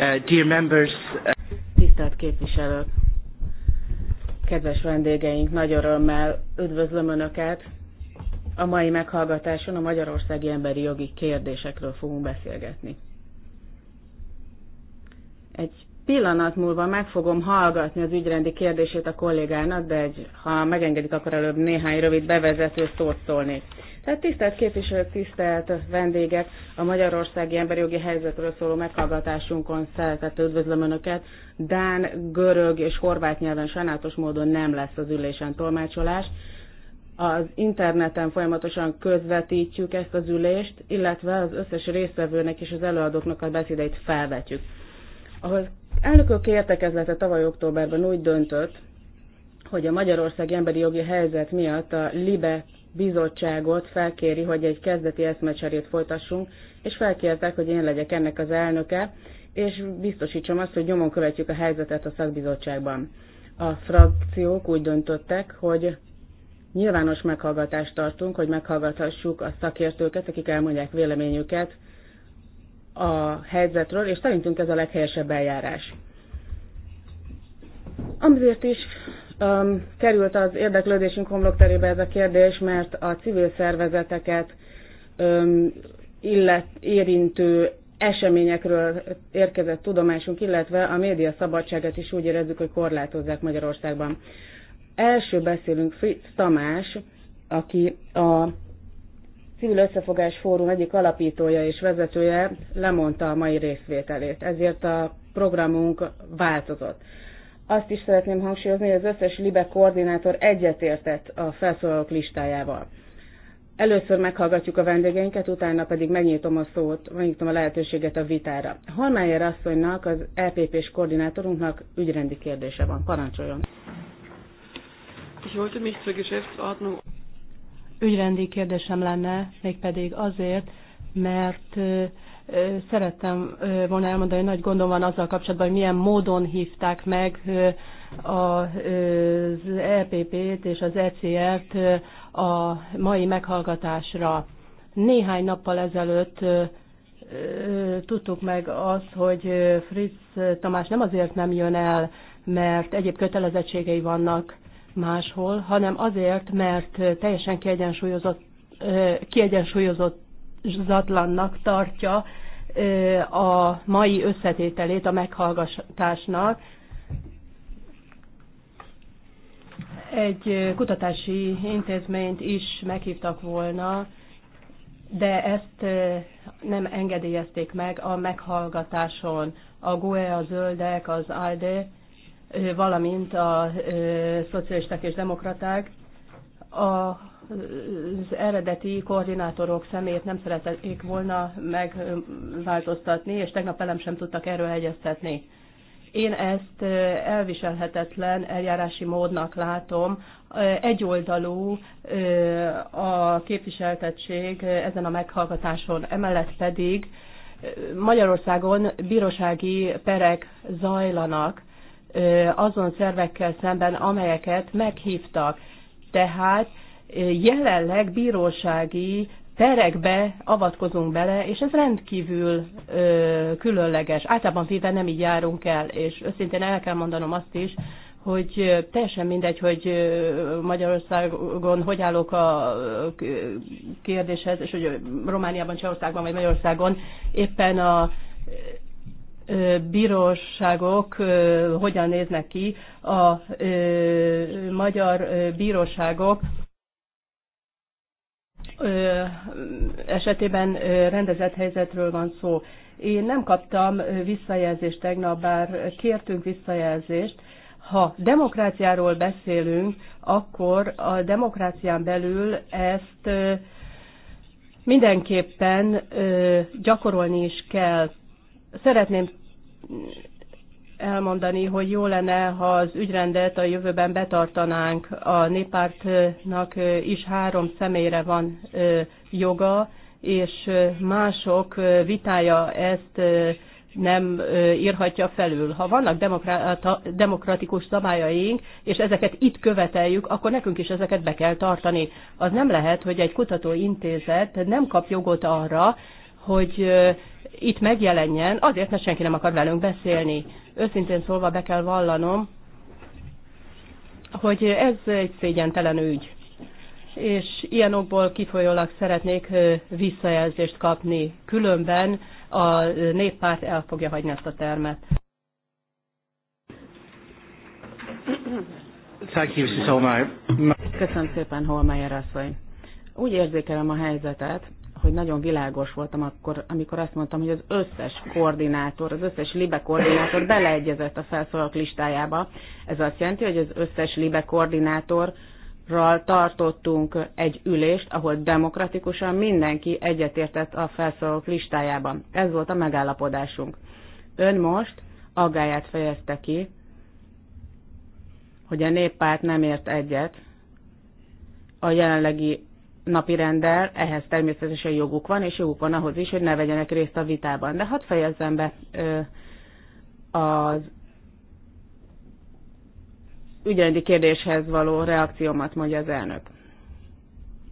Uh, dear members. Uh, Tisztelt képviselők, kedves vendégeink, nagy örömmel üdvözlöm Önöket. A mai meghallgatáson a magyarországi emberi jogi kérdésekről fogunk beszélgetni. Egy pillanat múlva meg fogom hallgatni az ügyrendi kérdését a kollégának, de egy, ha megengedik, akkor előbb néhány rövid bevezető szót szólnék. Tehát tisztelt képviselők, tisztelt vendégek, a Magyarországi Emberi Jogi Helyzetről szóló meghallgatásunkon szeretett üdvözlöm Önöket. Dán, görög és horvát nyelven sajnálatos módon nem lesz az ülésen tolmácsolás. Az interneten folyamatosan közvetítjük ezt az ülést, illetve az összes résztvevőnek és az előadóknak a beszédeit felvetjük. Ahhoz elnökök értekezlete tavaly októberben úgy döntött, hogy a Magyarország emberi jogi helyzet miatt a LIBE bizottságot felkéri, hogy egy kezdeti eszmecserét folytassunk, és felkértek, hogy én legyek ennek az elnöke, és biztosítsam azt, hogy nyomon követjük a helyzetet a szakbizottságban. A frakciók úgy döntöttek, hogy nyilvános meghallgatást tartunk, hogy meghallgathassuk a szakértőket, akik elmondják véleményüket a helyzetről, és szerintünk ez a leghelyesebb eljárás. Amiért is um, került az érdeklődésünk homlokterébe ez a kérdés, mert a civil szervezeteket um, illet, érintő eseményekről érkezett tudomásunk, illetve a média szabadságát is úgy érezzük, hogy korlátozzák Magyarországban. Első beszélünk Fritz Tamás, aki a Civil Összefogás Fórum egyik alapítója és vezetője lemondta a mai részvételét, ezért a programunk változott. Azt is szeretném hangsúlyozni, hogy az összes LIBE koordinátor egyetértett a felszólalók listájával. Először meghallgatjuk a vendégeinket, utána pedig megnyitom a szót, megnyitom a lehetőséget a vitára. Halmájer asszonynak, az LPP-s e koordinátorunknak ügyrendi kérdése van. Parancsoljon! Ügyrendi kérdésem lenne, mégpedig azért, mert Szerettem volna elmondani, hogy nagy gondom van azzal kapcsolatban, hogy milyen módon hívták meg az EPP-t és az ECR-t a mai meghallgatásra. Néhány nappal ezelőtt tudtuk meg azt, hogy Fritz Tamás nem azért nem jön el, mert egyéb kötelezettségei vannak máshol, hanem azért, mert teljesen kiegyensúlyozott, kiegyensúlyozott elfogadhatatlannak tartja a mai összetételét a meghallgatásnak. Egy kutatási intézményt is meghívtak volna, de ezt nem engedélyezték meg a meghallgatáson. A GUE, a Zöldek, az ALDE, valamint a szocialisták és demokraták a az eredeti koordinátorok személyét nem szeretnék volna megváltoztatni, és tegnap velem sem tudtak erről egyeztetni. Én ezt elviselhetetlen eljárási módnak látom. Egyoldalú a képviseltettség ezen a meghallgatáson, emellett pedig Magyarországon bírósági perek zajlanak azon szervekkel szemben, amelyeket meghívtak. Tehát jelenleg bírósági terekbe avatkozunk bele, és ez rendkívül ö, különleges. Általában véve nem így járunk el, és őszintén el kell mondanom azt is, hogy teljesen mindegy, hogy Magyarországon hogy állok a kérdéshez, és hogy Romániában, Csehországban vagy Magyarországon éppen a bíróságok hogyan néznek ki, a magyar bíróságok esetében rendezett helyzetről van szó. Én nem kaptam visszajelzést tegnap, bár kértünk visszajelzést. Ha demokráciáról beszélünk, akkor a demokrácián belül ezt mindenképpen gyakorolni is kell. Szeretném elmondani, hogy jó lenne, ha az ügyrendet a jövőben betartanánk. A néppártnak is három személyre van joga, és mások vitája ezt nem írhatja felül. Ha vannak demokratikus szabályaink, és ezeket itt követeljük, akkor nekünk is ezeket be kell tartani. Az nem lehet, hogy egy kutatóintézet nem kap jogot arra, hogy itt megjelenjen, azért, mert senki nem akar velünk beszélni. Őszintén szólva be kell vallanom, hogy ez egy szégyentelen ügy. És ilyen okból kifolyólag szeretnék visszajelzést kapni, különben a néppárt el fogja hagyni ezt a termet. Köszönöm szépen, Holmeyer asszony. Úgy érzékelem a helyzetet, hogy nagyon világos voltam akkor, amikor azt mondtam, hogy az összes koordinátor, az összes libe koordinátor beleegyezett a felszólalók listájába. Ez azt jelenti, hogy az összes libe koordinátorral tartottunk egy ülést, ahol demokratikusan mindenki egyetértett a felszólalók listájában. Ez volt a megállapodásunk. Ön most aggáját fejezte ki, hogy a néppárt nem ért egyet a jelenlegi rendel, ehhez természetesen joguk van, és joguk van ahhoz is, hogy ne vegyenek részt a vitában. De hadd fejezzem be ö, az ügyrendi kérdéshez való reakciómat, mondja az elnök.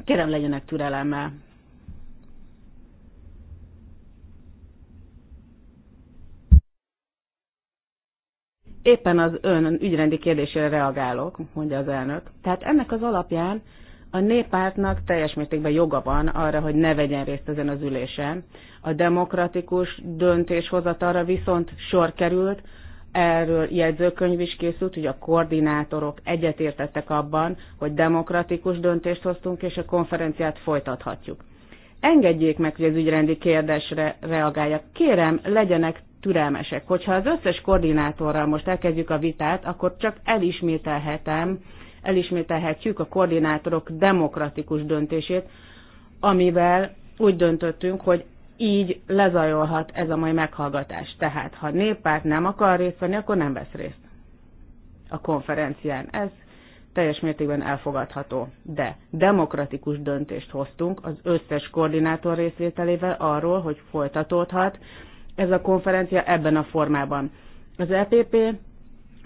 Kérem, legyenek türelemmel. Éppen az ön ügyrendi kérdésére reagálok, mondja az elnök. Tehát ennek az alapján a néppártnak teljes mértékben joga van arra, hogy ne vegyen részt ezen az ülésen. A demokratikus döntéshozatalra viszont sor került, erről jegyzőkönyv is készült, hogy a koordinátorok egyetértettek abban, hogy demokratikus döntést hoztunk, és a konferenciát folytathatjuk. Engedjék meg, hogy az ügyrendi kérdésre reagáljak. Kérem, legyenek türelmesek. Hogyha az összes koordinátorral most elkezdjük a vitát, akkor csak elismételhetem elismételhetjük a koordinátorok demokratikus döntését, amivel úgy döntöttünk, hogy így lezajolhat ez a mai meghallgatás. Tehát, ha néppárt nem akar részt venni, akkor nem vesz részt a konferencián. Ez teljes mértékben elfogadható. De demokratikus döntést hoztunk az összes koordinátor részvételével arról, hogy folytatódhat ez a konferencia ebben a formában. Az EPP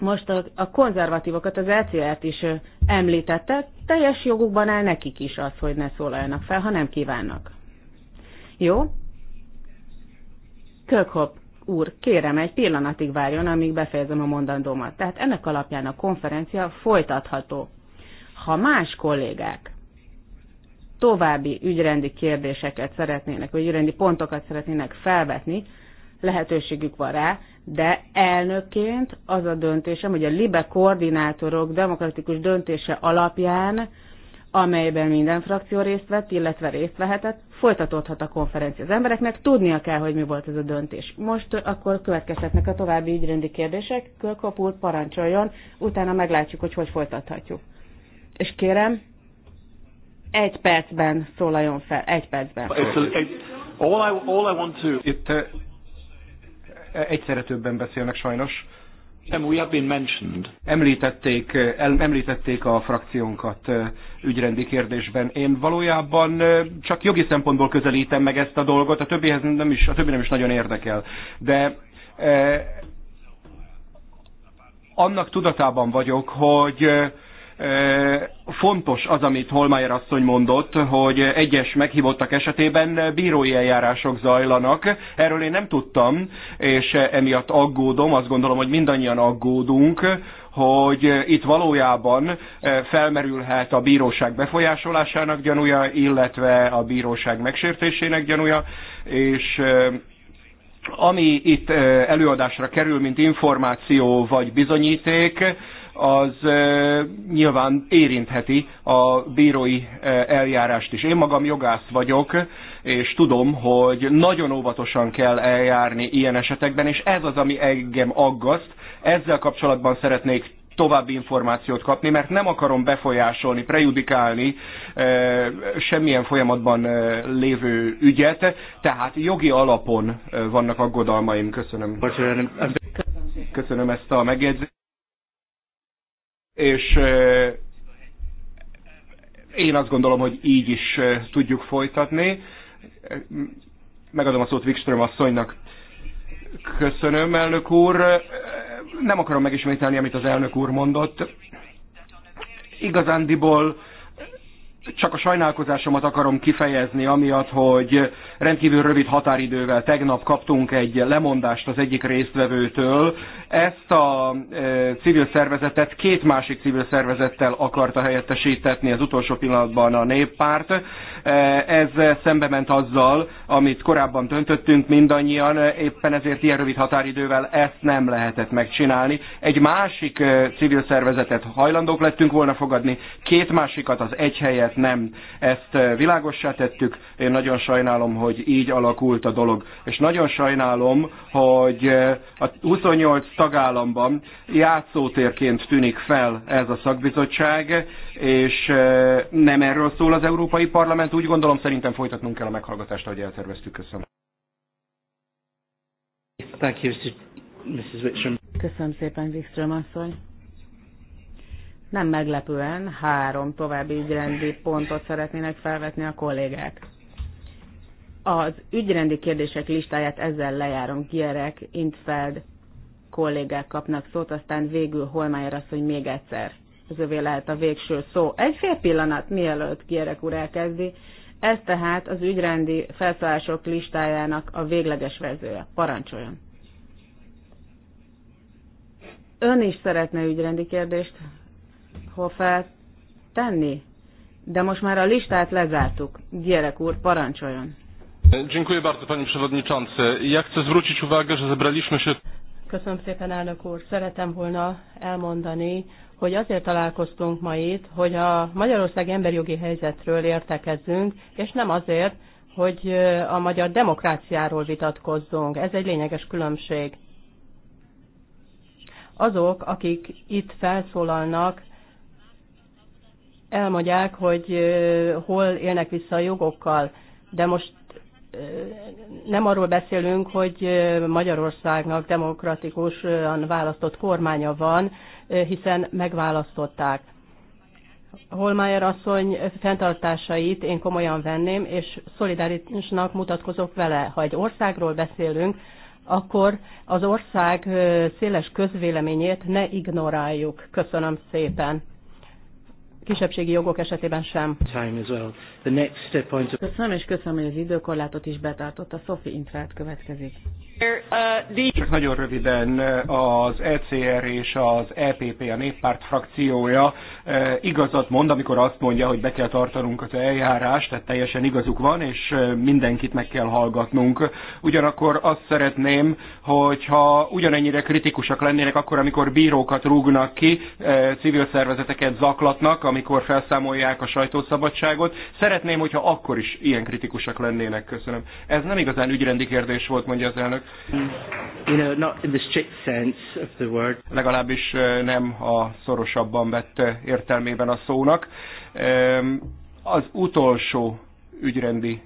most a, a konzervatívokat, az lcr t is említette, teljes jogukban áll nekik is az, hogy ne szólaljanak fel, ha nem kívánnak. Jó? Kökhop úr, kérem, egy pillanatig várjon, amíg befejezem a mondandómat. Tehát ennek alapján a konferencia folytatható. Ha más kollégák további ügyrendi kérdéseket szeretnének, vagy ügyrendi pontokat szeretnének felvetni, lehetőségük van rá, de elnökként az a döntésem, hogy a LIBE koordinátorok demokratikus döntése alapján, amelyben minden frakció részt vett, illetve részt vehetett, folytatódhat a konferencia. Az embereknek tudnia kell, hogy mi volt ez a döntés. Most akkor következhetnek a további ügyrendi kérdések, Kölkapul parancsoljon, utána meglátjuk, hogy hogy folytathatjuk. És kérem, egy percben szólaljon fel, egy percben. All I, all I want to... Itt Egyszerre többen beszélnek sajnos. Nem, we have been mentioned. Említették, el, említették a frakciónkat ügyrendi kérdésben. Én valójában csak jogi szempontból közelítem meg ezt a dolgot, a többihez nem is, a többi nem is nagyon érdekel. De eh, annak tudatában vagyok, hogy eh, fontos az, amit Holmeier asszony mondott, hogy egyes meghívottak esetében bírói eljárások zajlanak. Erről én nem tudtam, és emiatt aggódom, azt gondolom, hogy mindannyian aggódunk, hogy itt valójában felmerülhet a bíróság befolyásolásának gyanúja, illetve a bíróság megsértésének gyanúja, és ami itt előadásra kerül, mint információ vagy bizonyíték, az nyilván érintheti a bírói eljárást is. Én magam jogász vagyok, és tudom, hogy nagyon óvatosan kell eljárni ilyen esetekben, és ez az, ami engem aggaszt. Ezzel kapcsolatban szeretnék további információt kapni, mert nem akarom befolyásolni, prejudikálni e, semmilyen folyamatban e, lévő ügyet, tehát jogi alapon e, vannak aggodalmaim. Köszönöm. Köszönöm ezt a megjegyzést és én azt gondolom, hogy így is tudjuk folytatni. Megadom a szót Wikström asszonynak. Köszönöm, elnök úr. Nem akarom megismételni, amit az elnök úr mondott. Igazándiból csak a sajnálkozásomat akarom kifejezni, amiatt, hogy rendkívül rövid határidővel tegnap kaptunk egy lemondást az egyik résztvevőtől. Ezt a e, civil szervezetet két másik civil szervezettel akarta helyettesítetni az utolsó pillanatban a néppárt. E, ez szembe ment azzal, amit korábban döntöttünk mindannyian, éppen ezért ilyen rövid határidővel ezt nem lehetett megcsinálni. Egy másik e, civil szervezetet hajlandók lettünk volna fogadni, két másikat az egy helyet tehát nem. Ezt világossá tettük, én nagyon sajnálom, hogy így alakult a dolog. És nagyon sajnálom, hogy a 28 tagállamban játszótérként tűnik fel ez a szakbizottság, és nem erről szól az Európai Parlament. Úgy gondolom, szerintem folytatnunk kell a meghallgatást, ahogy elterveztük. Köszönöm. Thank you, Mrs. Wickstrom. Köszönöm szépen, Wikström asszony. Nem meglepően három további ügyrendi pontot szeretnének felvetni a kollégák. Az ügyrendi kérdések listáját ezzel lejárom. Gierek, Intfeld kollégák kapnak szót, aztán végül Holmájer az, hogy még egyszer. Az övé lehet a végső szó. Egy fél pillanat, mielőtt Gierek úr elkezdi. Ez tehát az ügyrendi felszólások listájának a végleges vezője Parancsoljon! Ön is szeretne ügyrendi kérdést hoffá tenni? De most már a listát lezártuk. Gyerek úr, parancsoljon. Dziękuję bardzo, panie przewodniczący. Ja chcę zwrócić uwagę, że zebraliśmy się... Köszönöm szépen, elnök úr. Szeretem volna elmondani, hogy azért találkoztunk ma itt, hogy a Magyarország emberjogi helyzetről értekezzünk, és nem azért, hogy a magyar demokráciáról vitatkozzunk. Ez egy lényeges különbség. Azok, akik itt felszólalnak, elmondják, hogy hol élnek vissza a jogokkal, de most nem arról beszélünk, hogy Magyarországnak demokratikusan választott kormánya van, hiszen megválasztották. Holmeyer asszony fenntartásait én komolyan venném, és szolidárisnak mutatkozok vele. Ha egy országról beszélünk, akkor az ország széles közvéleményét ne ignoráljuk. Köszönöm szépen kisebbségi jogok esetében sem. Köszönöm, és köszönöm, hogy az időkorlátot is betartotta. Sophie Intrát következik. Csak nagyon röviden eh, az ECR és az EPP, a néppárt frakciója eh, igazat mond, amikor azt mondja, hogy be kell tartanunk az eljárást, tehát teljesen igazuk van, és eh, mindenkit meg kell hallgatnunk. Ugyanakkor azt szeretném, hogyha ugyanennyire kritikusak lennének akkor, amikor bírókat rúgnak ki, civil szervezeteket zaklatnak, amikor felszámolják a sajtószabadságot. Szeretném, hogyha akkor is ilyen kritikusak lennének. Köszönöm. Ez nem igazán ügyrendi kérdés volt, mondja az elnök. You know, not in the strict sense of the word. Legalábbis eh, nem a szorosabban vett eh, értelmében a szónak. Az utolsó ügyrendi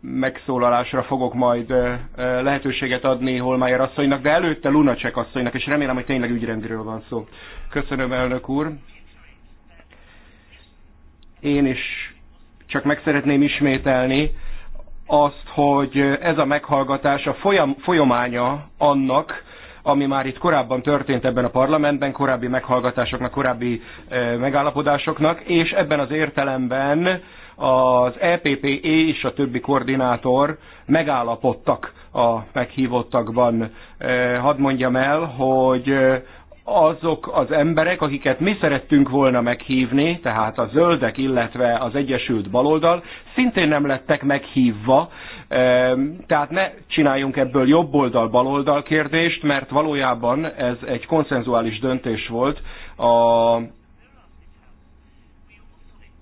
megszólalásra fogok majd eh, lehetőséget adni Holmájer asszonynak, de előtte Lunacek asszonynak, és remélem, hogy tényleg ügyrendiről van szó. Köszönöm, elnök úr. Én is csak meg szeretném ismételni, azt, hogy ez a meghallgatás a folyam, folyamánya annak, ami már itt korábban történt ebben a parlamentben, korábbi meghallgatásoknak, korábbi eh, megállapodásoknak, és ebben az értelemben az EPP és a többi koordinátor megállapodtak a meghívottakban. Eh, hadd mondjam el, hogy eh, azok az emberek, akiket mi szerettünk volna meghívni, tehát a zöldek, illetve az Egyesült Baloldal, szintén nem lettek meghívva, ehm, tehát ne csináljunk ebből jobboldal-baloldal kérdést, mert valójában ez egy konszenzuális döntés volt a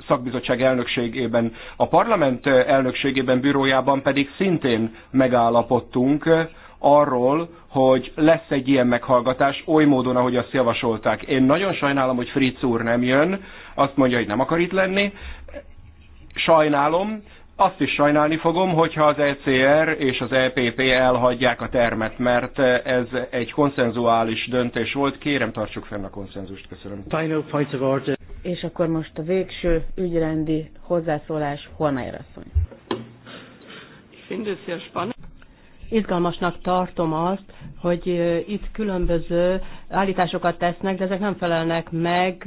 szakbizottság elnökségében, a parlament elnökségében, bürójában pedig szintén megállapodtunk, arról, hogy lesz egy ilyen meghallgatás, oly módon, ahogy azt javasolták. Én nagyon sajnálom, hogy Fritz úr nem jön, azt mondja, hogy nem akar itt lenni. Sajnálom, azt is sajnálni fogom, hogyha az ECR és az EPP elhagyják a termet, mert ez egy konszenzuális döntés volt. Kérem, tartsuk fenn a konszenzust. Köszönöm. Final point of order. És akkor most a végső ügyrendi hozzászólás Holmeyer asszony izgalmasnak tartom azt, hogy itt különböző állításokat tesznek, de ezek nem felelnek meg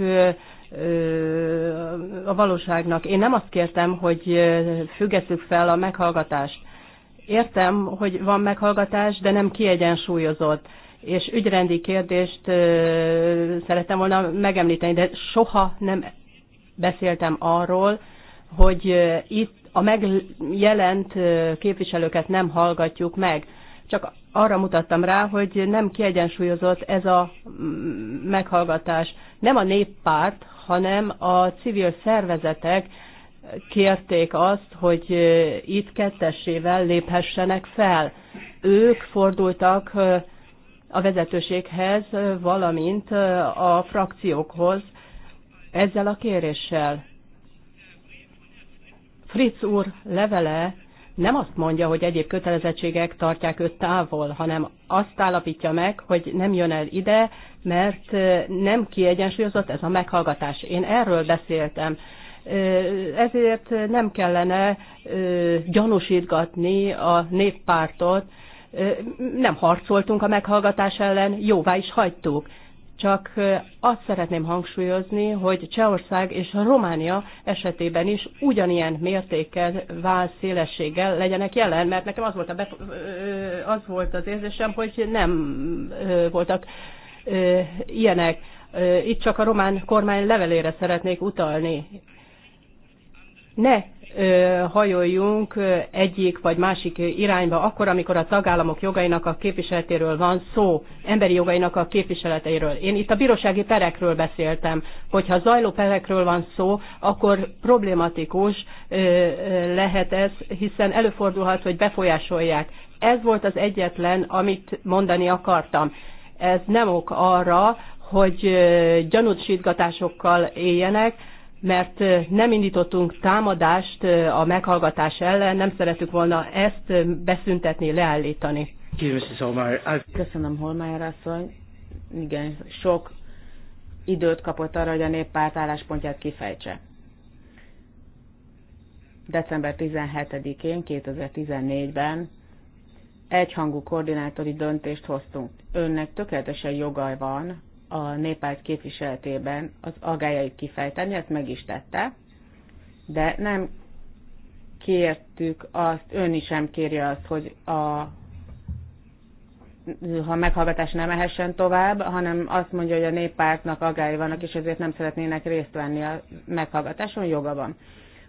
a valóságnak. Én nem azt kértem, hogy függesszük fel a meghallgatást. Értem, hogy van meghallgatás, de nem kiegyensúlyozott és ügyrendi kérdést szerettem volna megemlíteni, de soha nem beszéltem arról, hogy itt a megjelent képviselőket nem hallgatjuk meg. Csak arra mutattam rá, hogy nem kiegyensúlyozott ez a mm, meghallgatás. Nem a néppárt, hanem a civil szervezetek kérték azt, hogy itt kettessével léphessenek fel. Ők fordultak a vezetőséghez, valamint a frakciókhoz ezzel a kéréssel. Fritz úr levele nem azt mondja, hogy egyéb kötelezettségek tartják őt távol, hanem azt állapítja meg, hogy nem jön el ide, mert nem kiegyensúlyozott ez a meghallgatás. Én erről beszéltem. Ezért nem kellene gyanúsítgatni a néppártot. Nem harcoltunk a meghallgatás ellen, jóvá is hagytuk csak azt szeretném hangsúlyozni, hogy Csehország és Románia esetében is ugyanilyen mértékkel, szélességgel legyenek jelen, mert nekem az volt, a be az, volt az érzésem, hogy nem voltak ilyenek. Itt csak a román kormány levelére szeretnék utalni ne hajoljunk egyik vagy másik irányba, akkor, amikor a tagállamok jogainak a képviseletéről van szó, emberi jogainak a képviseleteiről. Én itt a bírósági perekről beszéltem, hogyha zajló perekről van szó, akkor problematikus lehet ez, hiszen előfordulhat, hogy befolyásolják. Ez volt az egyetlen, amit mondani akartam. Ez nem ok arra, hogy gyanúsítgatásokkal éljenek, mert nem indítottunk támadást a meghallgatás ellen, nem szeretük volna ezt beszüntetni, leállítani. Köszönöm, Holmájer asszony. Igen, sok időt kapott arra, hogy a néppárt álláspontját kifejtse. December 17-én, 2014-ben egyhangú koordinátori döntést hoztunk. Önnek tökéletesen joga van a népárt képviseletében az agájait kifejteni, ezt meg is tette, de nem kértük azt, ön is sem kérje azt, hogy a ha meghallgatás nem ehessen tovább, hanem azt mondja, hogy a néppártnak agái vannak, és ezért nem szeretnének részt venni a meghallgatáson, joga van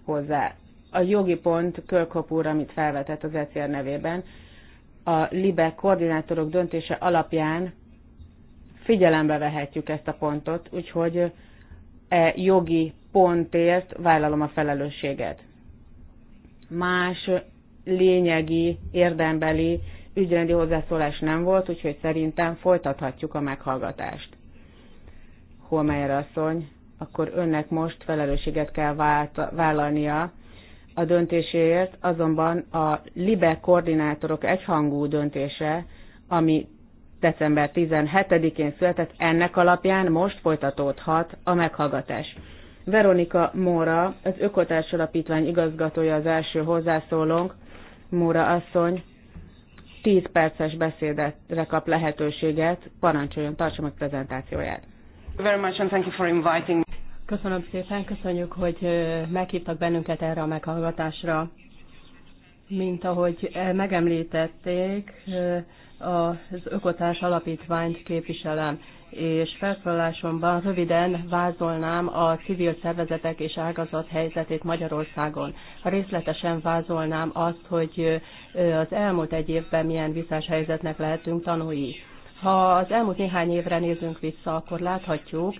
hozzá. A jogi pont Kölkop úr, amit felvetett az ECR nevében, a LIBE koordinátorok döntése alapján figyelembe vehetjük ezt a pontot, úgyhogy e jogi pontért vállalom a felelősséget. Más lényegi, érdembeli ügyrendi hozzászólás nem volt, úgyhogy szerintem folytathatjuk a meghallgatást. Holmeyer asszony, akkor önnek most felelősséget kell vált, vállalnia a döntéséért, azonban a LIBE koordinátorok egyhangú döntése, ami december 17-én született, ennek alapján most folytatódhat a meghallgatás. Veronika Móra, az Ökotárs Alapítvány igazgatója az első hozzászólónk, Móra asszony, 10 perces beszédre kap lehetőséget, parancsoljon, tartsa meg prezentációját. Very much and thank you for inviting me. Köszönöm szépen, köszönjük, hogy meghívtak bennünket erre a meghallgatásra. Mint ahogy megemlítették, az Ökotárs Alapítványt képviselem, és felszólalásomban röviden vázolnám a civil szervezetek és ágazat helyzetét Magyarországon. Részletesen vázolnám azt, hogy az elmúlt egy évben milyen visszás helyzetnek lehetünk tanulni. Ha az elmúlt néhány évre nézünk vissza, akkor láthatjuk,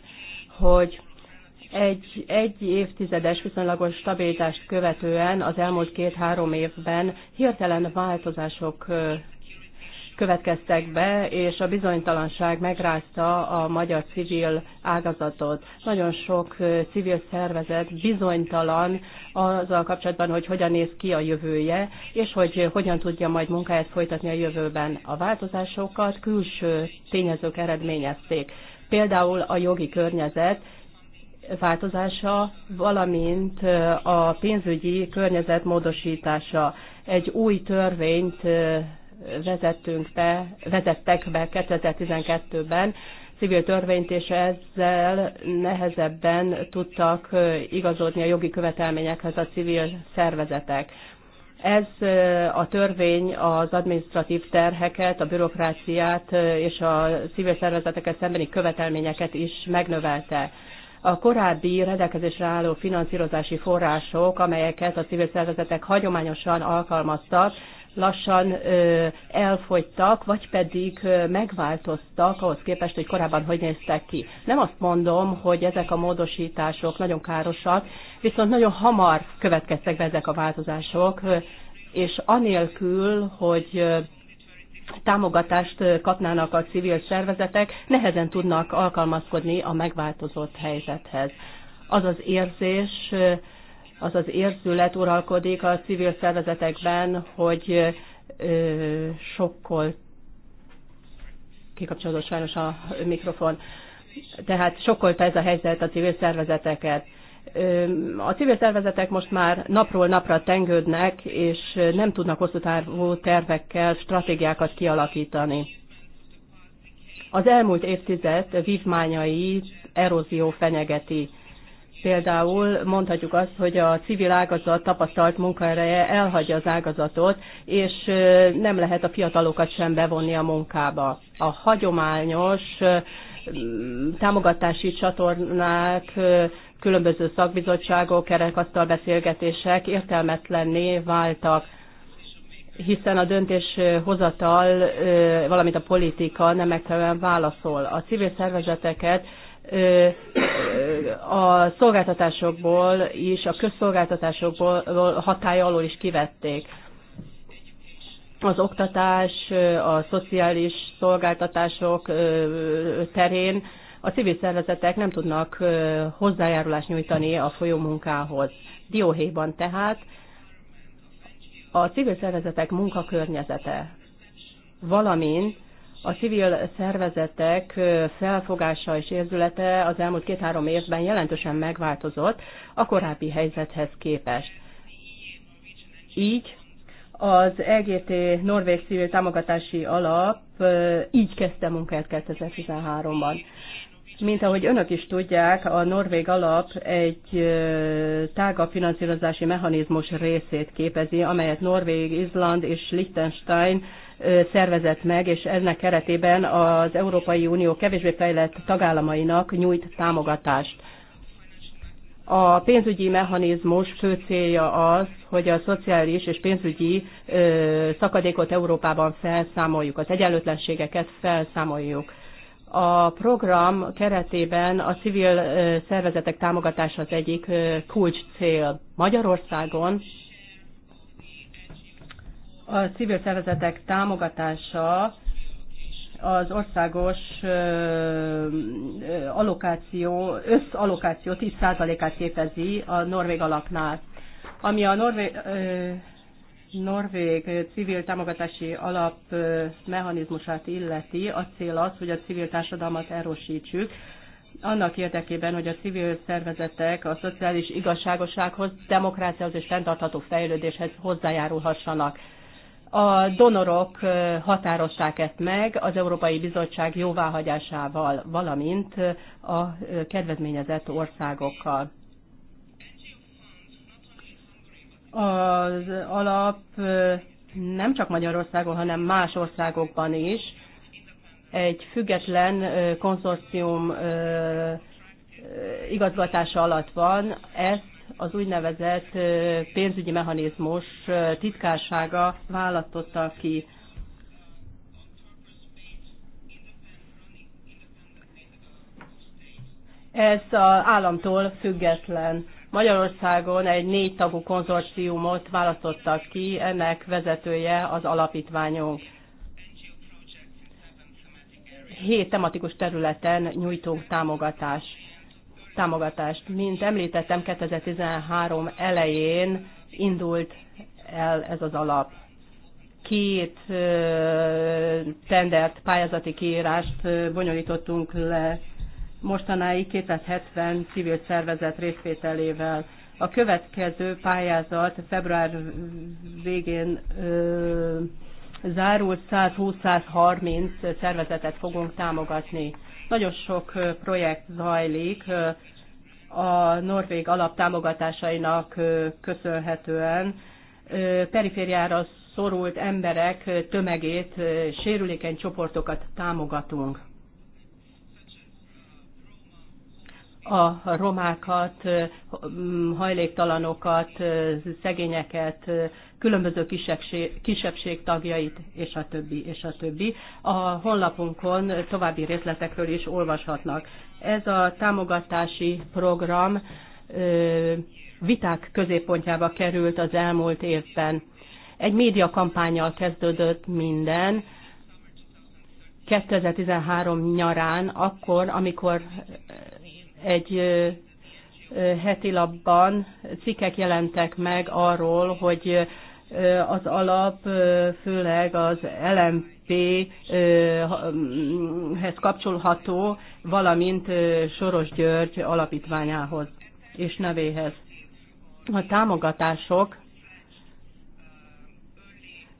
hogy egy, egy évtizedes viszonylagos stabilitást követően az elmúlt két-három évben hirtelen változások következtek be, és a bizonytalanság megrázta a magyar civil ágazatot. Nagyon sok civil szervezet bizonytalan azzal kapcsolatban, hogy hogyan néz ki a jövője, és hogy hogyan tudja majd munkáját folytatni a jövőben. A változásokat külső tényezők eredményezték. Például a jogi környezet, változása, valamint a pénzügyi környezet módosítása. Egy új törvényt vezettünk be, vezettek be 2012-ben, civil törvényt, és ezzel nehezebben tudtak igazodni a jogi követelményekhez a civil szervezetek. Ez a törvény az administratív terheket, a bürokráciát és a civil szervezeteket szembeni követelményeket is megnövelte. A korábbi rendelkezésre álló finanszírozási források, amelyeket a civil szervezetek hagyományosan alkalmaztak, lassan elfogytak, vagy pedig megváltoztak ahhoz képest, hogy korábban hogy néztek ki. Nem azt mondom, hogy ezek a módosítások nagyon károsak, viszont nagyon hamar következtek be ezek a változások, és anélkül, hogy támogatást kapnának a civil szervezetek, nehezen tudnak alkalmazkodni a megváltozott helyzethez. Az az érzés, az az érzület uralkodik a civil szervezetekben, hogy ö, sokkol kikapcsolódott sajnos a mikrofon. Tehát sokkolta ez a helyzet a civil szervezeteket. A civil szervezetek most már napról napra tengődnek, és nem tudnak hosszú távú tervekkel stratégiákat kialakítani. Az elmúlt évtized vívmányai erózió fenyegeti például mondhatjuk azt, hogy a civil ágazat tapasztalt munkaereje elhagyja az ágazatot, és nem lehet a fiatalokat sem bevonni a munkába. A hagyományos támogatási csatornák, különböző szakbizottságok, kerekasztal beszélgetések értelmetlenné váltak hiszen a döntéshozatal, valamint a politika nem megfelelően válaszol. A civil szervezeteket a szolgáltatásokból is, a közszolgáltatásokból hatája alól is kivették. Az oktatás, a szociális szolgáltatások terén a civil szervezetek nem tudnak hozzájárulást nyújtani a folyómunkához. Dióhéjban tehát a civil szervezetek munkakörnyezete, valamint a civil szervezetek felfogása és érzülete az elmúlt két-három évben jelentősen megváltozott a korábbi helyzethez képest. Így az EGT Norvég Civil Támogatási Alap így kezdte munkát 2013-ban. Mint ahogy önök is tudják, a Norvég alap egy tágabb finanszírozási mechanizmus részét képezi, amelyet Norvég, Izland és Liechtenstein szervezett meg, és ennek keretében az Európai Unió kevésbé fejlett tagállamainak nyújt támogatást. A pénzügyi mechanizmus fő célja az, hogy a szociális és pénzügyi ö, szakadékot Európában felszámoljuk, az egyenlőtlenségeket felszámoljuk. A program keretében a civil szervezetek támogatása az egyik kulcs cél. Magyarországon a civil szervezetek támogatása az országos allokáció, összallokáció 10%-át képezi a norvég alapnál. Ami a norvég, norvég civil támogatási alap mechanizmusát illeti, a cél az, hogy a civil társadalmat erősítsük, annak érdekében, hogy a civil szervezetek a szociális igazságossághoz, demokráciához és fenntartható fejlődéshez hozzájárulhassanak. A donorok határozták ezt meg az Európai Bizottság jóváhagyásával, valamint a kedvezményezett országokkal. Az alap nem csak Magyarországon, hanem más országokban is egy független konszorcium igazgatása alatt van. Ezt az úgynevezett pénzügyi mechanizmus titkársága választotta ki. Ez az államtól független. Magyarországon egy négy tagú konzorciumot választottak ki, ennek vezetője az alapítványunk. Hét tematikus területen nyújtunk támogatást támogatást. Mint említettem, 2013 elején indult el ez az alap. Két tendert, pályázati kiírást bonyolítottunk le mostanáig 270 civil szervezet részvételével. A következő pályázat február végén ö, zárul, 120-130 szervezetet fogunk támogatni. Nagyon sok projekt zajlik a norvég alaptámogatásainak köszönhetően. Perifériára szorult emberek tömegét, sérülékeny csoportokat támogatunk. a romákat, hajléktalanokat, szegényeket, különböző kisebbség, tagjait, és a többi, és a többi. A honlapunkon további részletekről is olvashatnak. Ez a támogatási program viták középpontjába került az elmúlt évben. Egy média kampányjal kezdődött minden, 2013 nyarán, akkor, amikor egy heti labban cikkek jelentek meg arról, hogy az alap főleg az LMP-hez mm, kapcsolható, valamint Soros György alapítványához és nevéhez. A támogatások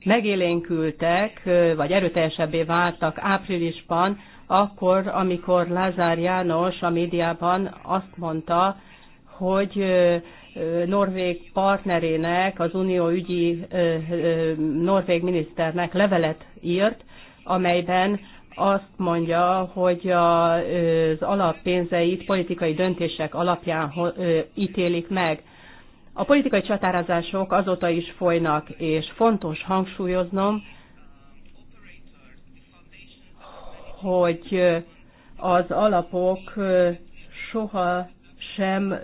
megélénkültek, vagy erőteljesebbé váltak áprilisban akkor, amikor Lázár János a médiában azt mondta, hogy Norvég partnerének, az unió ügyi norvég miniszternek levelet írt, amelyben azt mondja, hogy az alappénzeit politikai döntések alapján ítélik meg. A politikai csatározások azóta is folynak, és fontos hangsúlyoznom, hogy az alapok soha sem,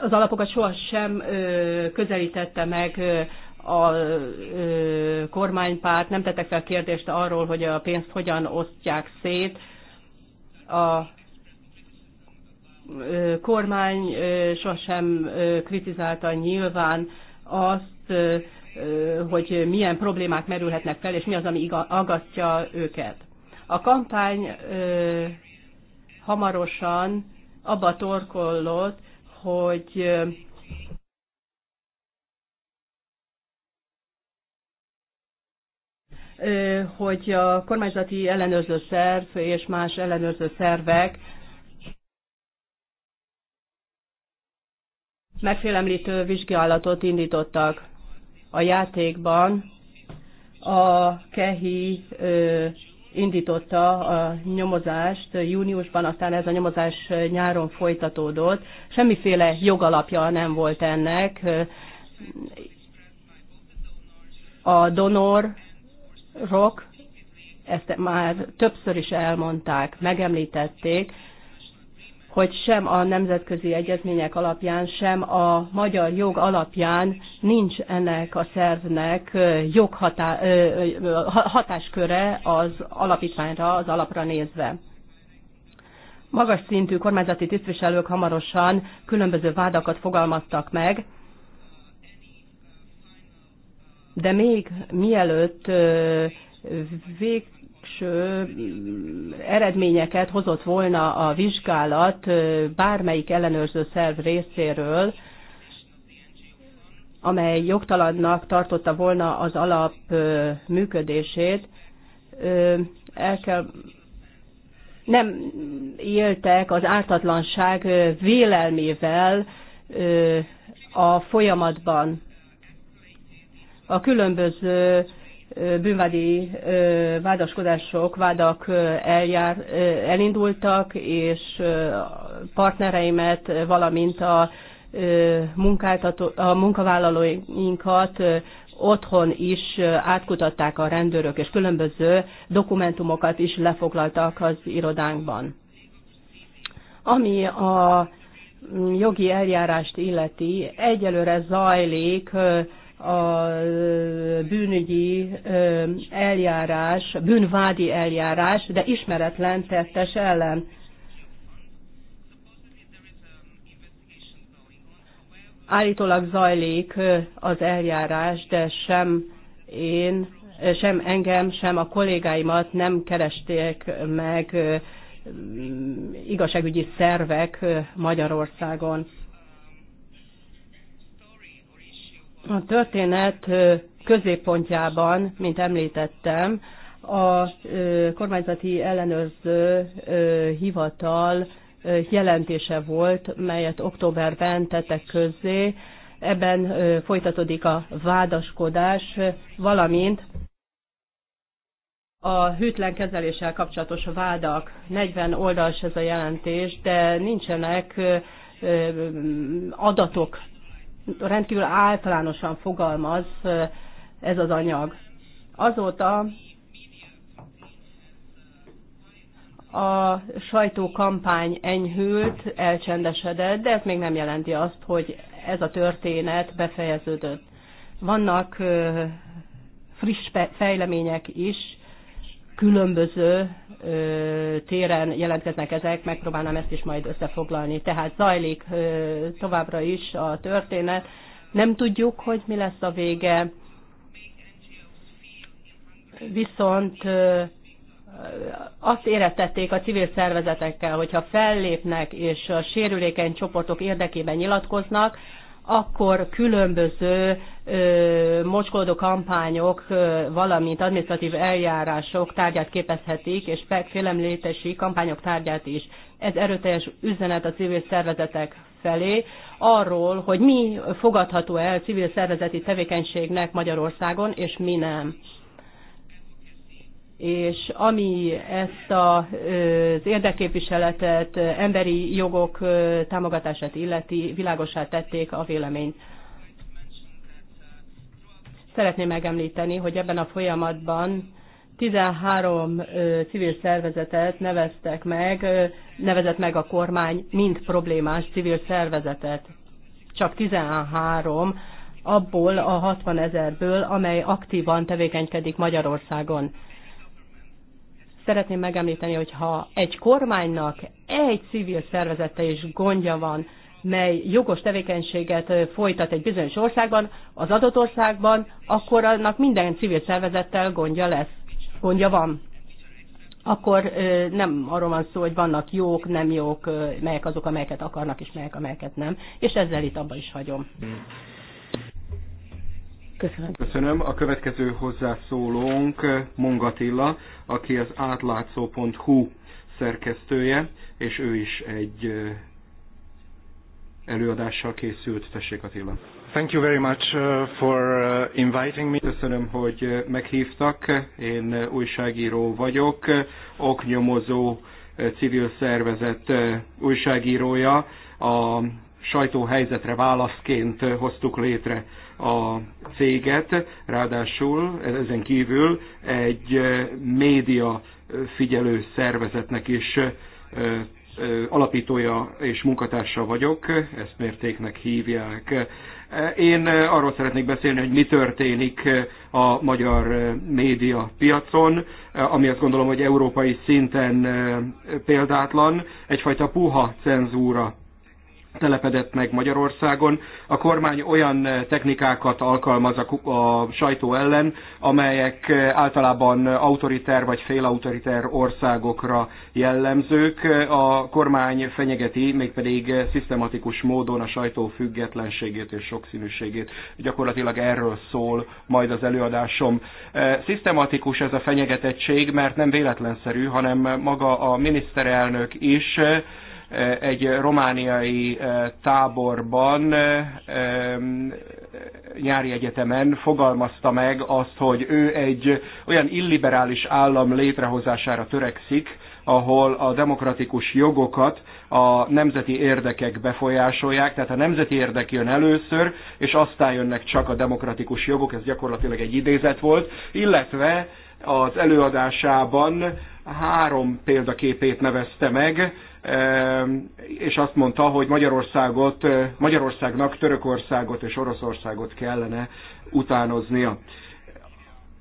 az alapokat soha sem közelítette meg a kormánypárt, nem tettek fel kérdést arról, hogy a pénzt hogyan osztják szét. A kormány sosem kritizálta nyilván azt, hogy milyen problémák merülhetnek fel, és mi az, ami agasztja őket. A kampány ö, hamarosan abba torkollott, hogy ö, hogy a kormányzati ellenőrző szerv és más ellenőrző szervek megfélemlítő vizsgálatot indítottak a játékban a kehi indította a nyomozást júniusban, aztán ez a nyomozás nyáron folytatódott. Semmiféle jogalapja nem volt ennek. A donor rock, ezt már többször is elmondták, megemlítették, hogy sem a nemzetközi egyezmények alapján, sem a magyar jog alapján nincs ennek a szervnek joghatá, hatásköre az alapítványra, az alapra nézve. Magas szintű kormányzati tisztviselők hamarosan különböző vádakat fogalmaztak meg, de még mielőtt vég végső mm, eredményeket hozott volna a vizsgálat bármelyik ellenőrző szerv részéről, amely jogtalannak tartotta volna az alap működését, el kell, nem éltek az ártatlanság vélelmével a folyamatban. A különböző bűnvádi vádaskodások, vádak eljár, elindultak, és partnereimet, valamint a, munkáltató, a munkavállalóinkat otthon is átkutatták a rendőrök, és különböző dokumentumokat is lefoglaltak az irodánkban. Ami a jogi eljárást illeti, egyelőre zajlik a bűnügyi eljárás, bűnvádi eljárás, de ismeretlen tettes ellen. Állítólag zajlik az eljárás, de sem én, sem engem, sem a kollégáimat nem keresték meg igazságügyi szervek Magyarországon. A történet középpontjában, mint említettem, a kormányzati ellenőrző hivatal jelentése volt, melyet októberben tettek közzé. Ebben folytatódik a vádaskodás, valamint a hűtlen kezeléssel kapcsolatos vádak. 40 oldalas ez a jelentés, de nincsenek adatok rendkívül általánosan fogalmaz ez az anyag. Azóta a sajtókampány enyhült, elcsendesedett, de ez még nem jelenti azt, hogy ez a történet befejeződött. Vannak friss fejlemények is, különböző téren jelentkeznek ezek, megpróbálnám ezt is majd összefoglalni. Tehát zajlik továbbra is a történet. Nem tudjuk, hogy mi lesz a vége, viszont azt éreztették a civil szervezetekkel, hogyha fellépnek és a sérülékeny csoportok érdekében nyilatkoznak, akkor különböző ö, mocskoldó kampányok, ö, valamint administratív eljárások tárgyát képezhetik, és félemlétesi kampányok tárgyát is. Ez erőteljes üzenet a civil szervezetek felé arról, hogy mi fogadható el civil szervezeti tevékenységnek Magyarországon, és mi nem és ami ezt az érdekképviseletet, emberi jogok támogatását illeti, világosá tették a véleményt. Szeretném megemlíteni, hogy ebben a folyamatban 13 civil szervezetet neveztek meg, nevezett meg a kormány, mind problémás civil szervezetet. Csak 13 abból a 60 ezerből, amely aktívan tevékenykedik Magyarországon szeretném megemlíteni, hogy ha egy kormánynak egy civil szervezete is gondja van, mely jogos tevékenységet folytat egy bizonyos országban, az adott országban, akkor annak minden civil szervezettel gondja lesz, gondja van. Akkor nem arról van szó, hogy vannak jók, nem jók, melyek azok, amelyeket akarnak, és melyek, amelyeket nem. És ezzel itt abba is hagyom. Hm. Köszönöm. Köszönöm. A következő hozzászólónk Mongatilla, aki az átlátszó.hu szerkesztője, és ő is egy előadással készült. Tessék Attila. Thank you very much uh, for uh, inviting me. Köszönöm, hogy meghívtak. Én újságíró vagyok, oknyomozó civil szervezet újságírója. A sajtó helyzetre válaszként hoztuk létre a céget, ráadásul ezen kívül egy média figyelő szervezetnek is alapítója és munkatársa vagyok, ezt mértéknek hívják. Én arról szeretnék beszélni, hogy mi történik a magyar média piacon, ami azt gondolom, hogy európai szinten példátlan, egyfajta puha cenzúra telepedett meg Magyarországon. A kormány olyan technikákat alkalmaz a, a sajtó ellen, amelyek általában autoriter vagy félautoriter országokra jellemzők. A kormány fenyegeti, mégpedig szisztematikus módon a sajtó függetlenségét és sokszínűségét. Gyakorlatilag erről szól majd az előadásom. E, szisztematikus ez a fenyegetettség, mert nem véletlenszerű, hanem maga a miniszterelnök is egy romániai eh, táborban, eh, nyári egyetemen fogalmazta meg azt, hogy ő egy olyan illiberális állam létrehozására törekszik, ahol a demokratikus jogokat a nemzeti érdekek befolyásolják, tehát a nemzeti érdek jön először, és aztán jönnek csak a demokratikus jogok, ez gyakorlatilag egy idézet volt, illetve az előadásában három példaképét nevezte meg, Ehm, és azt mondta, hogy Magyarországot, eh, Magyarországnak Törökországot és Oroszországot kellene utánoznia.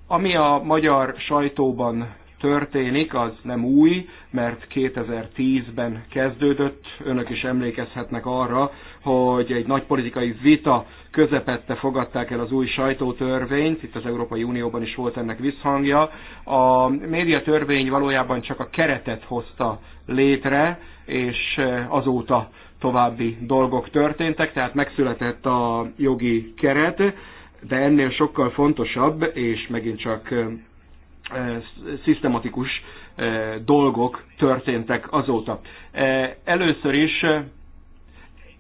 Ami a magyar sajtóban történik, az nem új, mert 2010-ben kezdődött. Önök is emlékezhetnek arra, hogy egy nagy politikai vita közepette fogadták el az új sajtótörvényt, itt az Európai Unióban is volt ennek visszhangja. A médiatörvény valójában csak a keretet hozta létre, és eh, azóta további dolgok történtek, tehát megszületett a jogi keret, de ennél sokkal fontosabb, és megint csak eh, Eh, szisztematikus eh, dolgok történtek azóta. Eh, először is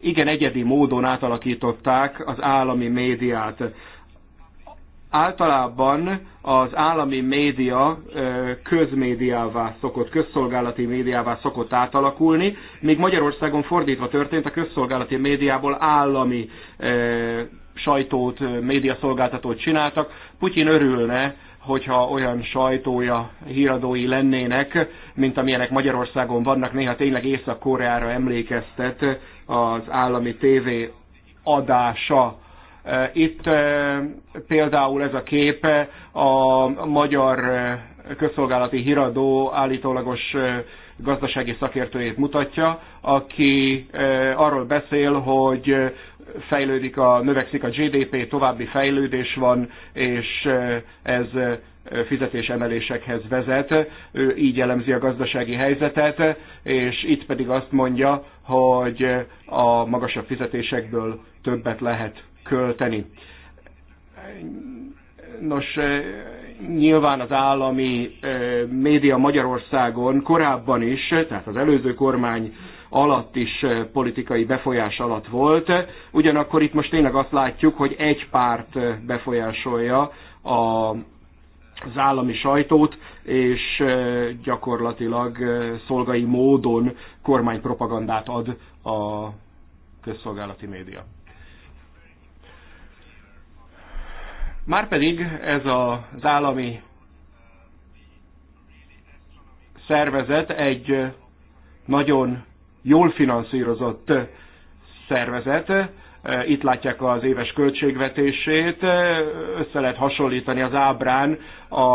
igen egyedi módon átalakították az állami médiát. Általában az állami média közmédiává szokott, közszolgálati médiává szokott átalakulni, míg Magyarországon fordítva történt, a közszolgálati médiából állami sajtót, médiaszolgáltatót csináltak. Putyin örülne, hogyha olyan sajtója, híradói lennének, mint amilyenek Magyarországon vannak, néha tényleg Észak-Koreára emlékeztet az állami tévé adása. Eh, itt eh, például ez a kép a magyar eh, közszolgálati híradó állítólagos gazdasági szakértőjét mutatja, aki arról beszél, hogy fejlődik, a, növekszik a GDP, további fejlődés van, és ez fizetésemelésekhez vezet. Ő így elemzi a gazdasági helyzetet, és itt pedig azt mondja, hogy a magasabb fizetésekből többet lehet költeni. Nos, nyilván az állami média Magyarországon korábban is, tehát az előző kormány alatt is eh, politikai befolyás alatt volt. Ugyanakkor itt most tényleg azt látjuk, hogy egy párt eh, befolyásolja a, az állami sajtót, és eh, gyakorlatilag szolgai módon kormánypropagandát ad a közszolgálati média. Márpedig ez az állami szervezet egy nagyon jól finanszírozott szervezet, itt látják az éves költségvetését, össze lehet hasonlítani az ábrán a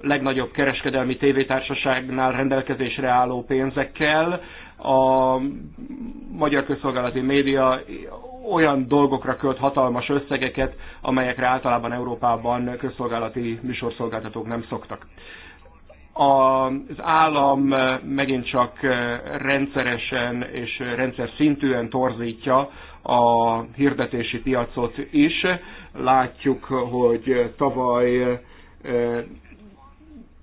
legnagyobb kereskedelmi tévétársaságnál rendelkezésre álló pénzekkel. A Magyar Közszolgálati Média olyan dolgokra költ hatalmas összegeket, amelyekre általában Európában közszolgálati műsorszolgáltatók nem szoktak az állam eh, megint csak eh, rendszeresen és rendszer szintűen torzítja a hirdetési piacot is. Látjuk, hogy tavaly eh,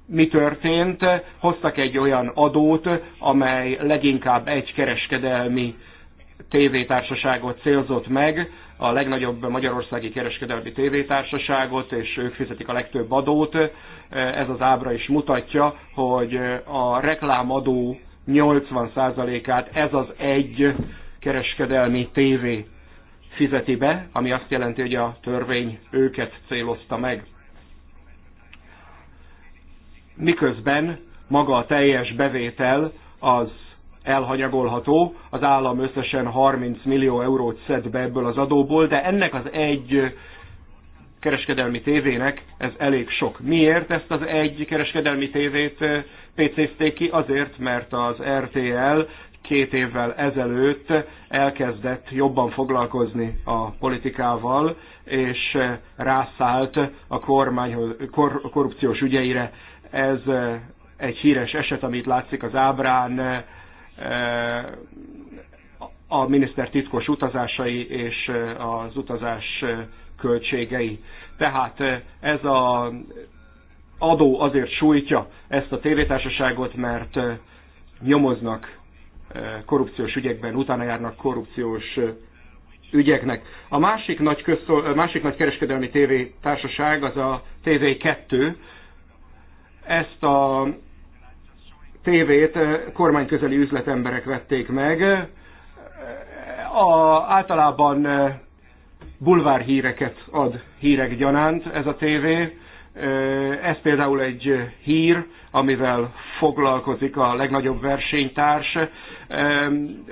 mi történt. Hoztak egy olyan adót, amely leginkább egy kereskedelmi tévétársaságot célzott meg, a legnagyobb magyarországi kereskedelmi tévétársaságot, és ők fizetik a legtöbb adót. Ez az ábra is mutatja, hogy a reklámadó 80%-át ez az egy kereskedelmi tévé fizeti be, ami azt jelenti, hogy a törvény őket célozta meg. Miközben maga a teljes bevétel az elhanyagolható. Az állam összesen 30 millió eurót szed be ebből az adóból, de ennek az egy kereskedelmi tévének ez elég sok. Miért ezt az egy kereskedelmi tévét eh, pc ki? Azért, mert az RTL két évvel ezelőtt elkezdett jobban foglalkozni a politikával, és eh, rászállt a kormány kor, korrupciós ügyeire. Ez eh, egy híres eset, amit látszik az ábrán, a miniszter titkos utazásai és az utazás költségei. Tehát ez a adó azért sújtja ezt a tévétársaságot, mert nyomoznak korrupciós ügyekben, utána járnak korrupciós ügyeknek. A másik nagy, közszol, másik nagy kereskedelmi tévétársaság az a TV2. Ezt a tévét eh, kormányközeli üzletemberek vették meg. Eh, a, általában eh, bulvár híreket ad hírek gyanánt ez a tévé. Ez például egy hír, amivel foglalkozik a legnagyobb versenytárs.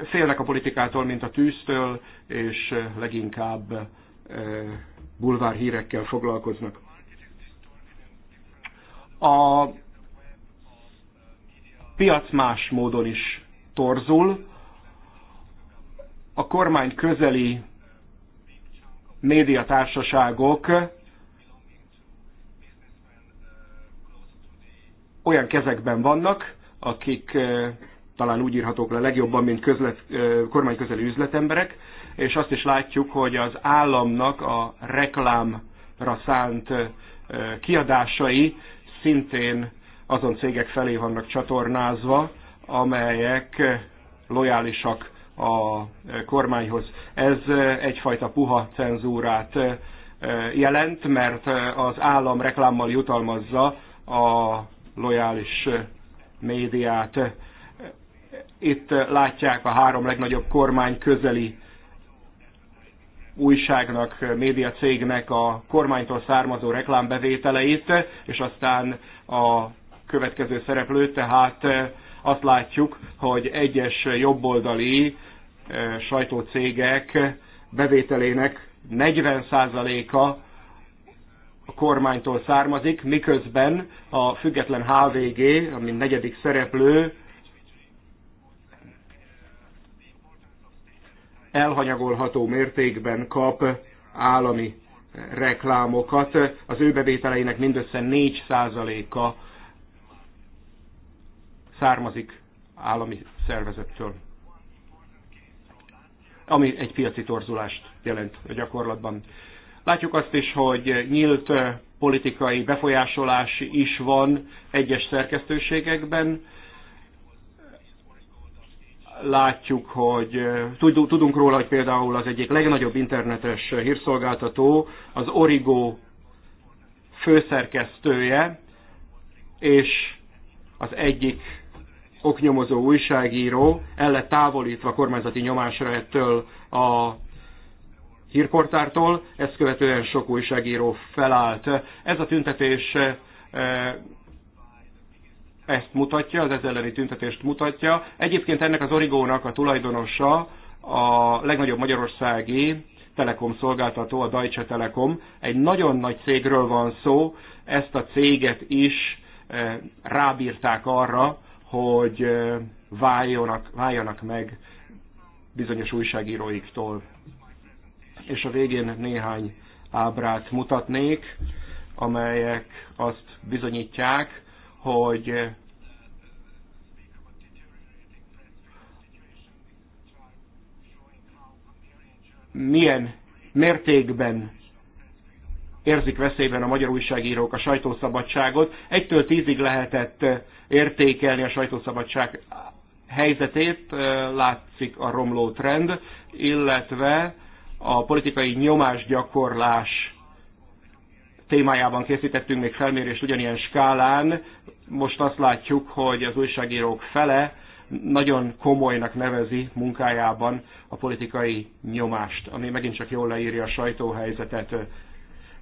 Félnek a politikától, mint a tűztől, és leginkább bulvár hírekkel foglalkoznak. A piac más módon is torzul. A kormány közeli médiatársaságok olyan kezekben vannak, akik eh, talán úgy írhatók le legjobban, mint közlet, eh, közeli üzletemberek, és azt is látjuk, hogy az államnak a reklámra szánt eh, kiadásai szintén azon cégek felé vannak csatornázva, amelyek lojálisak a kormányhoz. Ez egyfajta puha cenzúrát jelent, mert az állam reklámmal jutalmazza a lojális médiát. Itt látják a három legnagyobb kormány közeli újságnak, médiacégnek a kormánytól származó reklámbevételeit, és aztán a következő szereplő, tehát eh, azt látjuk, hogy egyes jobboldali eh, sajtócégek bevételének 40%-a a kormánytól származik, miközben a független HVG, ami negyedik szereplő, elhanyagolható mértékben kap állami reklámokat. Az ő bevételeinek mindössze 4%-a származik állami szervezettől, ami egy piaci torzulást jelent a gyakorlatban. Látjuk azt is, hogy nyílt politikai befolyásolás is van egyes szerkesztőségekben. Látjuk, hogy tudunk róla, hogy például az egyik legnagyobb internetes hírszolgáltató, az Origo főszerkesztője, és az egyik oknyomozó újságíró el lett távolítva kormányzati nyomásra ettől a hírportártól, ezt követően sok újságíró felállt. Ez a tüntetés e, ezt mutatja, az ez elleni tüntetést mutatja. Egyébként ennek az Origónak a tulajdonosa a legnagyobb magyarországi telekom szolgáltató, a Deutsche Telekom. Egy nagyon nagy cégről van szó, ezt a céget is e, rábírták arra, hogy váljonak, váljanak meg bizonyos újságíróiktól. És a végén néhány ábrát mutatnék, amelyek azt bizonyítják, hogy milyen mértékben érzik veszélyben a magyar újságírók a sajtószabadságot. Egytől tízig lehetett eh, értékelni a sajtószabadság helyzetét, eh, látszik a romló trend, illetve a politikai nyomásgyakorlás témájában készítettünk még felmérést ugyanilyen skálán. Most azt látjuk, hogy az újságírók fele nagyon komolynak nevezi munkájában a politikai nyomást, ami megint csak jól leírja a sajtóhelyzetet.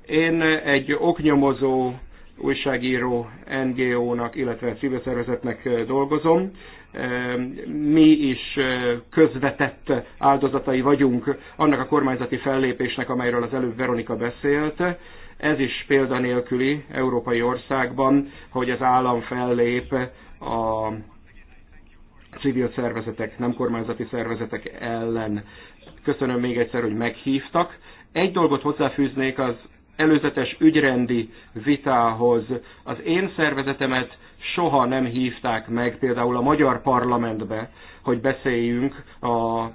Én egy oknyomozó újságíró NGO-nak, illetve civil szervezetnek dolgozom. Mi is közvetett áldozatai vagyunk annak a kormányzati fellépésnek, amelyről az előbb Veronika beszélt. Ez is példanélküli európai országban, hogy az állam fellép a civil szervezetek, nem kormányzati szervezetek ellen. Köszönöm még egyszer, hogy meghívtak. Egy dolgot hozzáfűznék az előzetes ügyrendi vitához. Az én szervezetemet soha nem hívták meg például a magyar parlamentbe, hogy beszéljünk a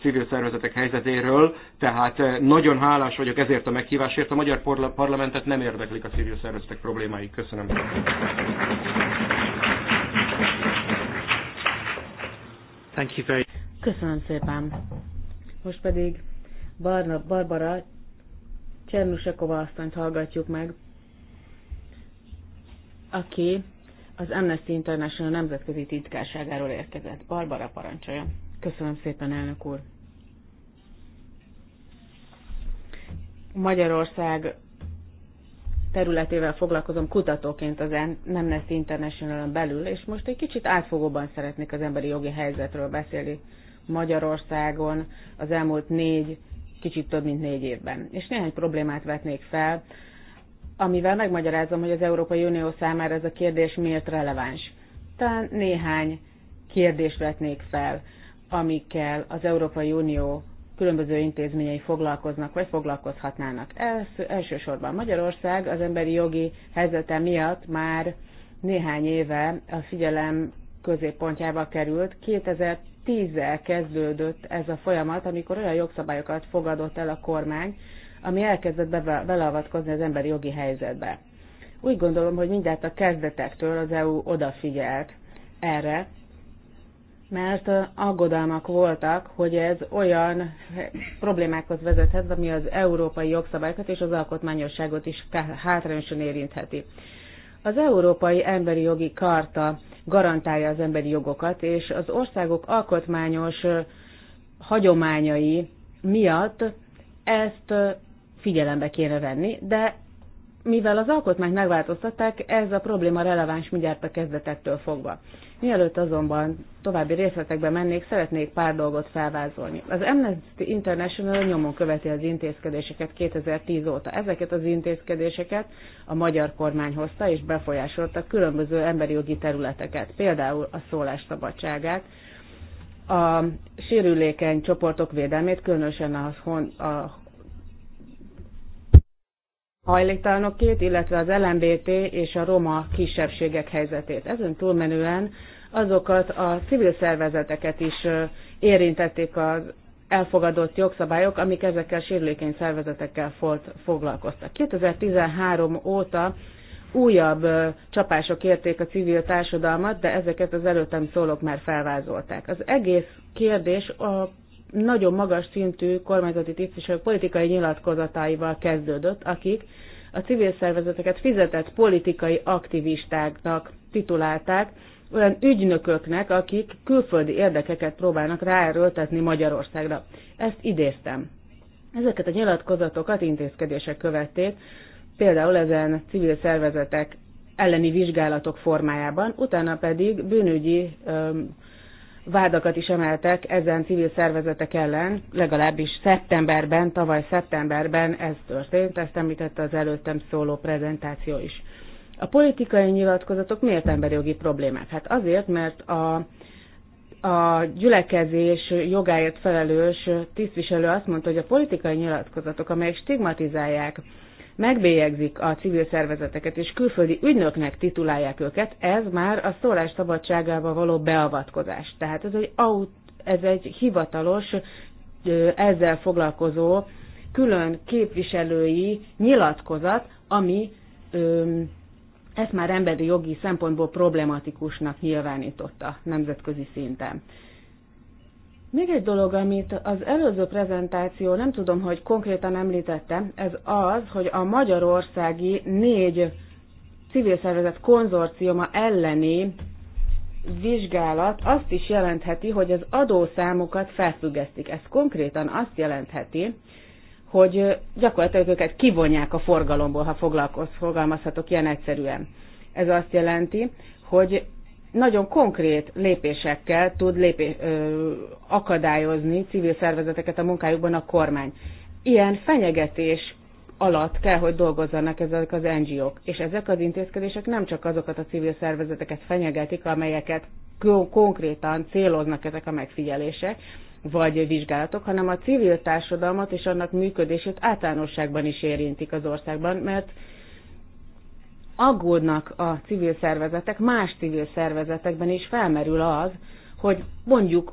civil szervezetek helyzetéről, tehát eh, nagyon hálás vagyok ezért a meghívásért. A magyar parlamentet nem érdeklik a civil szervezetek problémái. Köszönöm. Köszönöm szépen. Most pedig Barna, Barbara Csernusekova asszonyt hallgatjuk meg, aki az Amnesty International nemzetközi titkárságáról érkezett. Barbara parancsolja. Köszönöm szépen, elnök úr. Magyarország területével foglalkozom kutatóként az Amnesty international belül, és most egy kicsit átfogóban szeretnék az emberi jogi helyzetről beszélni Magyarországon az elmúlt négy kicsit több mint négy évben. És néhány problémát vetnék fel, amivel megmagyarázom, hogy az Európai Unió számára ez a kérdés miért releváns. Talán néhány kérdést vetnék fel, amikkel az Európai Unió különböző intézményei foglalkoznak, vagy foglalkozhatnának. Els, elsősorban Magyarország az emberi jogi helyzete miatt már néhány éve a figyelem középpontjába került. 2010-el kezdődött ez a folyamat, amikor olyan jogszabályokat fogadott el a kormány, ami elkezdett beleavatkozni az emberi jogi helyzetbe. Úgy gondolom, hogy mindjárt a kezdetektől az EU odafigyelt erre, mert aggodalmak voltak, hogy ez olyan problémákhoz vezethet, ami az európai jogszabályokat és az alkotmányosságot is hátrányosan érintheti. Az Európai Emberi Jogi Karta garantálja az emberi jogokat, és az országok alkotmányos hagyományai miatt ezt figyelembe kéne venni, de mivel az alkotmányt megváltoztatták, ez a probléma releváns mindjárt a kezdetektől fogva. Mielőtt azonban további részletekbe mennék, szeretnék pár dolgot felvázolni. Az Amnesty International nyomon követi az intézkedéseket 2010 óta. Ezeket az intézkedéseket a magyar kormány hozta és befolyásolta különböző emberi jogi területeket, például a szólásszabadságát, a sérülékeny csoportok védelmét, különösen a, hon, hajléktalanokét, illetve az LMBT és a roma kisebbségek helyzetét. Ezen túlmenően azokat a civil szervezeteket is érintették az elfogadott jogszabályok, amik ezekkel sérülékeny szervezetekkel foglalkoztak. 2013 óta újabb csapások érték a civil társadalmat, de ezeket az előttem szólók már felvázolták. Az egész kérdés a nagyon magas szintű kormányzati tisztviselők politikai nyilatkozatáival kezdődött, akik a civil szervezeteket fizetett politikai aktivistáknak titulálták, olyan ügynököknek, akik külföldi érdekeket próbálnak ráerőltetni Magyarországra. Ezt idéztem. Ezeket a nyilatkozatokat intézkedések követték, például ezen civil szervezetek elleni vizsgálatok formájában, utána pedig bűnügyi öm, vádakat is emeltek ezen civil szervezetek ellen, legalábbis szeptemberben, tavaly szeptemberben ez történt, ezt említette az előttem szóló prezentáció is. A politikai nyilatkozatok miért emberi jogi problémák? Hát azért, mert a, a gyülekezés jogáért felelős tisztviselő azt mondta, hogy a politikai nyilatkozatok, amelyek stigmatizálják megbélyegzik a civil szervezeteket, és külföldi ügynöknek titulálják őket, ez már a szólás szabadságába való beavatkozás. Tehát ez egy, aut, ez egy hivatalos, ezzel foglalkozó külön képviselői nyilatkozat, ami öm, ezt már emberi jogi szempontból problematikusnak nyilvánította nemzetközi szinten. Még egy dolog, amit az előző prezentáció, nem tudom, hogy konkrétan említette, ez az, hogy a magyarországi négy civil szervezet konzorciuma elleni vizsgálat azt is jelentheti, hogy az adószámokat felfüggesztik. Ez konkrétan azt jelentheti, hogy gyakorlatilag őket kivonják a forgalomból, ha foglalkoz, fogalmazhatok ilyen egyszerűen. Ez azt jelenti, hogy nagyon konkrét lépésekkel tud lépé, ö, akadályozni civil szervezeteket a munkájukban a kormány. Ilyen fenyegetés alatt kell, hogy dolgozzanak ezek az NGO-k, és ezek az intézkedések nem csak azokat a civil szervezeteket fenyegetik, amelyeket konkrétan céloznak ezek a megfigyelések, vagy vizsgálatok, hanem a civil társadalmat és annak működését általánosságban is érintik az országban, mert aggódnak a civil szervezetek, más civil szervezetekben is felmerül az, hogy mondjuk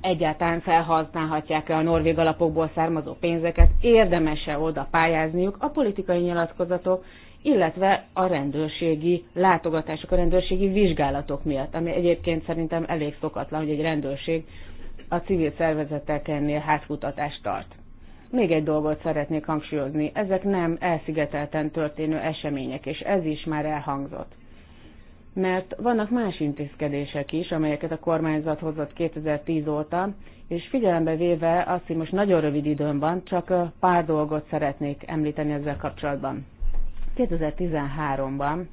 egyáltalán felhasználhatják-e a norvég alapokból származó pénzeket, érdemese oda pályázniuk a politikai nyilatkozatok, illetve a rendőrségi látogatások, a rendőrségi vizsgálatok miatt, ami egyébként szerintem elég szokatlan, hogy egy rendőrség a civil szervezeteknél házkutatást tart. Még egy dolgot szeretnék hangsúlyozni. Ezek nem elszigetelten történő események, és ez is már elhangzott. Mert vannak más intézkedések is, amelyeket a kormányzat hozott 2010 óta, és figyelembe véve azt, hogy most nagyon rövid időn van, csak pár dolgot szeretnék említeni ezzel kapcsolatban. 2013-ban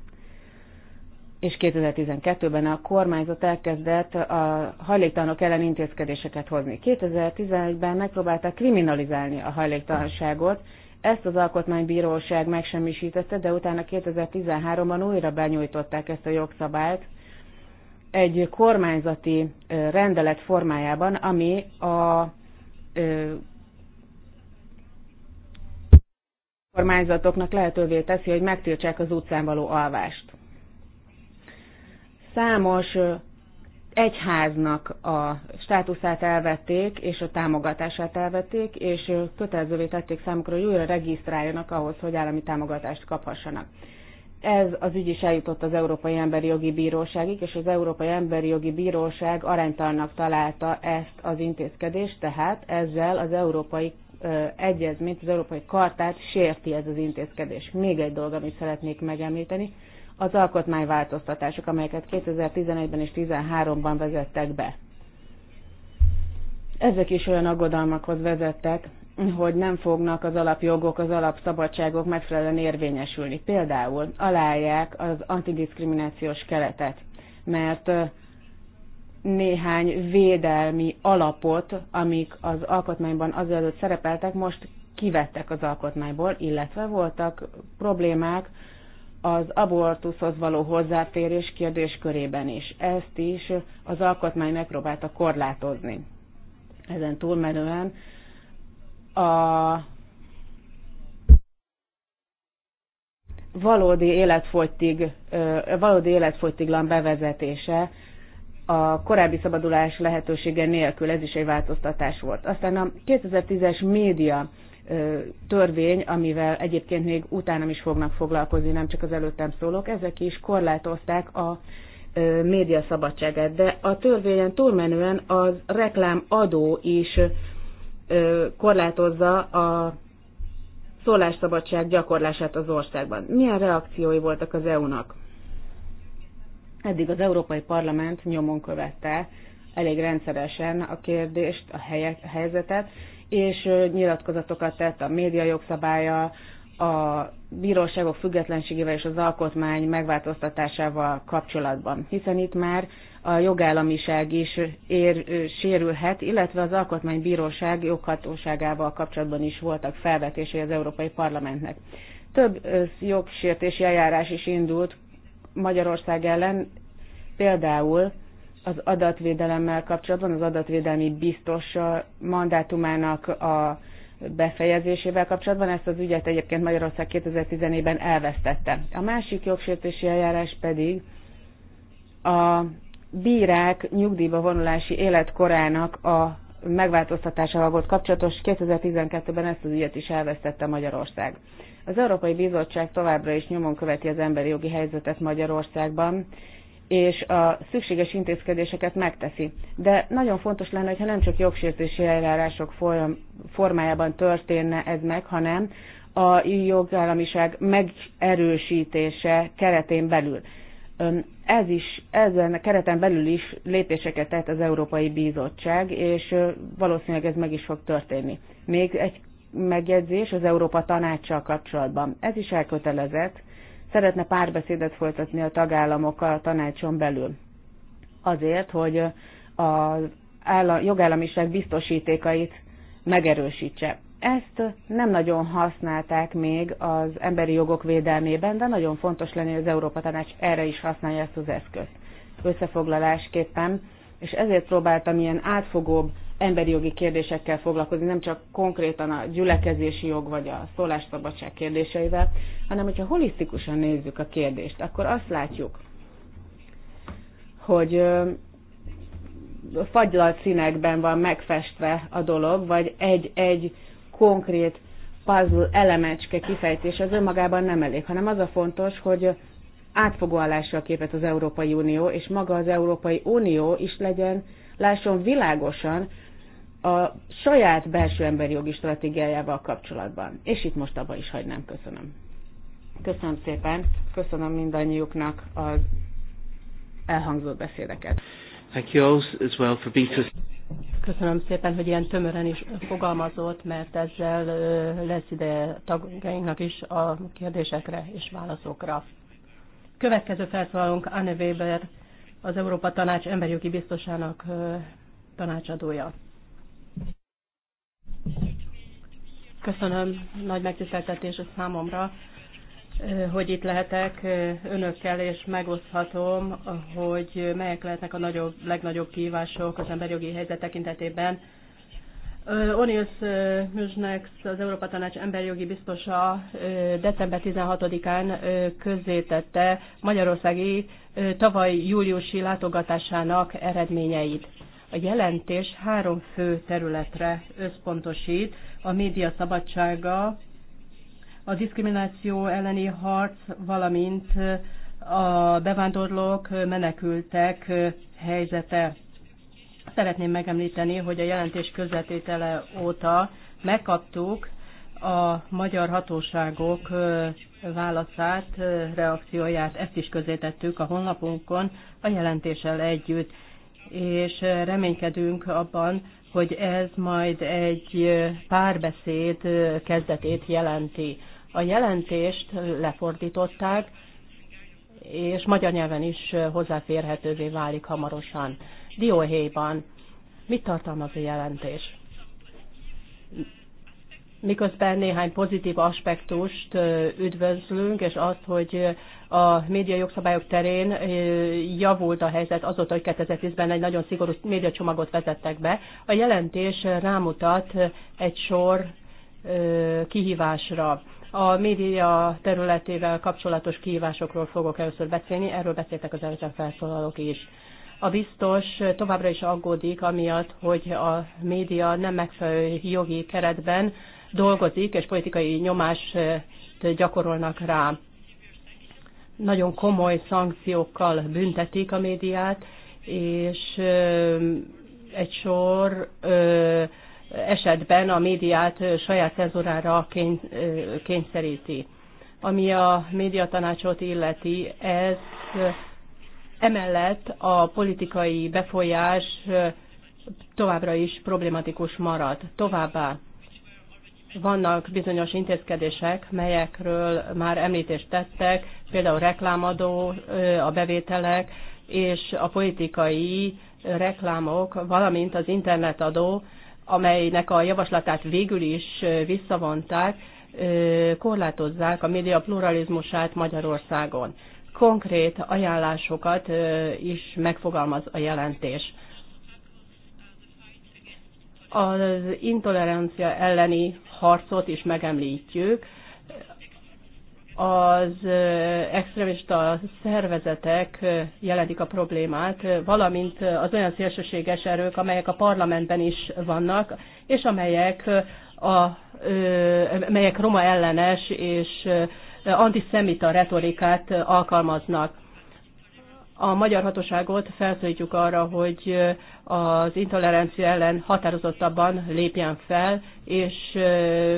és 2012-ben a kormányzat elkezdett a hajléktalanok ellen intézkedéseket hozni. 2011-ben megpróbálták kriminalizálni a hajléktalanságot, ezt az alkotmánybíróság megsemmisítette, de utána 2013-ban újra benyújtották ezt a jogszabályt egy kormányzati rendelet formájában, ami a kormányzatoknak lehetővé teszi, hogy megtiltsák az utcán való alvást. Számos egyháznak a státuszát elvették, és a támogatását elvették, és kötelezővé tették számukra, hogy újra regisztráljanak ahhoz, hogy állami támogatást kaphassanak. Ez az ügy is eljutott az Európai Emberi Jogi Bíróságig, és az Európai Emberi Jogi Bíróság aránytalnak találta ezt az intézkedést, tehát ezzel az Európai Egyezményt, az Európai Kartát sérti ez az intézkedés. Még egy dolog, amit szeretnék megemlíteni, az alkotmányváltoztatások, amelyeket 2011-ben és 2013-ban vezettek be. Ezek is olyan aggodalmakhoz vezettek, hogy nem fognak az alapjogok, az alapszabadságok megfelelően érvényesülni. Például aláják az antidiskriminációs keletet, mert néhány védelmi alapot, amik az alkotmányban azelőtt szerepeltek, most kivettek az alkotmányból, illetve voltak problémák az abortuszhoz való hozzáférés kérdéskörében is. Ezt is az alkotmány megpróbálta korlátozni. Ezen túlmenően a valódi életfogytig, valódi életfogytiglan bevezetése a korábbi szabadulás lehetősége nélkül, ez is egy változtatás volt. Aztán a 2010-es média törvény, amivel egyébként még utánam is fognak foglalkozni, nem csak az előttem szólók, ezek is korlátozták a média szabadságát, de a törvényen túlmenően az reklámadó is korlátozza a szólásszabadság gyakorlását az országban. Milyen reakciói voltak az EU-nak? Eddig az Európai Parlament nyomon követte elég rendszeresen a kérdést, a, helyek, a helyzetet, és nyilatkozatokat tett a média jogszabálya, a bíróságok függetlenségével és az alkotmány megváltoztatásával kapcsolatban, hiszen itt már a jogállamiság is ér, sérülhet, illetve az alkotmánybíróság joghatóságával kapcsolatban is voltak felvetései az Európai Parlamentnek. Több jogsértési eljárás is indult Magyarország ellen, például az adatvédelemmel kapcsolatban, az adatvédelmi biztos mandátumának a befejezésével kapcsolatban. Ezt az ügyet egyébként Magyarország 2014-ben elvesztette. A másik jogsértési eljárás pedig a bírák nyugdíjba vonulási életkorának a megváltoztatásával volt kapcsolatos. 2012-ben ezt az ügyet is elvesztette Magyarország. Az Európai Bizottság továbbra is nyomon követi az emberi jogi helyzetet Magyarországban, és a szükséges intézkedéseket megteszi. De nagyon fontos lenne, hogyha nem csak jogsértési eljárások formájában történne ez meg, hanem a jogállamiság megerősítése keretén belül. Ez is, ezen a kereten belül is lépéseket tett az Európai Bizottság, és valószínűleg ez meg is fog történni. Még egy megjegyzés az Európa Tanácssal kapcsolatban. Ez is elkötelezett, szeretne párbeszédet folytatni a tagállamokkal a tanácson belül. Azért, hogy a jogállamiság biztosítékait megerősítse. Ezt nem nagyon használták még az emberi jogok védelmében, de nagyon fontos lenne, hogy az Európa Tanács erre is használja ezt az eszközt. Összefoglalásképpen, és ezért próbáltam ilyen átfogóbb emberi jogi kérdésekkel foglalkozni, nem csak konkrétan a gyülekezési jog vagy a szólásszabadság kérdéseivel, hanem hogyha holisztikusan nézzük a kérdést, akkor azt látjuk, hogy fagylalt színekben van megfestve a dolog, vagy egy-egy konkrét puzzle elemecske kifejtés az önmagában nem elég, hanem az a fontos, hogy átfogó állásra képet az Európai Unió, és maga az Európai Unió is legyen, lásson világosan, a saját belső emberi jogi stratégiájával kapcsolatban. És itt most abba is hagynám, köszönöm. Köszönöm szépen, köszönöm mindannyiuknak az elhangzott beszédeket. Thank you all as well for being Köszönöm szépen, hogy ilyen tömören is fogalmazott, mert ezzel lesz ide tagjainknak is a kérdésekre és válaszokra. Következő felszólalunk Anne Weber, az Európa Tanács emberjogi biztosának tanácsadója. Köszönöm, nagy megtiszteltetés a számomra, hogy itt lehetek önökkel, és megoszthatom, hogy melyek lehetnek a nagyobb, legnagyobb kívások az emberjogi helyzet tekintetében. Onius Műznek, az Európa Tanács emberjogi biztosa december 16-án közzétette magyarországi tavaly júliusi látogatásának eredményeit. A jelentés három fő területre összpontosít, a média szabadsága, a diszkrimináció elleni harc, valamint a bevándorlók, menekültek helyzete. Szeretném megemlíteni, hogy a jelentés közvetétele óta megkaptuk a magyar hatóságok válaszát, reakcióját, ezt is tettük a honlapunkon a jelentéssel együtt és reménykedünk abban, hogy ez majd egy párbeszéd kezdetét jelenti. A jelentést lefordították, és magyar nyelven is hozzáférhetővé válik hamarosan. Dióhéjban mit tartalmaz a jelentés? miközben néhány pozitív aspektust üdvözlünk, és azt, hogy a média jogszabályok terén javult a helyzet azóta, hogy 2010-ben egy nagyon szigorú médiacsomagot vezettek be. A jelentés rámutat egy sor kihívásra. A média területével kapcsolatos kihívásokról fogok először beszélni, erről beszéltek az előző felszólalók is. A biztos továbbra is aggódik, amiatt, hogy a média nem megfelelő jogi keretben dolgozik, és politikai nyomást gyakorolnak rá. Nagyon komoly szankciókkal büntetik a médiát, és egy sor esetben a médiát saját cenzurára kényszeríti. Ami a médiatanácsot illeti, ez emellett a politikai befolyás továbbra is problematikus marad. Továbbá vannak bizonyos intézkedések, melyekről már említést tettek, például reklámadó, a bevételek és a politikai reklámok, valamint az internetadó, amelynek a javaslatát végül is visszavonták, korlátozzák a média pluralizmusát Magyarországon. Konkrét ajánlásokat is megfogalmaz a jelentés az intolerancia elleni harcot is megemlítjük. Az extremista szervezetek jelentik a problémát, valamint az olyan szélsőséges erők, amelyek a parlamentben is vannak, és amelyek, a, amelyek roma ellenes és antiszemita retorikát alkalmaznak a magyar hatóságot felszólítjuk arra, hogy az intolerancia ellen határozottabban lépjen fel, és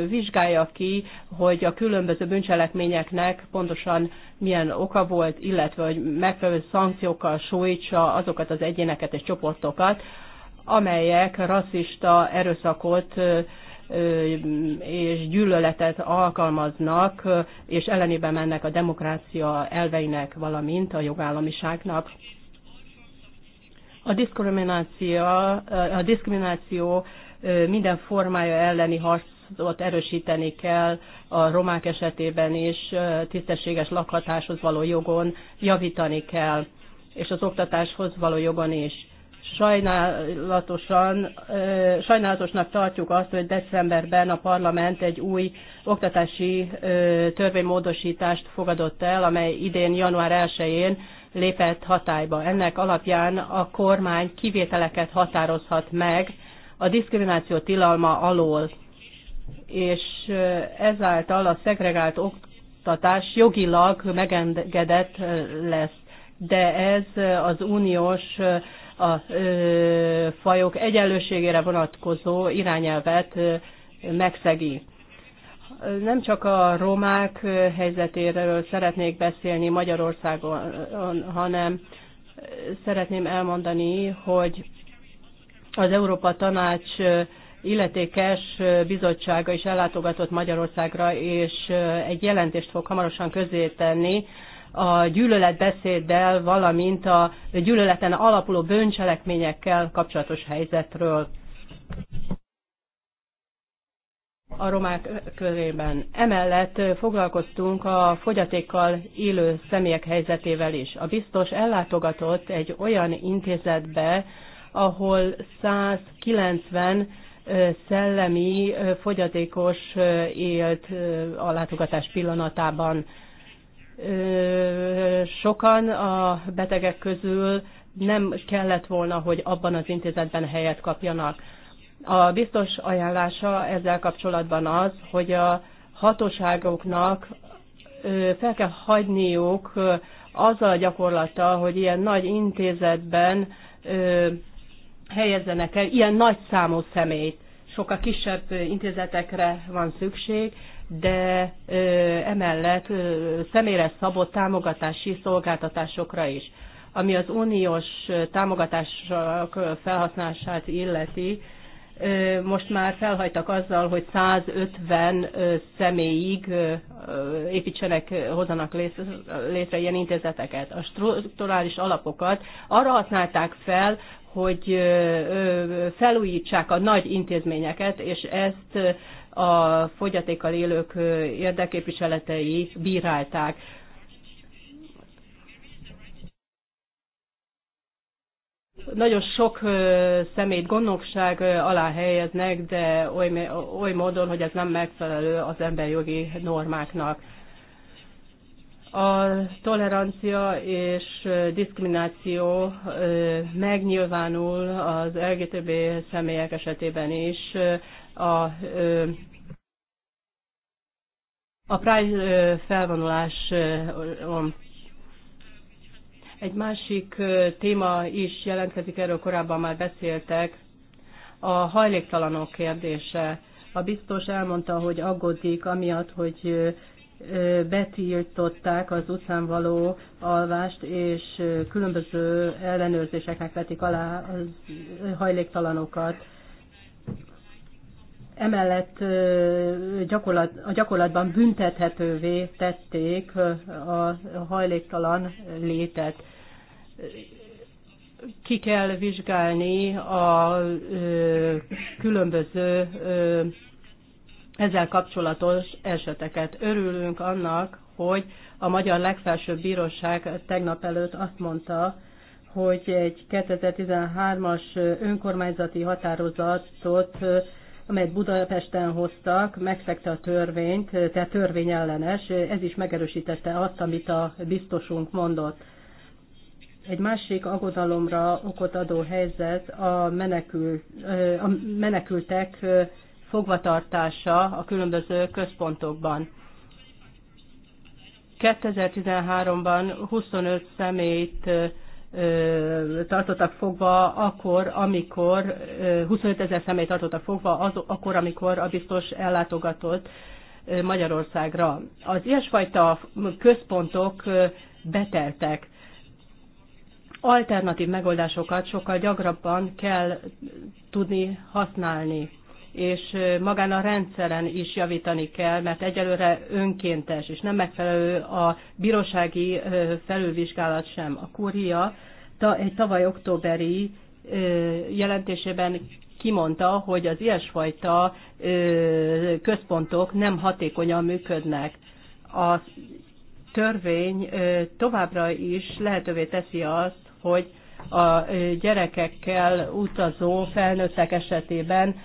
vizsgálja ki, hogy a különböző bűncselekményeknek pontosan milyen oka volt, illetve hogy megfelelő szankciókkal sújtsa azokat az egyéneket és csoportokat, amelyek rasszista erőszakot és gyűlöletet alkalmaznak, és ellenébe mennek a demokrácia elveinek, valamint a jogállamiságnak. A a diszkrimináció minden formája elleni harcot erősíteni kell a romák esetében is, tisztességes lakhatáshoz való jogon javítani kell, és az oktatáshoz való jogon is sajnálatosan, sajnálatosnak tartjuk azt, hogy decemberben a parlament egy új oktatási törvénymódosítást fogadott el, amely idén január 1-én lépett hatályba. Ennek alapján a kormány kivételeket határozhat meg a diszkrimináció tilalma alól, és ezáltal a szegregált oktatás jogilag megengedett lesz. De ez az uniós a fajok egyenlőségére vonatkozó irányelvet megszegi. Nem csak a romák helyzetéről szeretnék beszélni Magyarországon, hanem szeretném elmondani, hogy az Európa Tanács illetékes bizottsága is ellátogatott Magyarországra, és egy jelentést fog hamarosan tenni, a gyűlöletbeszéddel, valamint a gyűlöleten alapuló bőncselekményekkel kapcsolatos helyzetről a romák körében. Emellett foglalkoztunk a fogyatékkal élő személyek helyzetével is. A biztos ellátogatott egy olyan intézetbe, ahol 190 szellemi fogyatékos élt a látogatás pillanatában sokan a betegek közül nem kellett volna, hogy abban az intézetben helyet kapjanak. A biztos ajánlása ezzel kapcsolatban az, hogy a hatóságoknak fel kell hagyniuk azzal a gyakorlattal, hogy ilyen nagy intézetben helyezzenek el ilyen nagy számú személyt. Sokkal kisebb intézetekre van szükség, de emellett személyre szabott támogatási szolgáltatásokra is. Ami az uniós támogatások felhasználását illeti, most már felhajtak azzal, hogy 150 személyig építsenek, hozzanak létre ilyen intézeteket. A strukturális alapokat arra használták fel, hogy felújítsák a nagy intézményeket, és ezt a fogyatékkal élők érdeképviseletei bírálták. Nagyon sok szemét gondnokság alá helyeznek, de oly, oly módon, hogy ez nem megfelelő az emberjogi normáknak a tolerancia és diszkrimináció megnyilvánul az LGTB személyek esetében is, a a Pride felvonuláson egy másik téma is jelentkezik, erről korábban már beszéltek, a hajléktalanok kérdése. A biztos elmondta, hogy aggódik amiatt, hogy betiltották az utcán való alvást, és különböző ellenőrzéseknek vetik alá a hajléktalanokat emellett gyakorlat, a gyakorlatban büntethetővé tették a hajléktalan létet. Ki kell vizsgálni a különböző ezzel kapcsolatos eseteket. Örülünk annak, hogy a Magyar Legfelsőbb Bíróság tegnap előtt azt mondta, hogy egy 2013-as önkormányzati határozatot amelyet Budapesten hoztak, megszegte a törvényt, tehát törvényellenes. Ez is megerősítette azt, amit a biztosunk mondott. Egy másik aggodalomra okot adó helyzet a, menekül, a menekültek fogvatartása a különböző központokban. 2013-ban 25 személyt tartottak fogva akkor, amikor 25 ezer személy tartottak fogva, az, akkor, amikor a biztos ellátogatott Magyarországra. Az ilyesfajta központok beteltek. Alternatív megoldásokat sokkal gyakrabban kell tudni használni és magán a rendszeren is javítani kell, mert egyelőre önkéntes, és nem megfelelő a bírósági felülvizsgálat sem. A Kuria. egy tavaly októberi jelentésében kimondta, hogy az ilyesfajta központok nem hatékonyan működnek. A törvény továbbra is lehetővé teszi azt, hogy a gyerekekkel utazó felnőttek esetében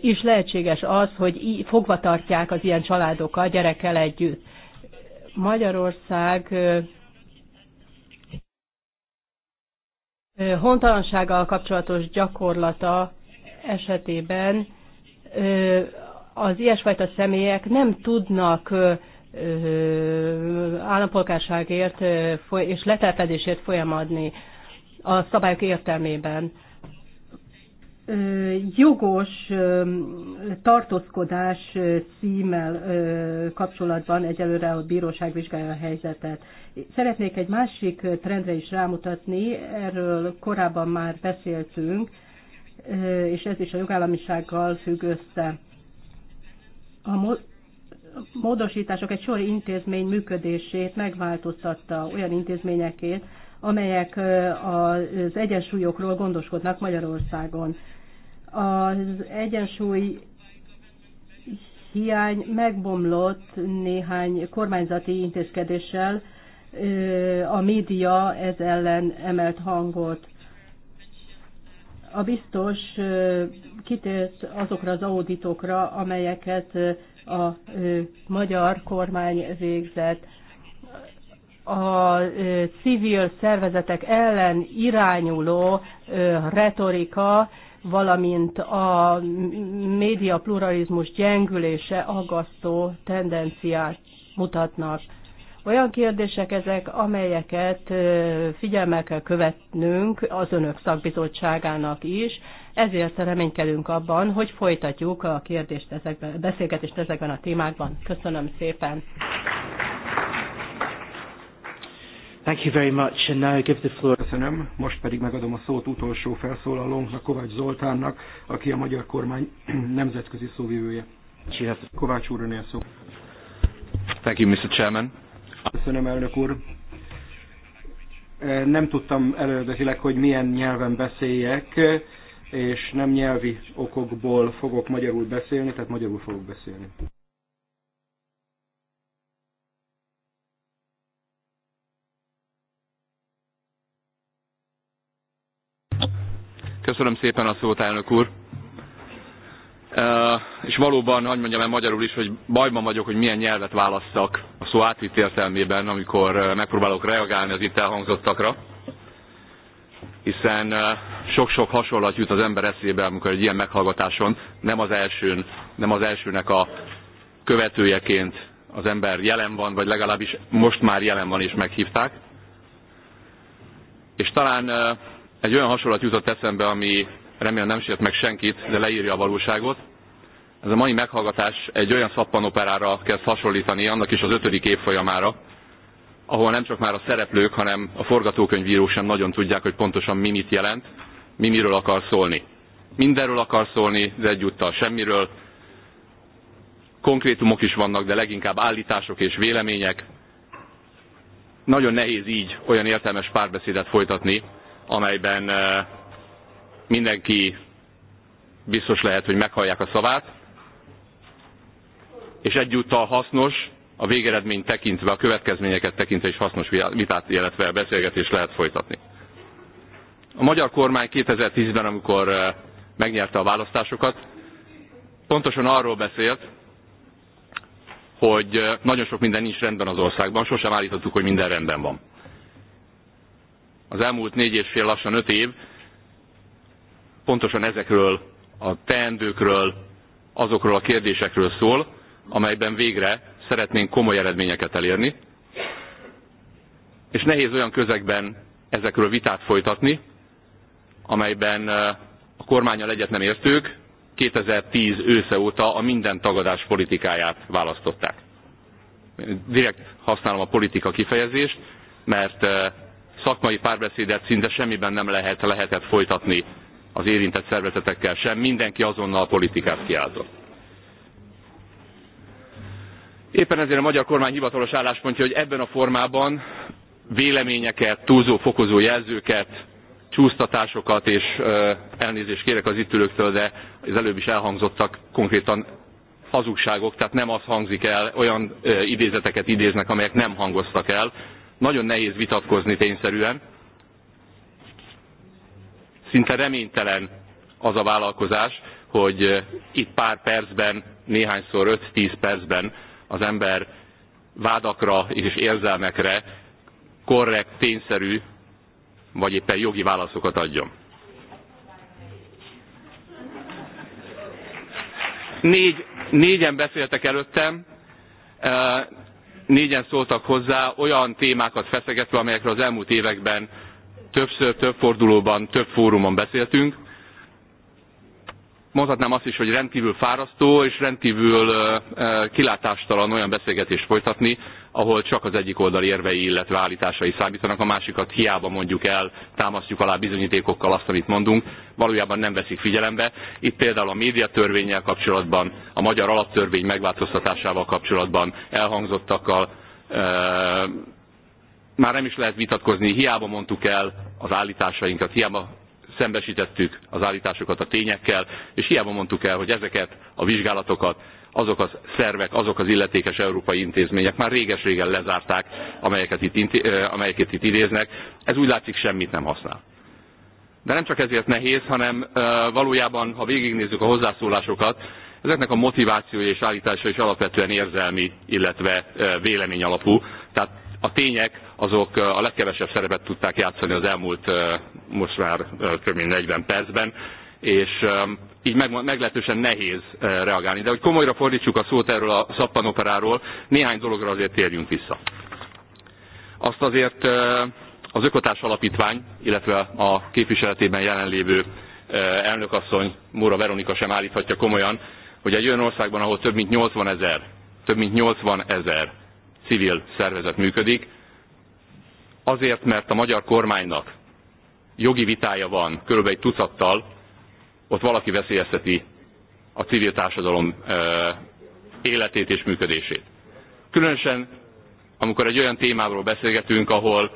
is lehetséges az, hogy fogva tartják az ilyen családokat gyerekkel együtt. Magyarország hontalansággal kapcsolatos gyakorlata esetében az ilyesfajta személyek nem tudnak állampolgárságért és letelepedésért folyamadni a szabályok értelmében jogos tartózkodás címmel kapcsolatban egyelőre a bíróság vizsgálja a helyzetet. Szeretnék egy másik trendre is rámutatni, erről korábban már beszéltünk, és ez is a jogállamisággal függ össze. A módosítások egy sor intézmény működését megváltoztatta olyan intézményekét, amelyek az egyensúlyokról gondoskodnak Magyarországon. Az egyensúly hiány megbomlott néhány kormányzati intézkedéssel, a média ez ellen emelt hangot. A biztos kitért azokra az auditokra, amelyeket a magyar kormány végzett. A civil szervezetek ellen irányuló retorika valamint a média pluralizmus gyengülése aggasztó tendenciát mutatnak. Olyan kérdések ezek, amelyeket figyelmel kell követnünk az önök szakbizottságának is, ezért reménykedünk abban, hogy folytatjuk a kérdést ezekben, beszélgetést ezekben a témákban. Köszönöm szépen! Thank you very much, and now I give the floor. Köszönöm, most pedig megadom a szót utolsó felszólalónknak, Kovács Zoltánnak, aki a magyar kormány nemzetközi szóvivője. Kovács úr, önél szó. Thank you, Mr. Chairman. Köszönöm, elnök úr. Eh, nem tudtam előadatileg, hogy milyen nyelven beszéljek, és nem nyelvi okokból fogok magyarul beszélni, tehát magyarul fogok beszélni. Köszönöm szépen a szót, elnök úr. és valóban, hogy mondjam el magyarul is, hogy bajban vagyok, hogy milyen nyelvet választak a szó átvitt értelmében, amikor megpróbálok reagálni az itt elhangzottakra, hiszen sok-sok hasonlat jut az ember eszébe, amikor egy ilyen meghallgatáson nem az, elsőn, nem az elsőnek a követőjeként az ember jelen van, vagy legalábbis most már jelen van és meghívták. És talán egy olyan hasonlat jutott eszembe, ami remélem nem sért meg senkit, de leírja a valóságot. Ez a mai meghallgatás egy olyan szappanoperára kezd hasonlítani, annak is az ötödik évfolyamára, ahol nem csak már a szereplők, hanem a forgatókönyvírók sem nagyon tudják, hogy pontosan mi mit jelent, mi miről akar szólni. Mindenről akar szólni, de egyúttal semmiről. Konkrétumok is vannak, de leginkább állítások és vélemények. Nagyon nehéz így olyan értelmes párbeszédet folytatni, amelyben eh, mindenki biztos lehet, hogy meghallják a szavát, és egyúttal hasznos, a végeredményt tekintve, a következményeket tekintve is hasznos vitát, illetve beszélgetést lehet folytatni. A magyar kormány 2010-ben, amikor eh, megnyerte a választásokat, pontosan arról beszélt, hogy eh, nagyon sok minden nincs rendben az országban, sosem állítottuk, hogy minden rendben van az elmúlt négy és fél lassan öt év pontosan ezekről a teendőkről, azokról a kérdésekről szól, amelyben végre szeretnénk komoly eredményeket elérni. És nehéz olyan közegben ezekről vitát folytatni, amelyben a kormányal egyet nem értők 2010 ősze óta a minden tagadás politikáját választották. Direkt használom a politika kifejezést, mert szakmai párbeszédet szinte semmiben nem lehet, lehetett folytatni az érintett szervezetekkel sem, mindenki azonnal politikát kiáltott. Éppen ezért a magyar kormány hivatalos álláspontja, hogy ebben a formában véleményeket, túlzó fokozó jelzőket, csúsztatásokat, és elnézést kérek az itt ülőktől, de az előbb is elhangzottak konkrétan hazugságok, tehát nem az hangzik el, olyan idézeteket idéznek, amelyek nem hangoztak el, nagyon nehéz vitatkozni tényszerűen. Szinte reménytelen az a vállalkozás, hogy eh, itt pár percben, néhányszor 5-10 percben az ember vádakra és érzelmekre korrekt, tényszerű, vagy éppen jogi válaszokat adjon. Négy, négyen beszéltek előttem, eh, négyen szóltak hozzá olyan témákat feszegetve, amelyekről az elmúlt években többször, több fordulóban, több fórumon beszéltünk mondhatnám azt is, hogy rendkívül fárasztó és rendkívül kilátástalan olyan beszélgetést folytatni, ahol csak az egyik oldal érvei, illetve állításai számítanak, a másikat hiába mondjuk el, támasztjuk alá bizonyítékokkal azt, amit mondunk, valójában nem veszik figyelembe. Itt például a médiatörvényel kapcsolatban, a magyar alaptörvény megváltoztatásával kapcsolatban elhangzottakkal már nem is lehet vitatkozni, hiába mondtuk el az állításainkat, hiába szembesítettük az állításokat a tényekkel, és hiába mondtuk el, hogy ezeket a vizsgálatokat azok a szervek, azok az illetékes európai intézmények már réges-régen lezárták, amelyeket itt, amelyeket itt idéznek. Ez úgy látszik semmit nem használ. De nem csak ezért nehéz, hanem valójában, ha végignézzük a hozzászólásokat, ezeknek a motivációja és állítása is alapvetően érzelmi, illetve vélemény alapú. Tehát a tények azok a legkevesebb szerepet tudták játszani az elmúlt most már kb. 40 percben, és így meg, meglehetősen nehéz reagálni. De hogy komolyra fordítsuk a szót erről a szappanoperáról, néhány dologra azért térjünk vissza. Azt azért az Ökotárs Alapítvány, illetve a képviseletében jelenlévő elnökasszony Móra Veronika sem állíthatja komolyan, hogy egy olyan országban, ahol több mint 80 ezer, több mint 80 ezer civil szervezet működik, azért, mert a magyar kormánynak jogi vitája van körülbelül egy tucattal, ott valaki veszélyezteti a civil társadalom életét és működését. Különösen, amikor egy olyan témáról beszélgetünk, ahol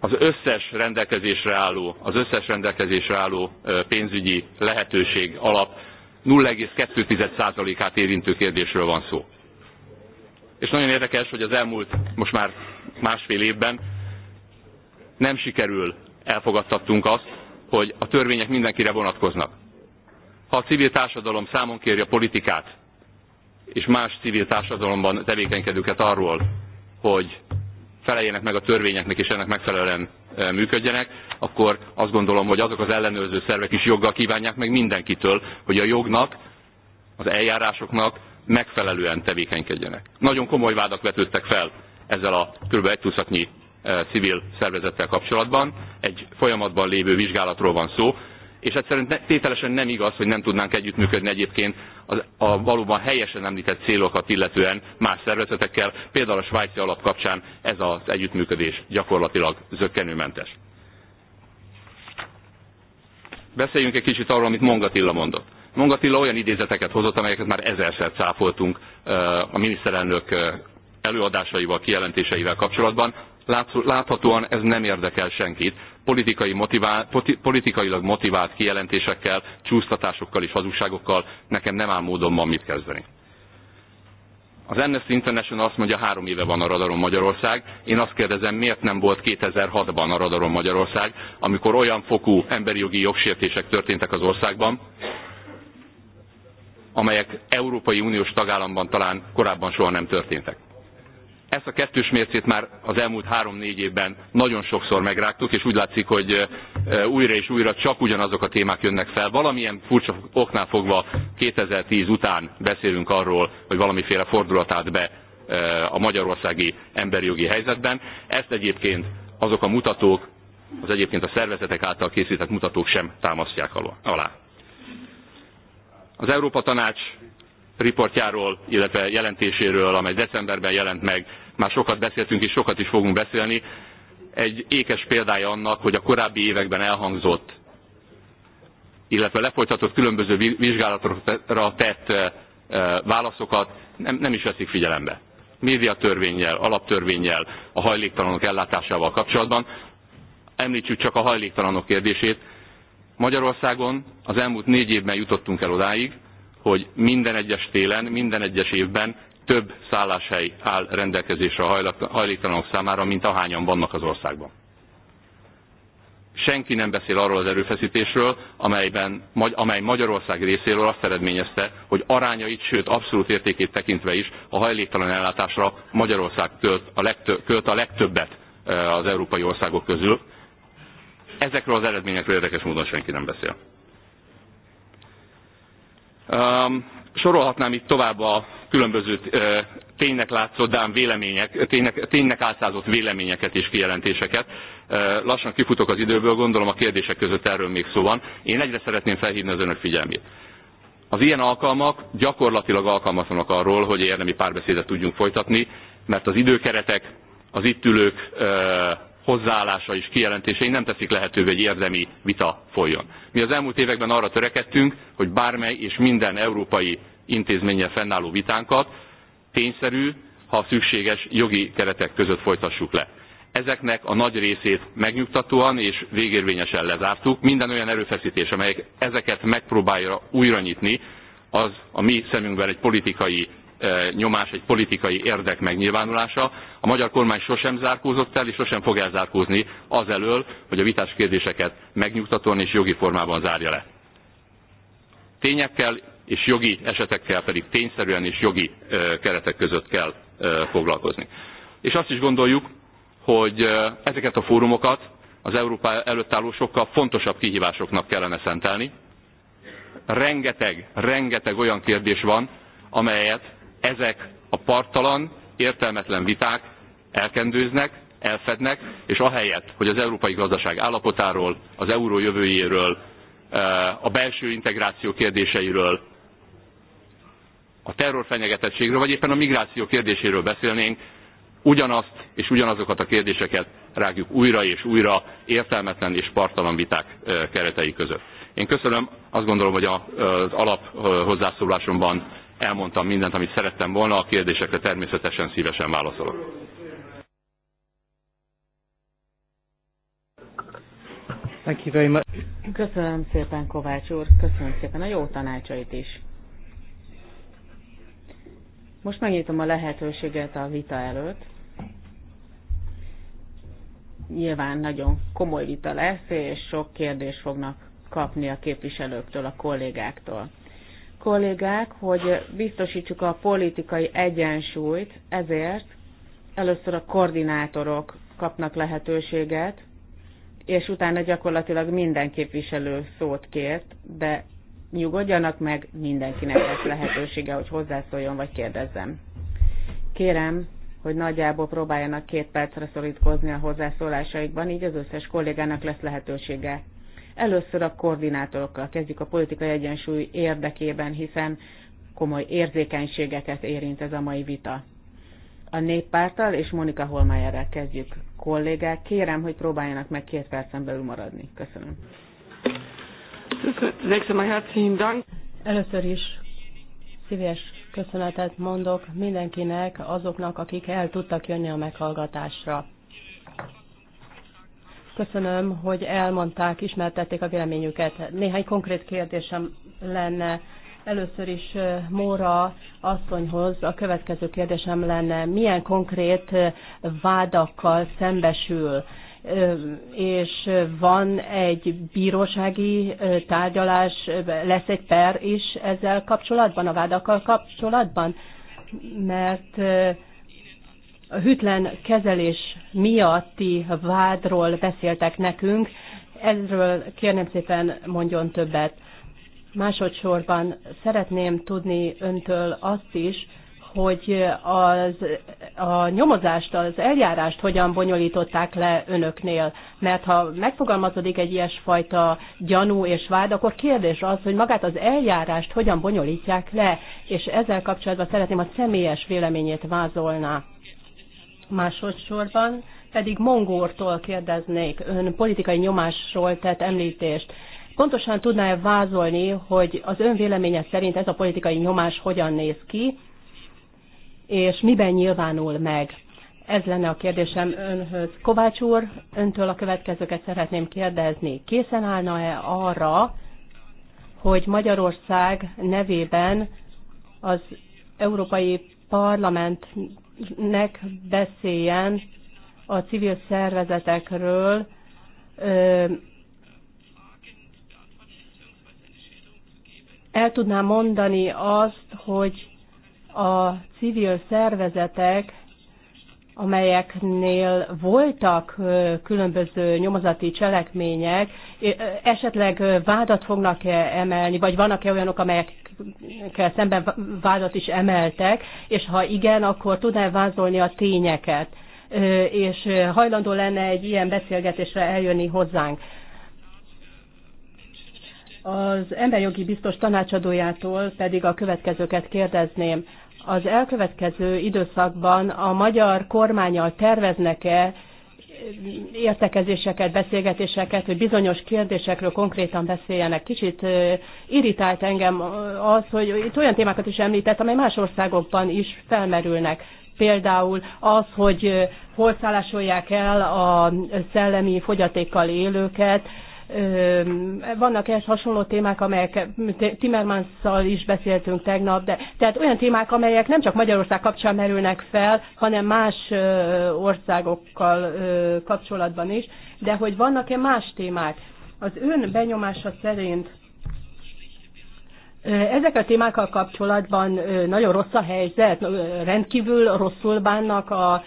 az összes rendelkezésre álló, az összes rendelkezésre álló pénzügyi lehetőség alap 0,2%-át érintő kérdésről van szó és nagyon érdekes, hogy az elmúlt most már másfél évben nem sikerül elfogadtattunk azt, hogy a törvények mindenkire vonatkoznak. Ha a civil társadalom számon kéri a politikát, és más civil társadalomban tevékenykedőket arról, hogy feleljenek meg a törvényeknek és ennek megfelelően e, működjenek, akkor azt gondolom, hogy azok az ellenőrző szervek is joggal kívánják meg mindenkitől, hogy a jognak, az eljárásoknak, megfelelően tevékenykedjenek. Nagyon komoly vádak vetődtek fel ezzel a kb. egy tucatnyi eh, civil szervezettel kapcsolatban. Egy folyamatban lévő vizsgálatról van szó, és egyszerűen tételesen nem igaz, hogy nem tudnánk együttműködni egyébként a, a valóban helyesen említett célokat illetően más szervezetekkel. Például a svájci alap kapcsán ez az együttműködés gyakorlatilag zöggenőmentes. Beszéljünk egy kicsit arról, amit Mongatilla mondott Mongatilla olyan idézeteket hozott, amelyeket már ezerszer cáfoltunk a miniszterelnök előadásaival, kijelentéseivel kapcsolatban. Láthatóan ez nem érdekel senkit. Politikai motivál, politikailag motivált kijelentésekkel, csúsztatásokkal és hazugságokkal nekem nem áll módon van mit kezdeni. Az Amnesty International azt mondja, három éve van a radaron Magyarország. Én azt kérdezem, miért nem volt 2006-ban a radaron Magyarország, amikor olyan fokú emberi jogi jogsértések történtek az országban, amelyek Európai Uniós tagállamban talán korábban soha nem történtek. Ezt a kettős mércét már az elmúlt három-négy évben nagyon sokszor megrágtuk, és úgy látszik, hogy újra és újra csak ugyanazok a témák jönnek fel. Valamilyen furcsa oknál fogva 2010 után beszélünk arról, hogy valamiféle állt be a magyarországi emberi jogi helyzetben. Ezt egyébként azok a mutatók, az egyébként a szervezetek által készített mutatók sem támasztják alá. Az Európa Tanács riportjáról, illetve jelentéséről, amely decemberben jelent meg, már sokat beszéltünk és sokat is fogunk beszélni, egy ékes példája annak, hogy a korábbi években elhangzott, illetve lefolytatott különböző vizsgálatokra tett eh, válaszokat nem, nem is veszik figyelembe. Médiatörvényel, alaptörvényel, a hajléktalanok ellátásával kapcsolatban. Említsük csak a hajléktalanok kérdését, Magyarországon az elmúlt négy évben jutottunk el odáig, hogy minden egyes télen, minden egyes évben több szálláshely áll rendelkezésre a hajléktalanok számára, mint ahányan vannak az országban. Senki nem beszél arról az erőfeszítésről, amelyben, amely Magyarország részéről azt eredményezte, hogy arányait, sőt abszolút értékét tekintve is a hajléktalan ellátásra Magyarország költ a, legtöbb, költ a legtöbbet eh, az európai országok közül Ezekről az eredményekről érdekes módon senki nem beszél. Um, sorolhatnám itt tovább a különböző uh, ténynek látszott, dám vélemények, ténynek, ténynek álcázott véleményeket és kijelentéseket. Uh, lassan kifutok az időből, gondolom a kérdések között erről még szó van. Én egyre szeretném felhívni az önök figyelmét. Az ilyen alkalmak gyakorlatilag alkalmatlanak arról, hogy érdemi párbeszédet tudjunk folytatni, mert az időkeretek, az itt ülők uh, hozzáállása és kijelentései nem teszik lehetővé, hogy érdemi vita folyjon. Mi az elmúlt években arra törekedtünk, hogy bármely és minden európai intézménye fennálló vitánkat tényszerű, ha szükséges jogi keretek között folytassuk le. Ezeknek a nagy részét megnyugtatóan és végérvényesen lezártuk. Minden olyan erőfeszítés, amelyek ezeket megpróbálja újranyitni, az a mi szemünkben egy politikai nyomás, egy politikai érdek megnyilvánulása. A magyar kormány sosem zárkózott el, és sosem fog elzárkózni azelől, hogy a vitás kérdéseket megnyugtatóan és jogi formában zárja le. Tényekkel és jogi esetekkel pedig tényszerűen és jogi keretek között kell foglalkozni. És azt is gondoljuk, hogy ezeket a fórumokat az Európa előtt álló sokkal fontosabb kihívásoknak kellene szentelni. Rengeteg, rengeteg olyan kérdés van, amelyet ezek a parttalan, értelmetlen viták elkendőznek, elfednek, és ahelyett, hogy az európai gazdaság állapotáról, az euró jövőjéről, eh, a belső integráció kérdéseiről, a terrorfenyegetettségről, vagy éppen a migráció kérdéséről beszélnénk, ugyanazt és ugyanazokat a kérdéseket rágjuk újra és újra értelmetlen és partalan viták eh, keretei között. Én köszönöm, azt gondolom, hogy eh, az alap hozzászólásomban elmondtam mindent, amit szerettem volna, a kérdésekre természetesen szívesen válaszolok. Köszönöm szépen, Kovács úr, köszönöm szépen a jó tanácsait is. Most megnyitom a lehetőséget a vita előtt. Nyilván nagyon komoly vita lesz, és sok kérdést fognak kapni a képviselőktől, a kollégáktól kollégák, hogy biztosítsuk a politikai egyensúlyt, ezért először a koordinátorok kapnak lehetőséget, és utána gyakorlatilag minden képviselő szót kért, de nyugodjanak meg, mindenkinek lesz lehetősége, hogy hozzászóljon vagy kérdezzem. Kérem, hogy nagyjából próbáljanak két percre szorítkozni a hozzászólásaikban, így az összes kollégának lesz lehetősége Először a koordinátorokkal kezdjük a politikai egyensúly érdekében, hiszen komoly érzékenységeket érint ez a mai vita. A néppárttal és Monika Holmájerrel kezdjük. Kollégák, kérem, hogy próbáljanak meg két percen belül maradni. Köszönöm. Hát, Először is szíves köszönetet mondok mindenkinek, azoknak, akik el tudtak jönni a meghallgatásra. Köszönöm, hogy elmondták, ismertették a véleményüket. Néhány konkrét kérdésem lenne. Először is eh, Móra asszonyhoz a következő kérdésem lenne, milyen konkrét eh, vádakkal szembesül, eh, és van egy bírósági tárgyalás, lesz egy per is ezzel kapcsolatban, a vádakkal kapcsolatban? Mert a hűtlen kezelés miatti vádról beszéltek nekünk. Ezről kérném szépen mondjon többet. Másodszorban szeretném tudni öntől azt is, hogy az, a nyomozást, az eljárást hogyan bonyolították le önöknél. Mert ha megfogalmazódik egy ilyesfajta gyanú és vád, akkor kérdés az, hogy magát az eljárást hogyan bonyolítják le, és ezzel kapcsolatban szeretném a személyes véleményét vázolná. Másodszorban pedig Mongortól kérdeznék, ön politikai nyomásról tett említést. Pontosan tudná-e vázolni, hogy az ön véleménye szerint ez a politikai nyomás hogyan néz ki, és miben nyilvánul meg? Ez lenne a kérdésem önhöz. Kovács úr, öntől a következőket szeretném kérdezni. Készen állna-e arra, hogy Magyarország nevében az Európai Parlament nek beszéljen a civil szervezetekről, el tudná mondani azt, hogy a civil szervezetek, amelyeknél voltak különböző nyomozati cselekmények, esetleg vádat fognak -e emelni, vagy vannak-e olyanok, amelyek kell szemben vádat is emeltek, és ha igen, akkor tudná vázolni a tényeket, és hajlandó lenne egy ilyen beszélgetésre eljönni hozzánk. Az emberjogi biztos tanácsadójától pedig a következőket kérdezném. Az elkövetkező időszakban a magyar kormányal terveznek-e értekezéseket, beszélgetéseket, hogy bizonyos kérdésekről konkrétan beszéljenek. Kicsit irritált engem az, hogy itt olyan témákat is említett, amely más országokban is felmerülnek. Például az, hogy hol szállásolják el a szellemi fogyatékkal élőket, vannak ehhez hasonló témák, amelyek Timmermansszal is beszéltünk tegnap, de tehát olyan témák, amelyek nem csak Magyarország kapcsán merülnek fel, hanem más országokkal kapcsolatban is, de hogy vannak-e más témák. Az ön benyomása szerint ezek a témákkal kapcsolatban nagyon rossz a helyzet, rendkívül rosszul bánnak a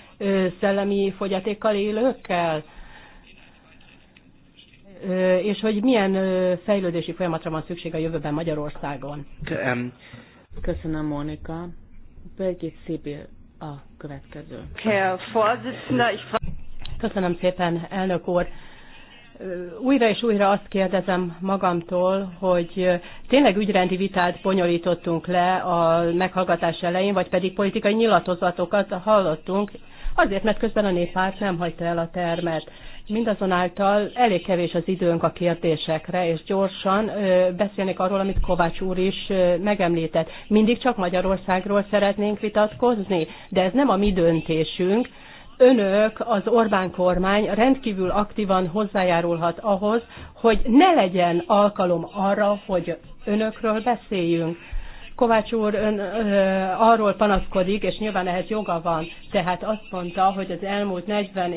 szellemi fogyatékkal élőkkel és hogy milyen fejlődési folyamatra van szükség a jövőben Magyarországon. Köszönöm, Mónika. Birgit Szibil a következő. Köszönöm szépen, elnök úr újra és újra azt kérdezem magamtól, hogy tényleg ügyrendi vitát bonyolítottunk le a meghallgatás elején, vagy pedig politikai nyilatkozatokat hallottunk, azért, mert közben a néppárt nem hagyta el a termet. Mindazonáltal elég kevés az időnk a kérdésekre, és gyorsan beszélnék arról, amit Kovács úr is megemlített. Mindig csak Magyarországról szeretnénk vitatkozni, de ez nem a mi döntésünk, önök, az Orbán kormány rendkívül aktívan hozzájárulhat ahhoz, hogy ne legyen alkalom arra, hogy önökről beszéljünk. Kovács úr ön, ö, arról panaszkodik, és nyilván ehhez joga van, tehát azt mondta, hogy az elmúlt 40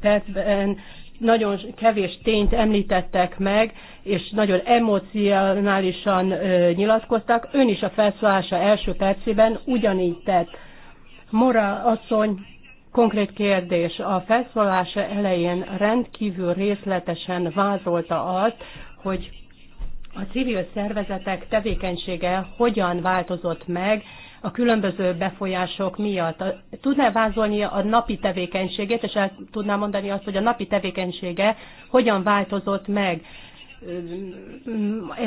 percben nagyon kevés tényt említettek meg, és nagyon emocionálisan ö, nyilatkoztak. Ön is a felszólása első percében ugyanígy tett. Mora asszony, konkrét kérdés. A felszólása elején rendkívül részletesen vázolta azt, hogy a civil szervezetek tevékenysége hogyan változott meg a különböző befolyások miatt. Tudná vázolni a napi tevékenységét, és el tudná mondani azt, hogy a napi tevékenysége hogyan változott meg?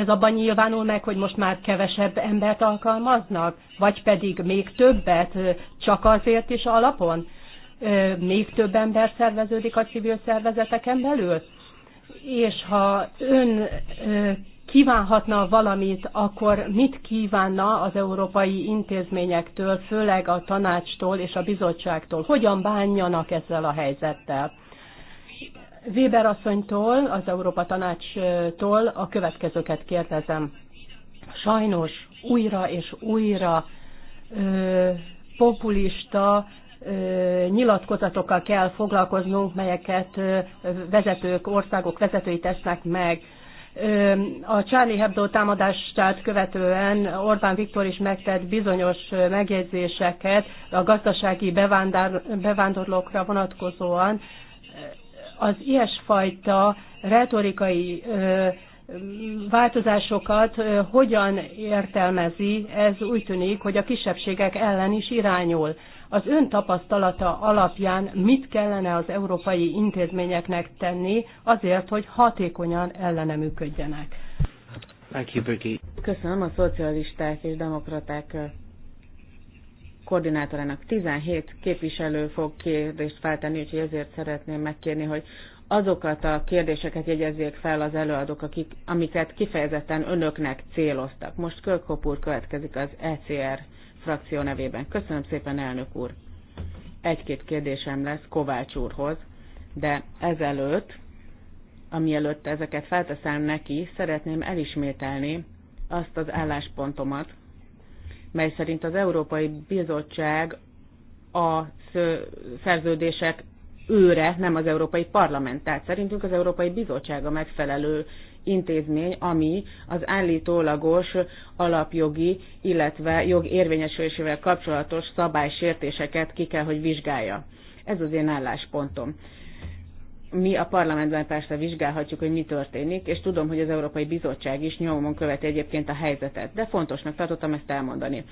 Ez abban nyilvánul meg, hogy most már kevesebb embert alkalmaznak, vagy pedig még többet, csak azért is alapon? Még több ember szerveződik a civil szervezeteken belül? és ha ön kívánhatna valamit, akkor mit kívánna az európai intézményektől, főleg a tanácstól és a bizottságtól? Hogyan bánjanak ezzel a helyzettel? Weber asszonytól, az Európa Tanácstól a következőket kérdezem. Sajnos újra és újra ö, populista ö, nyilatkozatokkal kell foglalkoznunk, melyeket ö, vezetők, országok vezetői tesznek meg. Ö, a Charlie Hebdo támadását követően Orbán Viktor is megtett bizonyos megjegyzéseket a gazdasági bevándorlókra vonatkozóan. Az ilyesfajta retorikai változásokat hogyan értelmezi, ez úgy tűnik, hogy a kisebbségek ellen is irányul. Az ön tapasztalata alapján mit kellene az európai intézményeknek tenni azért, hogy hatékonyan ellene működjenek? Köszönöm a szocialisták és demokraták koordinátorának 17 képviselő fog kérdést feltenni, úgyhogy ezért szeretném megkérni, hogy azokat a kérdéseket jegyezzék fel az előadók, akik, amiket kifejezetten önöknek céloztak. Most Kölkopúr következik az ECR frakció nevében. Köszönöm szépen, elnök úr. Egy-két kérdésem lesz Kovács úrhoz, de ezelőtt, amielőtt ezeket felteszem neki, szeretném elismételni azt az álláspontomat, mely szerint az Európai Bizottság a szerződések őre, nem az Európai Parlament. Tehát szerintünk az Európai Bizottság a megfelelő intézmény, ami az állítólagos alapjogi, illetve jog érvényesülésével kapcsolatos szabálysértéseket ki kell, hogy vizsgálja. Ez az én álláspontom. Mi a parlamentben persze vizsgálhatjuk, hogy mi történik, és tudom, hogy az Európai Bizottság is nyomon követi egyébként a helyzetet, de fontosnak tartottam ezt elmondani.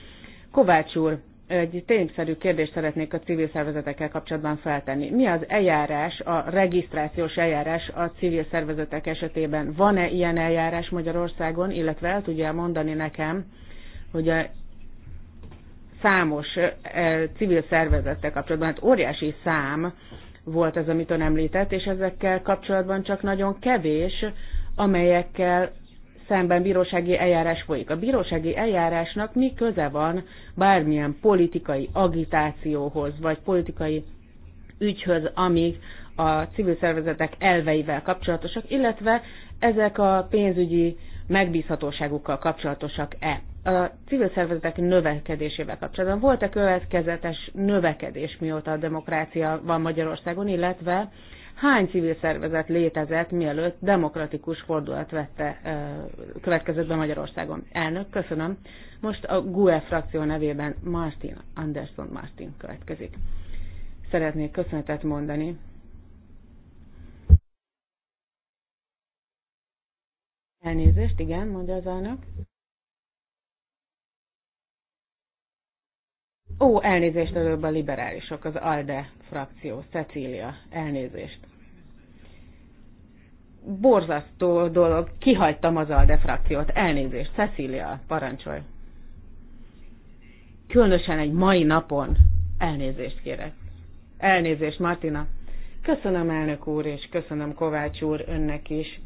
Kovács úr, egy tényszerű kérdést szeretnék a civil szervezetekkel kapcsolatban feltenni. Mi az eljárás, a regisztrációs eljárás a civil szervezetek esetében? Van-e ilyen eljárás Magyarországon, illetve el tudja mondani nekem, hogy a számos e, civil szervezettel kapcsolatban, hát óriási szám volt ez, amit ön említett, és ezekkel kapcsolatban csak nagyon kevés, amelyekkel szemben bírósági eljárás folyik. A bírósági eljárásnak mi köze van bármilyen politikai agitációhoz, vagy politikai ügyhöz, amíg a civil szervezetek elveivel kapcsolatosak, illetve ezek a pénzügyi megbízhatóságukkal kapcsolatosak-e. A civil szervezetek növekedésével kapcsolatban volt-e következetes növekedés, mióta a demokrácia van Magyarországon, illetve hány civil szervezet létezett, mielőtt demokratikus fordulat vette, következett be Magyarországon. Elnök, köszönöm. Most a GUE frakció nevében Martin Anderson Martin következik. Szeretnék köszönetet mondani. Elnézést, igen, mondja az elnök. Ó, elnézést előbb a liberálisok, az ALDE frakció, Cecília, elnézést. Borzasztó dolog, kihagytam az ALDE frakciót, elnézést, Cecília, parancsolj. Különösen egy mai napon elnézést kérek. Elnézést, Martina. Köszönöm, elnök úr, és köszönöm Kovács úr önnek is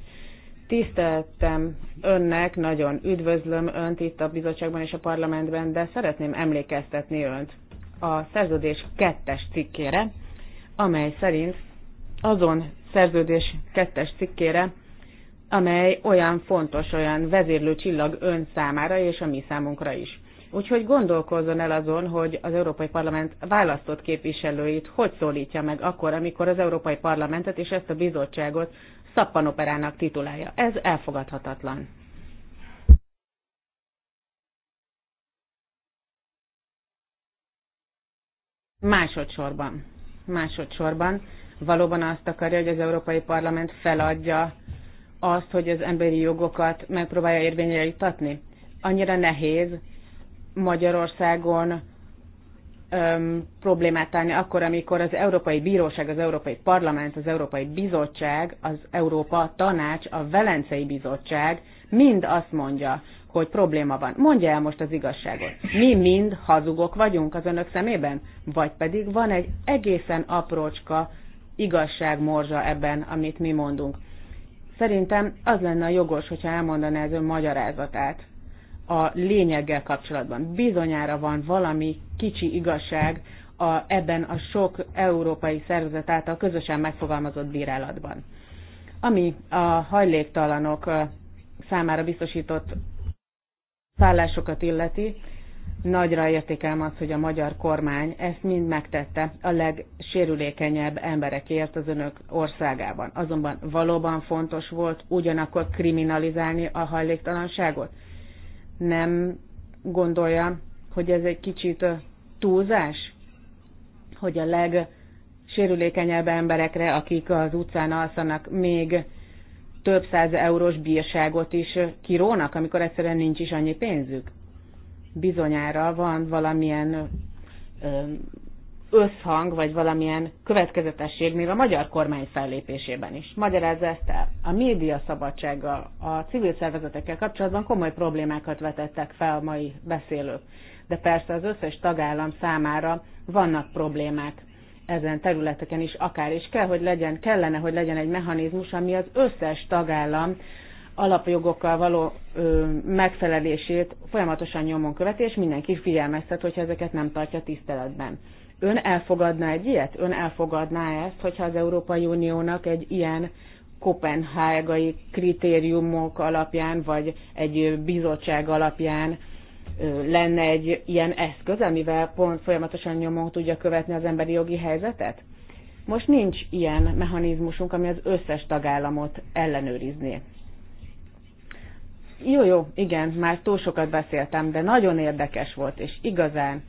tiszteltem önnek, nagyon üdvözlöm önt itt a bizottságban és a parlamentben, de szeretném emlékeztetni önt a szerződés kettes cikkére, amely szerint azon szerződés kettes cikkére, amely olyan fontos, olyan vezérlő csillag ön számára és a mi számunkra is. Úgyhogy gondolkozzon el azon, hogy az Európai Parlament választott képviselőit hogy szólítja meg akkor, amikor az Európai Parlamentet és ezt a bizottságot szappanoperának titulálja. Ez elfogadhatatlan. Másodszorban, másodszorban valóban azt akarja, hogy az Európai Parlament feladja azt, hogy az emberi jogokat megpróbálja érvényre jutatni. Annyira nehéz Magyarországon öm, problémát állni akkor, amikor az Európai Bíróság, az Európai Parlament, az Európai Bizottság, az Európa Tanács, a Velencei Bizottság mind azt mondja, hogy probléma van. Mondja el most az igazságot. Mi mind hazugok vagyunk az önök szemében? Vagy pedig van egy egészen aprócska igazságmorzsa ebben, amit mi mondunk. Szerintem az lenne a jogos, hogyha elmondaná ez ön magyarázatát a lényeggel kapcsolatban. Bizonyára van valami kicsi igazság a, ebben a sok európai szervezet által közösen megfogalmazott bírálatban. Ami a hajléktalanok számára biztosított szállásokat illeti, nagyra értékelem az, hogy a magyar kormány ezt mind megtette a legsérülékenyebb emberekért az önök országában. Azonban valóban fontos volt ugyanakkor kriminalizálni a hajléktalanságot nem gondolja, hogy ez egy kicsit túlzás, hogy a legsérülékenyebb emberekre, akik az utcán alszanak, még több száz eurós bírságot is kirónak, amikor egyszerűen nincs is annyi pénzük. Bizonyára van valamilyen összhang, vagy valamilyen következetesség még a magyar kormány fellépésében is. Magyarázza ezt el. A média szabadsága a civil szervezetekkel kapcsolatban komoly problémákat vetettek fel a mai beszélők. De persze az összes tagállam számára vannak problémák ezen területeken is akár, és kell, hogy legyen, kellene, hogy legyen egy mechanizmus, ami az összes tagállam alapjogokkal való ö, megfelelését folyamatosan nyomon követi, és mindenki figyelmeztet, hogyha ezeket nem tartja tiszteletben. Ön elfogadná egy ilyet? Ön elfogadná ezt, hogyha az Európai Uniónak egy ilyen kopenhágai kritériumok alapján, vagy egy bizottság alapján lenne egy ilyen eszköz, amivel pont folyamatosan nyomon tudja követni az emberi jogi helyzetet? Most nincs ilyen mechanizmusunk, ami az összes tagállamot ellenőrizné. Jó, jó, igen, már túl sokat beszéltem, de nagyon érdekes volt, és igazán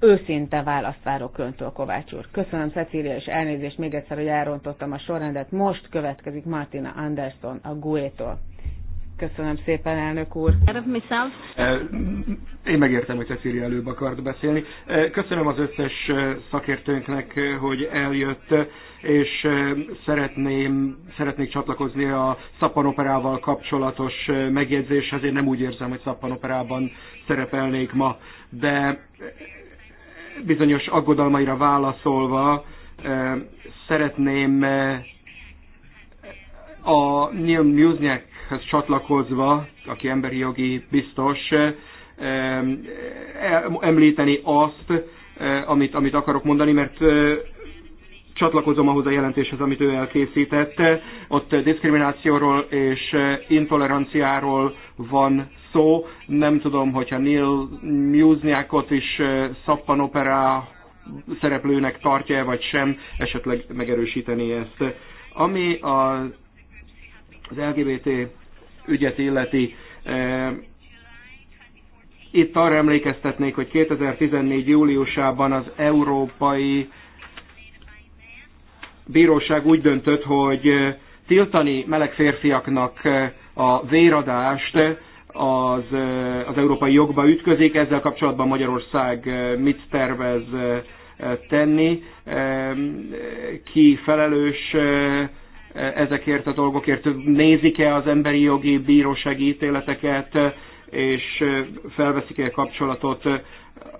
őszinte választ várok öntől, Kovács úr. Köszönöm, Cecília, és elnézést még egyszer, hogy elrontottam a sorrendet. Most következik Martina Anderson a GUE-tól. Köszönöm szépen, elnök úr. Eh, én megértem, hogy Cecília előbb akart beszélni. Eh, köszönöm az összes eh, szakértőnknek, hogy eljött, és szeretném, szeretnék csatlakozni a szappanoperával kapcsolatos megjegyzéshez. Én nem úgy érzem, hogy szappanoperában szerepelnék ma, de bizonyos aggodalmaira válaszolva eh, szeretném eh, a Neil Musniakhez csatlakozva, aki emberi jogi biztos, eh, említeni azt, amit, amit akarok mondani, mert csatlakozom ahhoz a jelentéshez, amit ő elkészített. Ott diszkriminációról és intoleranciáról van szó. Nem tudom, hogyha Neil Musniakot is eh, szappanopera szereplőnek tartja vagy sem, esetleg megerősíteni ezt. Ami a, az LGBT ügyet illeti, eh, itt arra emlékeztetnék, hogy 2014. júliusában az Európai bíróság úgy döntött, hogy tiltani meleg férfiaknak a véradást az, az európai jogba ütközik. Ezzel kapcsolatban Magyarország mit tervez tenni? Ki felelős ezekért a dolgokért? Nézik-e az emberi jogi bírósági ítéleteket? és felveszik-e kapcsolatot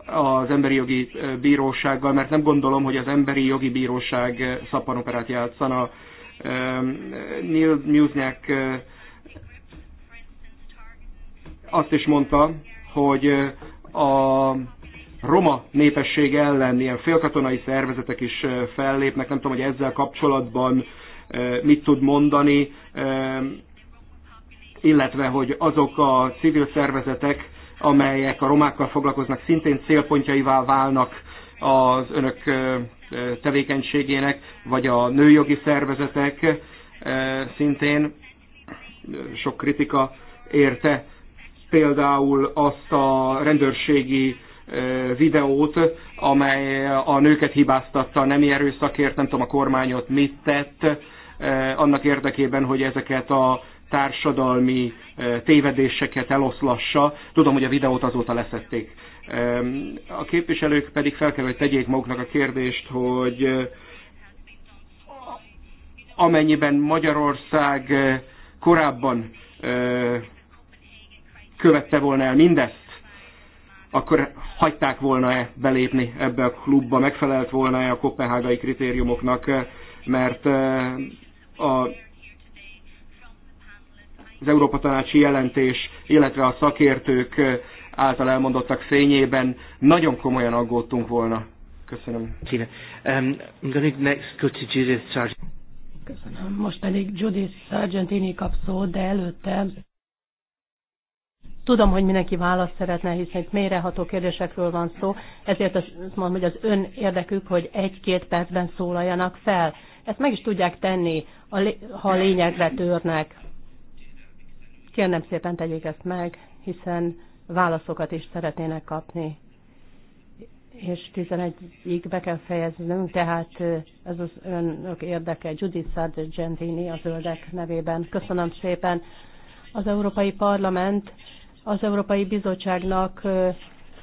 az emberi jogi bírósággal, mert nem gondolom, hogy az emberi jogi bíróság szappanoperát játszana. Neil Musnyák azt is mondta, hogy a roma népesség ellen ilyen félkatonai szervezetek is fellépnek, nem tudom, hogy ezzel kapcsolatban mit tud mondani illetve hogy azok a civil szervezetek, amelyek a romákkal foglalkoznak, szintén célpontjaivá válnak az önök tevékenységének, vagy a nőjogi szervezetek szintén sok kritika érte például azt a rendőrségi videót, amely a nőket hibáztatta nem erőszakért, nem tudom a kormányot mit tett, annak érdekében, hogy ezeket a társadalmi eh, tévedéseket eloszlassa. Tudom, hogy a videót azóta leszették. A képviselők pedig fel kell, hogy tegyék maguknak a kérdést, hogy eh, amennyiben Magyarország eh, korábban követte volna el mindezt, akkor hagyták volna-e belépni ebbe a klubba, megfelelt volna-e a kopenhágai kritériumoknak, mert a az Európa Tanácsi jelentés, illetve a szakértők által elmondottak fényében nagyon komolyan aggódtunk volna. Köszönöm. Um, next go to Judith Köszönöm. Most pedig Judith Sargentini kap szó, de előtte Tudom, hogy mindenki választ szeretne, hiszen itt mélyreható kérdésekről van szó, ezért azt mondom, hogy az ön érdekük, hogy egy-két percben szólaljanak fel. Ezt meg is tudják tenni, ha a lényegre törnek. Kérnem szépen tegyék ezt meg, hiszen válaszokat is szeretnének kapni. És 11-ig be kell fejeznünk, tehát ez az önök érdeke, Judith Sargentini a zöldek nevében. Köszönöm szépen. Az Európai Parlament az Európai Bizottságnak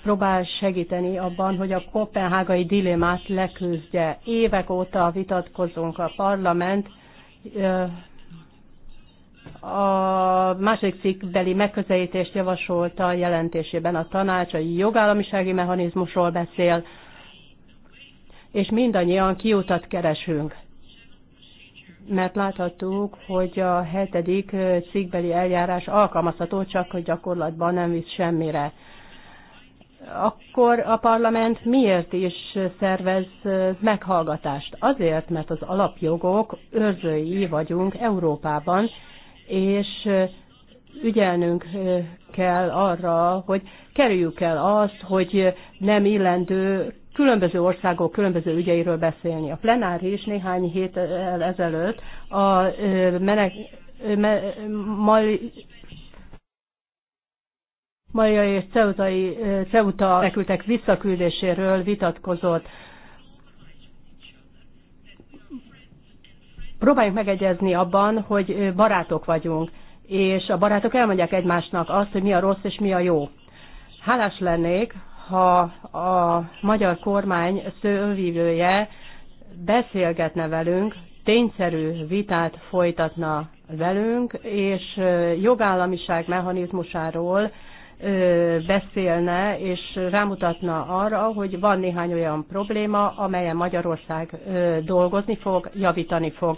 próbál segíteni abban, hogy a kopenhágai dilemmát leküzdje. Évek óta vitatkozunk a parlament a második cikkbeli megközelítést javasolta a jelentésében a tanács, a jogállamisági mechanizmusról beszél, és mindannyian kiutat keresünk. Mert láthattuk, hogy a hetedik cikkbeli eljárás alkalmazható, csak hogy gyakorlatban nem visz semmire. Akkor a parlament miért is szervez meghallgatást? Azért, mert az alapjogok őrzői vagyunk Európában, és ügyelnünk kell arra, hogy kerüljük el azt, hogy nem illendő különböző országok különböző ügyeiről beszélni. A plenáris néhány héttel ezelőtt a menek, me, mali, Maria és Ceutai, Ceuta elküldtek visszaküldéséről vitatkozott. próbáljunk megegyezni abban, hogy barátok vagyunk, és a barátok elmondják egymásnak azt, hogy mi a rossz és mi a jó. Hálás lennék, ha a magyar kormány szővívője beszélgetne velünk, tényszerű vitát folytatna velünk, és jogállamiság mechanizmusáról beszélne, és rámutatna arra, hogy van néhány olyan probléma, amelyen Magyarország dolgozni fog, javítani fog.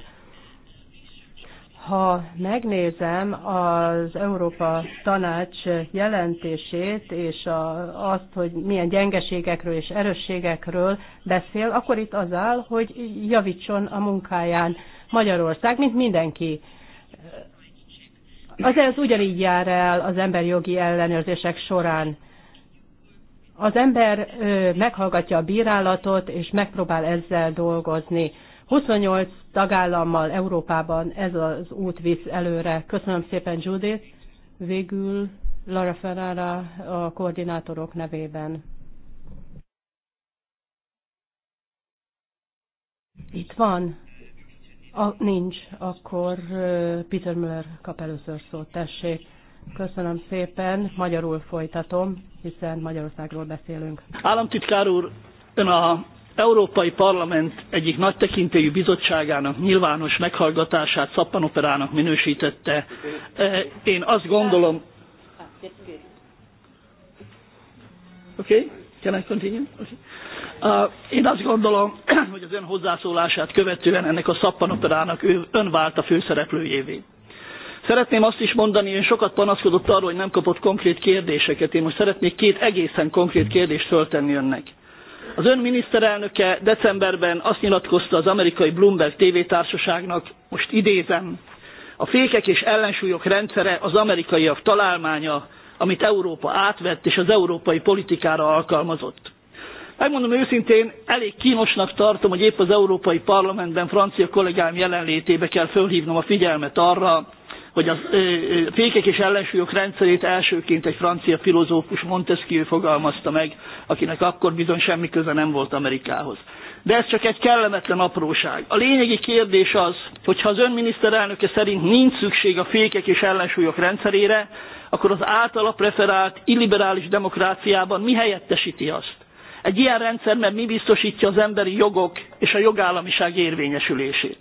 Ha megnézem az Európa Tanács jelentését, és a, azt, hogy milyen gyengeségekről és erősségekről beszél, akkor itt az áll, hogy javítson a munkáján Magyarország, mint mindenki. Az ez ugyanígy jár el az emberjogi ellenőrzések során. Az ember meghallgatja a bírálatot, és megpróbál ezzel dolgozni. 28 tagállammal Európában ez az út visz előre. Köszönöm szépen, Judit. Végül Lara Ferrara a koordinátorok nevében. Itt van. A, nincs, akkor Peter Müller kap először szót, tessék. Köszönöm szépen, magyarul folytatom, hiszen Magyarországról beszélünk. Államtitkár úr, ön a Európai Parlament egyik nagy tekintélyű bizottságának nyilvános meghallgatását szappanoperának minősítette. E, én azt gondolom... Okay? Can I continue? Okay. Uh, én azt gondolom, hogy az ön hozzászólását követően ennek a szappanoperának ön vált a főszereplőjévé. Szeretném azt is mondani, ön sokat panaszkodott arról, hogy nem kapott konkrét kérdéseket. Én most szeretnék két egészen konkrét kérdést föltenni önnek. Az ön miniszterelnöke decemberben azt nyilatkozta az amerikai Bloomberg tévétársaságnak, most idézem, a fékek és ellensúlyok rendszere az amerikaiak találmánya, amit Európa átvett és az európai politikára alkalmazott. Megmondom őszintén, elég kínosnak tartom, hogy épp az Európai Parlamentben francia kollégám jelenlétébe kell fölhívnom a figyelmet arra, hogy a fékek és ellensúlyok rendszerét elsőként egy francia filozófus Montesquieu fogalmazta meg, akinek akkor bizony semmi köze nem volt Amerikához. De ez csak egy kellemetlen apróság. A lényegi kérdés az, hogy ha az miniszterelnöke szerint nincs szükség a fékek és ellensúlyok rendszerére, akkor az általa preferált illiberális demokráciában mi helyettesíti azt? Egy ilyen mert mi biztosítja az emberi jogok és a jogállamiság érvényesülését?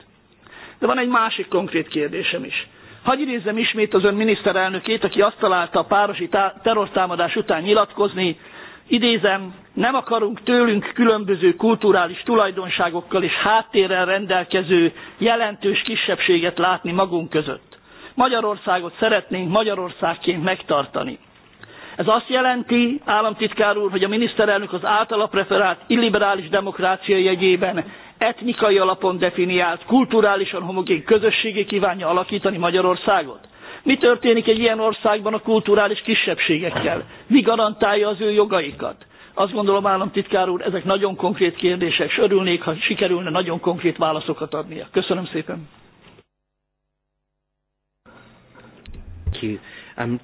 De van egy másik konkrét kérdésem is. Hagy idézem ismét az ön miniszterelnökét, aki azt találta a párosi terrortámadás után nyilatkozni, idézem, nem akarunk tőlünk különböző kulturális tulajdonságokkal és háttérrel rendelkező jelentős kisebbséget látni magunk között. Magyarországot szeretnénk Magyarországként megtartani. Ez azt jelenti, államtitkár úr, hogy a miniszterelnök az általa preferált illiberális demokrácia jegyében etnikai alapon definiált, kulturálisan homogén közösségé kívánja alakítani Magyarországot? Mi történik egy ilyen országban a kulturális kisebbségekkel? Mi garantálja az ő jogaikat? Azt gondolom, államtitkár úr, ezek nagyon konkrét kérdések, és örülnék, ha sikerülne nagyon konkrét válaszokat adnia. Köszönöm szépen. Um,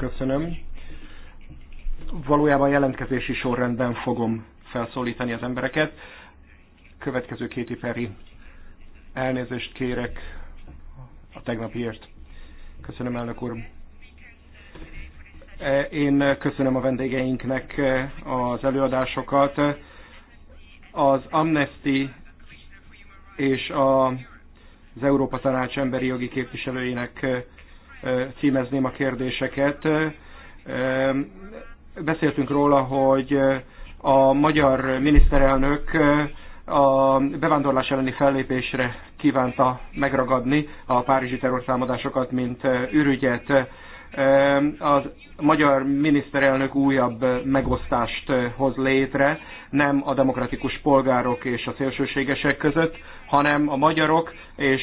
Köszönöm. Valójában jelentkezési sorrendben fogom felszólítani az embereket következő két éperi elnézést kérek a tegnapiért. Köszönöm, elnök úr. E, én köszönöm a vendégeinknek e, az előadásokat. Az Amnesty és az Európa Tanács emberi jogi képviselőjének e, címezném a kérdéseket. Beszéltünk róla, hogy a magyar miniszterelnök a bevándorlás elleni fellépésre kívánta megragadni a párizsi terrortámadásokat, mint ürügyet. Az magyar miniszterelnök újabb megosztást hoz létre, nem a demokratikus polgárok és a szélsőségesek között, hanem a magyarok és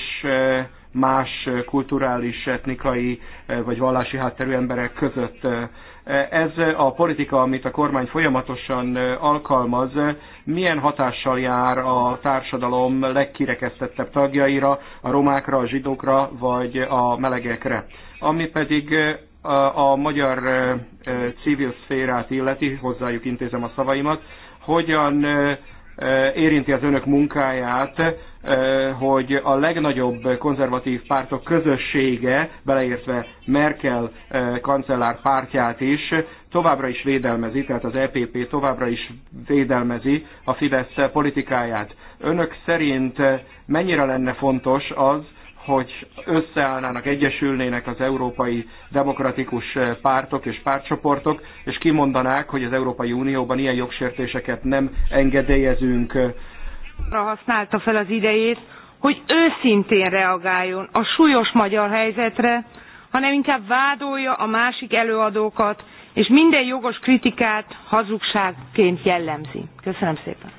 más kulturális, etnikai vagy vallási hátterű emberek között ez a politika, amit a kormány folyamatosan alkalmaz, milyen hatással jár a társadalom legkirekesztettebb tagjaira, a romákra, a zsidókra vagy a melegekre. Ami pedig a magyar civil szférát illeti, hozzájuk intézem a szavaimat, hogyan Eh, érinti az önök munkáját, eh, hogy a legnagyobb konzervatív pártok közössége, beleértve Merkel eh, kancellár pártját is, továbbra is védelmezi, tehát az EPP továbbra is védelmezi a Fidesz politikáját. Önök szerint mennyire lenne fontos az, hogy összeállnának, egyesülnének az európai demokratikus pártok és pártcsoportok, és kimondanák, hogy az Európai Unióban ilyen jogsértéseket nem engedélyezünk. Arra használta fel az idejét, hogy őszintén reagáljon a súlyos magyar helyzetre, hanem inkább vádolja a másik előadókat, és minden jogos kritikát hazugságként jellemzi. Köszönöm szépen!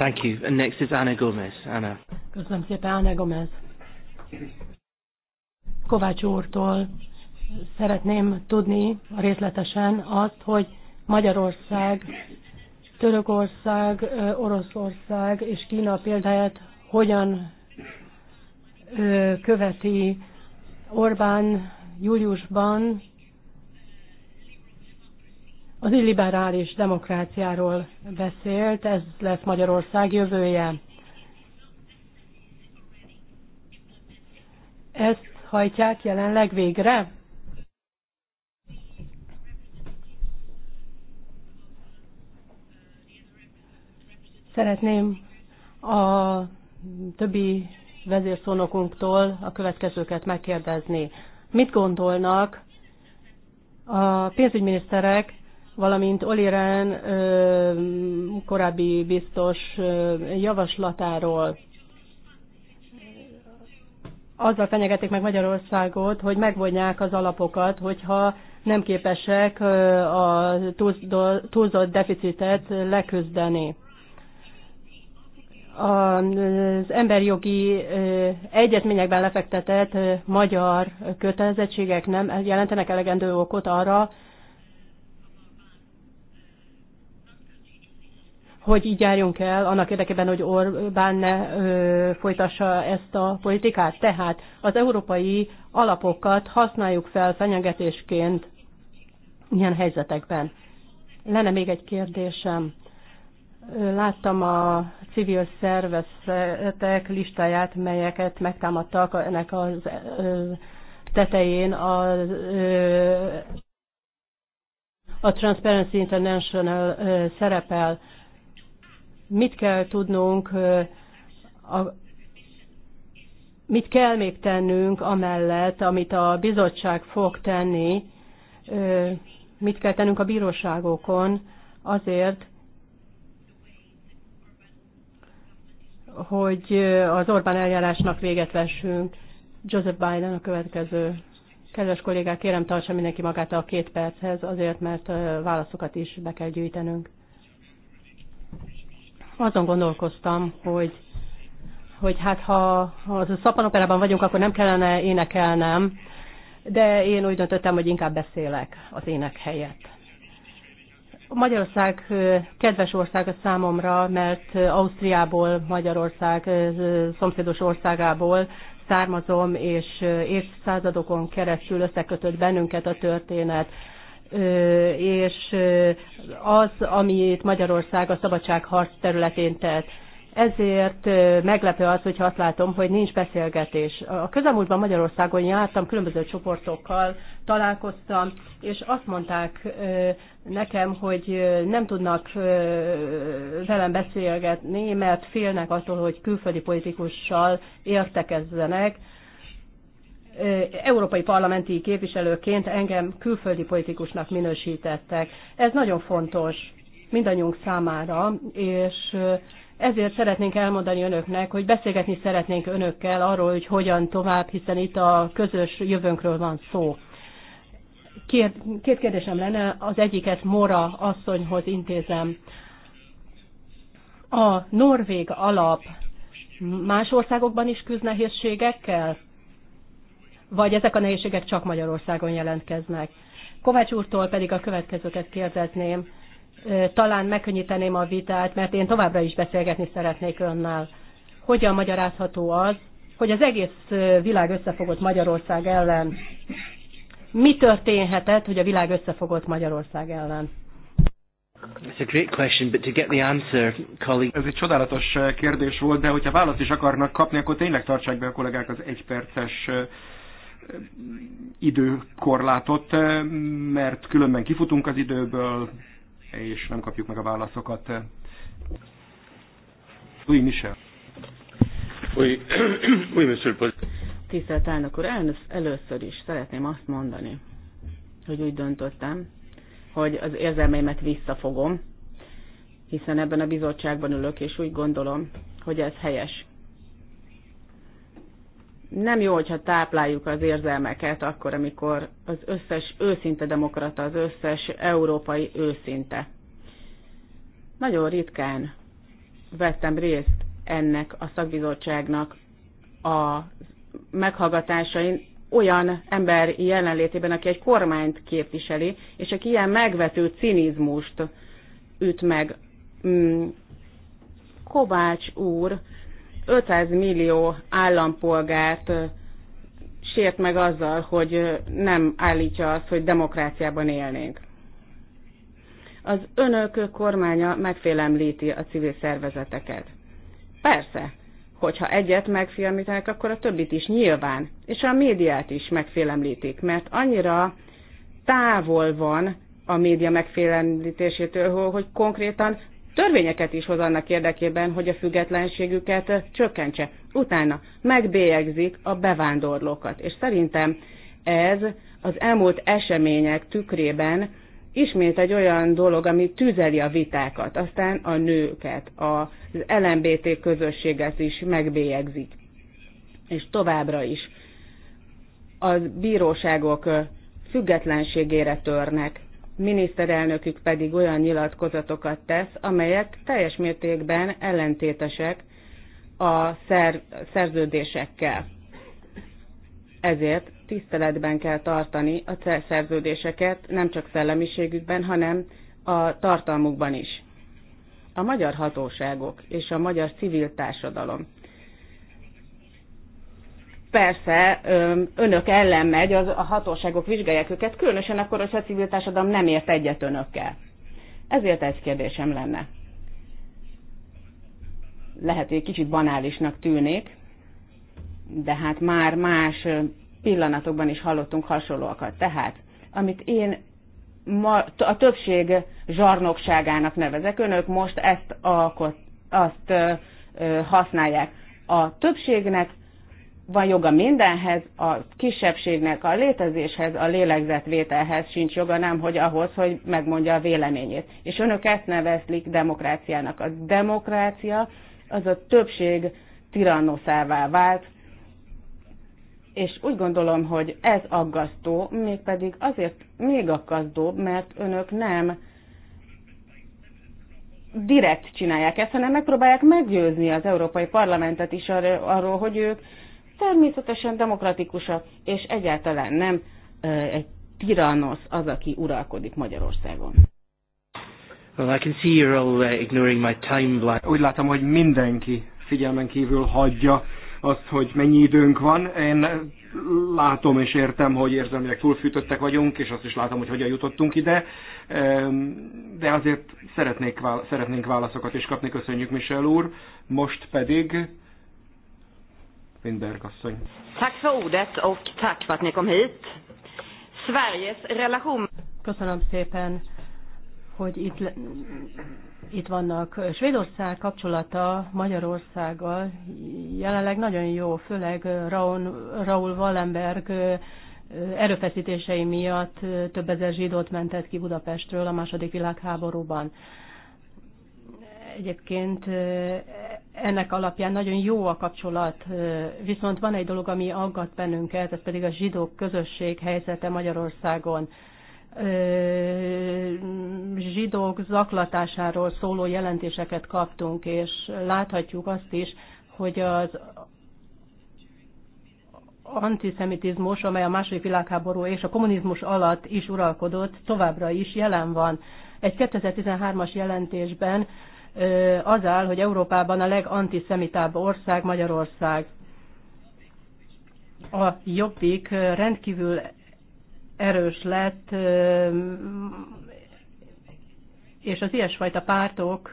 Thank you. And next is Anna Gomez. Anna. Köszönöm szépen, Anna Gomez. Kovács úrtól szeretném tudni részletesen azt, hogy Magyarország, Törökország, Oroszország és Kína példáját hogyan követi Orbán júliusban az illiberális demokráciáról beszélt, ez lesz Magyarország jövője. Ezt hajtják jelenleg végre? Szeretném a többi vezérszónokunktól a következőket megkérdezni. Mit gondolnak a pénzügyminiszterek valamint Olirán korábbi biztos javaslatáról azzal fenyegetik meg Magyarországot, hogy megvonják az alapokat, hogyha nem képesek a túlzott deficitet leküzdeni. Az emberjogi egyezményekben lefektetett magyar kötelezettségek nem jelentenek elegendő okot arra, hogy így járjunk el, annak érdekében, hogy Orbán ne ö, folytassa ezt a politikát. Tehát az európai alapokat használjuk fel fenyegetésként ilyen helyzetekben. Lenne még egy kérdésem. Láttam a civil szervezetek listáját, melyeket megtámadtak ennek az tetején a, a Transparency International szerepel mit kell tudnunk, a, mit kell még tennünk amellett, amit a bizottság fog tenni, mit kell tennünk a bíróságokon azért, hogy az Orbán eljárásnak véget vessünk. Joseph Biden a következő. Kedves kollégák, kérem tartsa mindenki magát a két perchez, azért, mert válaszokat is be kell gyűjtenünk azon gondolkoztam, hogy, hogy hát ha, ha az szappanoperában vagyunk, akkor nem kellene énekelnem, de én úgy döntöttem, hogy inkább beszélek az ének helyett. Magyarország kedves ország a számomra, mert Ausztriából, Magyarország szomszédos országából származom, és évszázadokon keresztül összekötött bennünket a történet és az, amit Magyarország a szabadságharc területén tett. Ezért meglepő az, hogy azt látom, hogy nincs beszélgetés. A közelmúltban Magyarországon jártam, különböző csoportokkal találkoztam, és azt mondták nekem, hogy nem tudnak velem beszélgetni, mert félnek attól, hogy külföldi politikussal értekezzenek, európai parlamenti képviselőként engem külföldi politikusnak minősítettek. Ez nagyon fontos mindannyiunk számára, és ezért szeretnénk elmondani önöknek, hogy beszélgetni szeretnénk önökkel arról, hogy hogyan tovább, hiszen itt a közös jövőnkről van szó. Két, két kérdésem lenne, az egyiket Mora asszonyhoz intézem. A Norvég alap más országokban is küzd nehézségekkel? vagy ezek a nehézségek csak Magyarországon jelentkeznek. Kovács úrtól pedig a következőket kérdezném. Talán megkönnyíteném a vitát, mert én továbbra is beszélgetni szeretnék önnel. Hogyan magyarázható az, hogy az egész világ összefogott Magyarország ellen? Mi történhetett, hogy a világ összefogott Magyarország ellen? It's a great question, but to get the answer, colleague... Ez egy csodálatos kérdés volt, de hogyha választ is akarnak kapni, akkor tényleg tartsák be a kollégák az egyperces időkorlátot, mert különben kifutunk az időből, és nem kapjuk meg a válaszokat. Új Michel. Új oui, monsieur Tisztelt elnök úr, először is szeretném azt mondani, hogy úgy döntöttem, hogy az érzelmeimet visszafogom, hiszen ebben a bizottságban ülök, és úgy gondolom, hogy ez helyes nem jó, hogyha tápláljuk az érzelmeket akkor, amikor az összes őszinte demokrata, az összes európai őszinte. Nagyon ritkán vettem részt ennek a szakbizottságnak a meghallgatásain olyan ember jelenlétében, aki egy kormányt képviseli, és aki ilyen megvető cinizmust üt meg. Mm. Kovács úr 500 millió állampolgárt sért meg azzal, hogy nem állítja azt, hogy demokráciában élnénk. Az önök kormánya megfélemlíti a civil szervezeteket. Persze, hogyha egyet megfélemlítenek, akkor a többit is nyilván, és a médiát is megfélemlítik, mert annyira távol van a média megfélemlítésétől, hogy konkrétan törvényeket is hoz annak érdekében, hogy a függetlenségüket csökkentse. Utána megbélyegzik a bevándorlókat, és szerintem ez az elmúlt események tükrében ismét egy olyan dolog, ami tüzeli a vitákat, aztán a nőket, az LMBT közösséget is megbélyegzik, és továbbra is. Az bíróságok függetlenségére törnek, miniszterelnökük pedig olyan nyilatkozatokat tesz, amelyek teljes mértékben ellentétesek a szer- szerződésekkel. Ezért tiszteletben kell tartani a szerződéseket, nem csak szellemiségükben, hanem a tartalmukban is. A magyar hatóságok és a magyar civil társadalom persze önök ellen megy, az, a hatóságok vizsgálják őket, különösen akkor, hogyha a civil társadalom nem ért egyet önökkel. Ezért egy kérdésem lenne. Lehet, hogy kicsit banálisnak tűnik, de hát már más pillanatokban is hallottunk hasonlóakat. Tehát, amit én ma, a többség zsarnokságának nevezek, önök most ezt alkot, azt ö, használják. A többségnek van joga mindenhez, a kisebbségnek a létezéshez, a lélegzetvételhez sincs joga, nem hogy ahhoz, hogy megmondja a véleményét. És önök ezt nevezlik demokráciának. A demokrácia az a többség tirannoszává vált, és úgy gondolom, hogy ez aggasztó, mégpedig azért még aggasztóbb, mert önök nem direkt csinálják ezt, hanem megpróbálják meggyőzni az Európai Parlamentet is arról, hogy ők természetesen demokratikusak, és egyáltalán nem egy tirannosz az, aki uralkodik Magyarországon. Well, I can see you're all uh, ignoring my time blind. Úgy látom, hogy mindenki figyelmen kívül hagyja azt, hogy mennyi időnk van. Én látom és értem, hogy érzelmileg túlfűtöttek vagyunk, és azt is látom, hogy hogyan jutottunk ide. Ehm, de azért szeretnék, szeretnénk válaszokat is kapni. Köszönjük, Michel úr. Most pedig Lindberg Tack för ordet och tack för att ni kom hit. Sveriges relation... Köszönöm szépen, hogy itt, itt vannak. Svédország kapcsolata Magyarországgal jelenleg nagyon jó, főleg Raun, Raul Wallenberg erőfeszítései miatt több ezer zsidót mentett ki Budapestről a második világháborúban egyébként ennek alapján nagyon jó a kapcsolat, viszont van egy dolog, ami aggat bennünket, ez pedig a zsidók közösség helyzete Magyarországon. Zsidók zaklatásáról szóló jelentéseket kaptunk, és láthatjuk azt is, hogy az antiszemitizmus, amely a második világháború és a kommunizmus alatt is uralkodott, továbbra is jelen van. Egy 2013-as jelentésben az áll, hogy Európában a legantiszemitább ország Magyarország. A jobbik rendkívül erős lett, és az ilyesfajta pártok,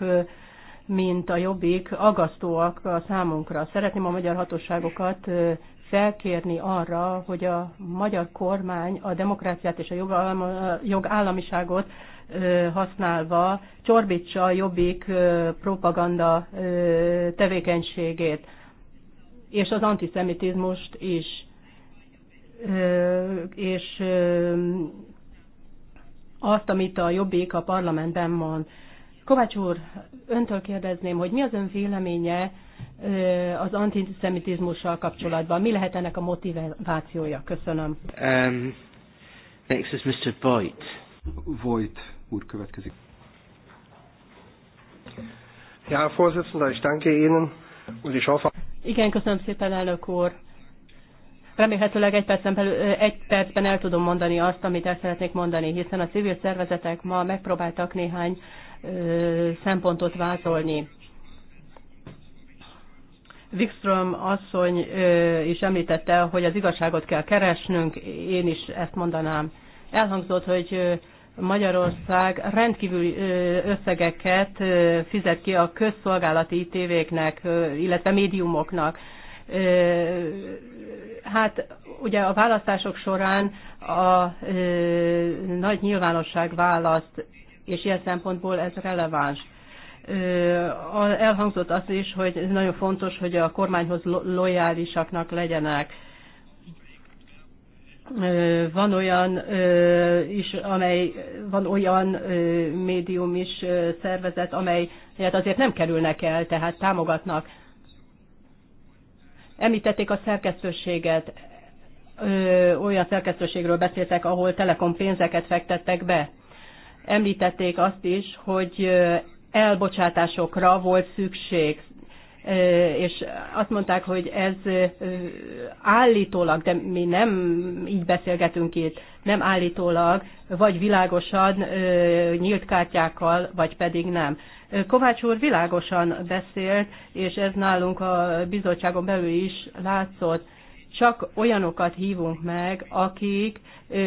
mint a jobbik, agasztóak a számunkra. Szeretném a magyar hatóságokat felkérni arra, hogy a magyar kormány a demokráciát és a jogállamiságot használva csorbítsa a jobbik propaganda tevékenységét, és az antiszemitizmust is. És azt, amit a jobbik a parlamentben mond. Kovács úr, öntől kérdezném, hogy mi az ön véleménye az antiszemitizmussal kapcsolatban? Mi lehet ennek a motivációja? Köszönöm. Um, next is Mr. Voigt. Voigt úr következik. Ja, Vorsitzender, ich danke Ihnen und ich hoffe... Igen, köszönöm szépen, elnök úr. Remélhetőleg egy percen, belül, egy percben el tudom mondani azt, amit el szeretnék mondani, hiszen a civil szervezetek ma megpróbáltak néhány uh, szempontot vázolni. Wikström asszony is említette, hogy az igazságot kell keresnünk, én is ezt mondanám. Elhangzott, hogy Magyarország rendkívül összegeket fizet ki a közszolgálati tévéknek, illetve médiumoknak. Hát ugye a választások során a nagy nyilvánosság választ és ilyen szempontból ez releváns. Elhangzott az is, hogy ez nagyon fontos, hogy a kormányhoz lojálisaknak legyenek. Van olyan is, amely, van olyan médium is szervezet, amely azért nem kerülnek el, tehát támogatnak. Említették a szerkesztőséget, olyan szerkesztőségről beszéltek, ahol telekom pénzeket fektettek be. Említették azt is, hogy elbocsátásokra volt szükség, és azt mondták, hogy ez állítólag, de mi nem így beszélgetünk itt, nem állítólag, vagy világosan, nyílt kártyákkal, vagy pedig nem. Kovács úr világosan beszélt, és ez nálunk a bizottságon belül is látszott csak olyanokat hívunk meg, akik ö,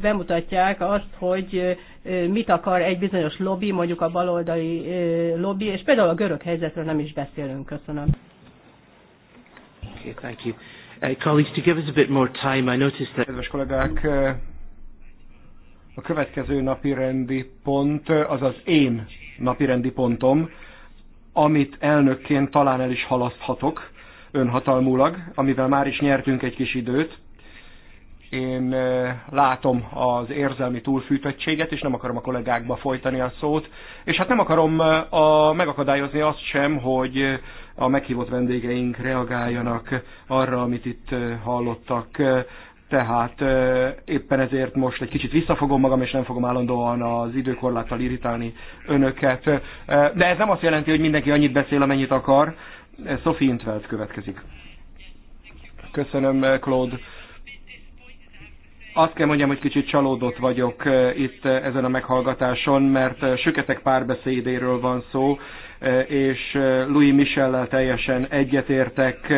bemutatják azt, hogy ö, mit akar egy bizonyos lobby, mondjuk a baloldali ö, lobby, és például a görög helyzetről nem is beszélünk. Köszönöm. Uh, a Kedves kollégák, a következő napi rendi pont az az én napi rendi pontom, amit elnökként talán el is halaszthatok önhatalmulag, amivel már is nyertünk egy kis időt. Én látom az érzelmi túlfűtöttséget, és nem akarom a kollégákba folytani a szót, és hát nem akarom a, megakadályozni azt sem, hogy a meghívott vendégeink reagáljanak arra, amit itt hallottak tehát éppen ezért most egy kicsit visszafogom magam, és nem fogom állandóan az időkorláttal irritálni önöket. De ez nem azt jelenti, hogy mindenki annyit beszél, amennyit akar. Sophie Intveld következik. Köszönöm, eh, Claude. Azt kell mondjam, hogy kicsit csalódott vagyok eh, itt eh, ezen a meghallgatáson, mert süketek párbeszédéről van szó, és Louis Michellel teljesen egyetértek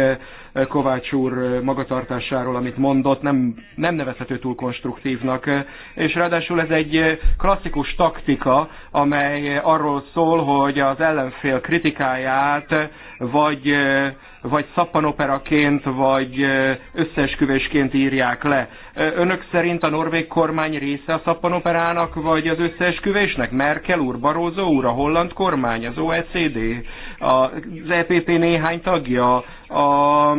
Kovács úr magatartásáról, amit mondott, nem, nem nevezhető túl konstruktívnak. És ráadásul ez egy klasszikus taktika, amely arról szól, hogy az ellenfél kritikáját vagy vagy szappanoperaként, vagy összeesküvésként írják le. Önök szerint a norvég kormány része a szappanoperának, vagy az összeesküvésnek? Merkel úr, Barózó úr, a holland kormány, az OECD, az EPP néhány tagja, a,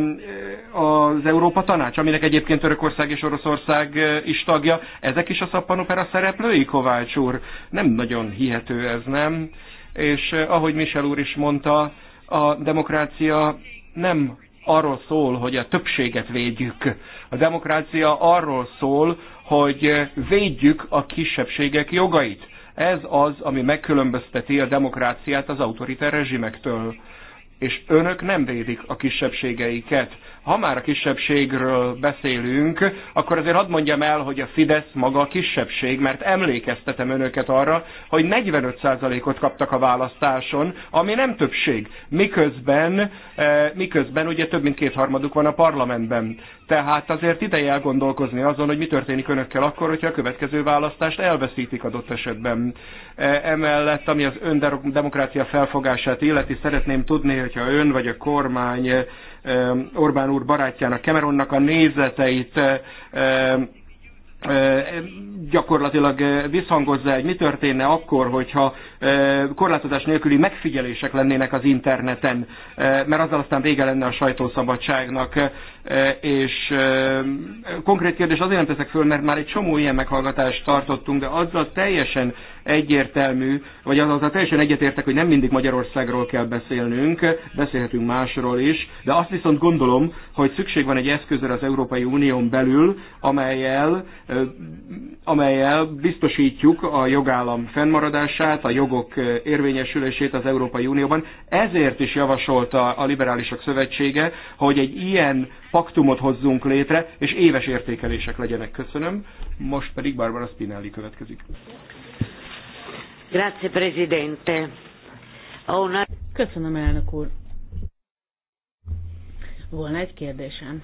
az Európa Tanács, aminek egyébként Törökország és Oroszország is tagja, ezek is a szappanopera szereplői, Kovács úr? Nem nagyon hihető ez, nem? És ahogy Michel úr is mondta, a demokrácia nem arról szól, hogy a többséget védjük. A demokrácia arról szól, hogy védjük a kisebbségek jogait. Ez az, ami megkülönbözteti a demokráciát az autoriter rezsimektől. És önök nem védik a kisebbségeiket. Ha már a kisebbségről beszélünk, akkor azért hadd mondjam el, hogy a Fidesz maga a kisebbség, mert emlékeztetem önöket arra, hogy 45%-ot kaptak a választáson, ami nem többség, miközben, e, miközben ugye több mint kétharmaduk van a parlamentben. Tehát azért ideje elgondolkozni azon, hogy mi történik önökkel akkor, hogyha a következő választást elveszítik adott esetben. E, emellett, ami az öndemokrácia felfogását illeti, szeretném tudni, hogyha ön vagy a kormány Orbán úr barátjának, Cameronnak a nézeteit gyakorlatilag visszhangozza, hogy mi történne akkor, hogyha korlátozás nélküli megfigyelések lennének az interneten, mert azzal aztán vége lenne a sajtószabadságnak. Eh, és eh, konkrét kérdés azért nem teszek föl, mert már egy csomó ilyen meghallgatást tartottunk, de azzal teljesen egyértelmű, vagy azzal teljesen egyetértek, hogy nem mindig Magyarországról kell beszélnünk, beszélhetünk másról is, de azt viszont gondolom, hogy szükség van egy eszközre az Európai Unión belül, amelyel, eh, amelyel biztosítjuk a jogállam fennmaradását, a jogok érvényesülését az Európai Unióban. Ezért is javasolta a Liberálisok Szövetsége, hogy egy ilyen paktumot hozzunk létre, és éves értékelések legyenek. Köszönöm. Most pedig Barbara Spinelli következik. Grazie, Presidente. Una... Köszönöm, elnök úr. Volna egy kérdésem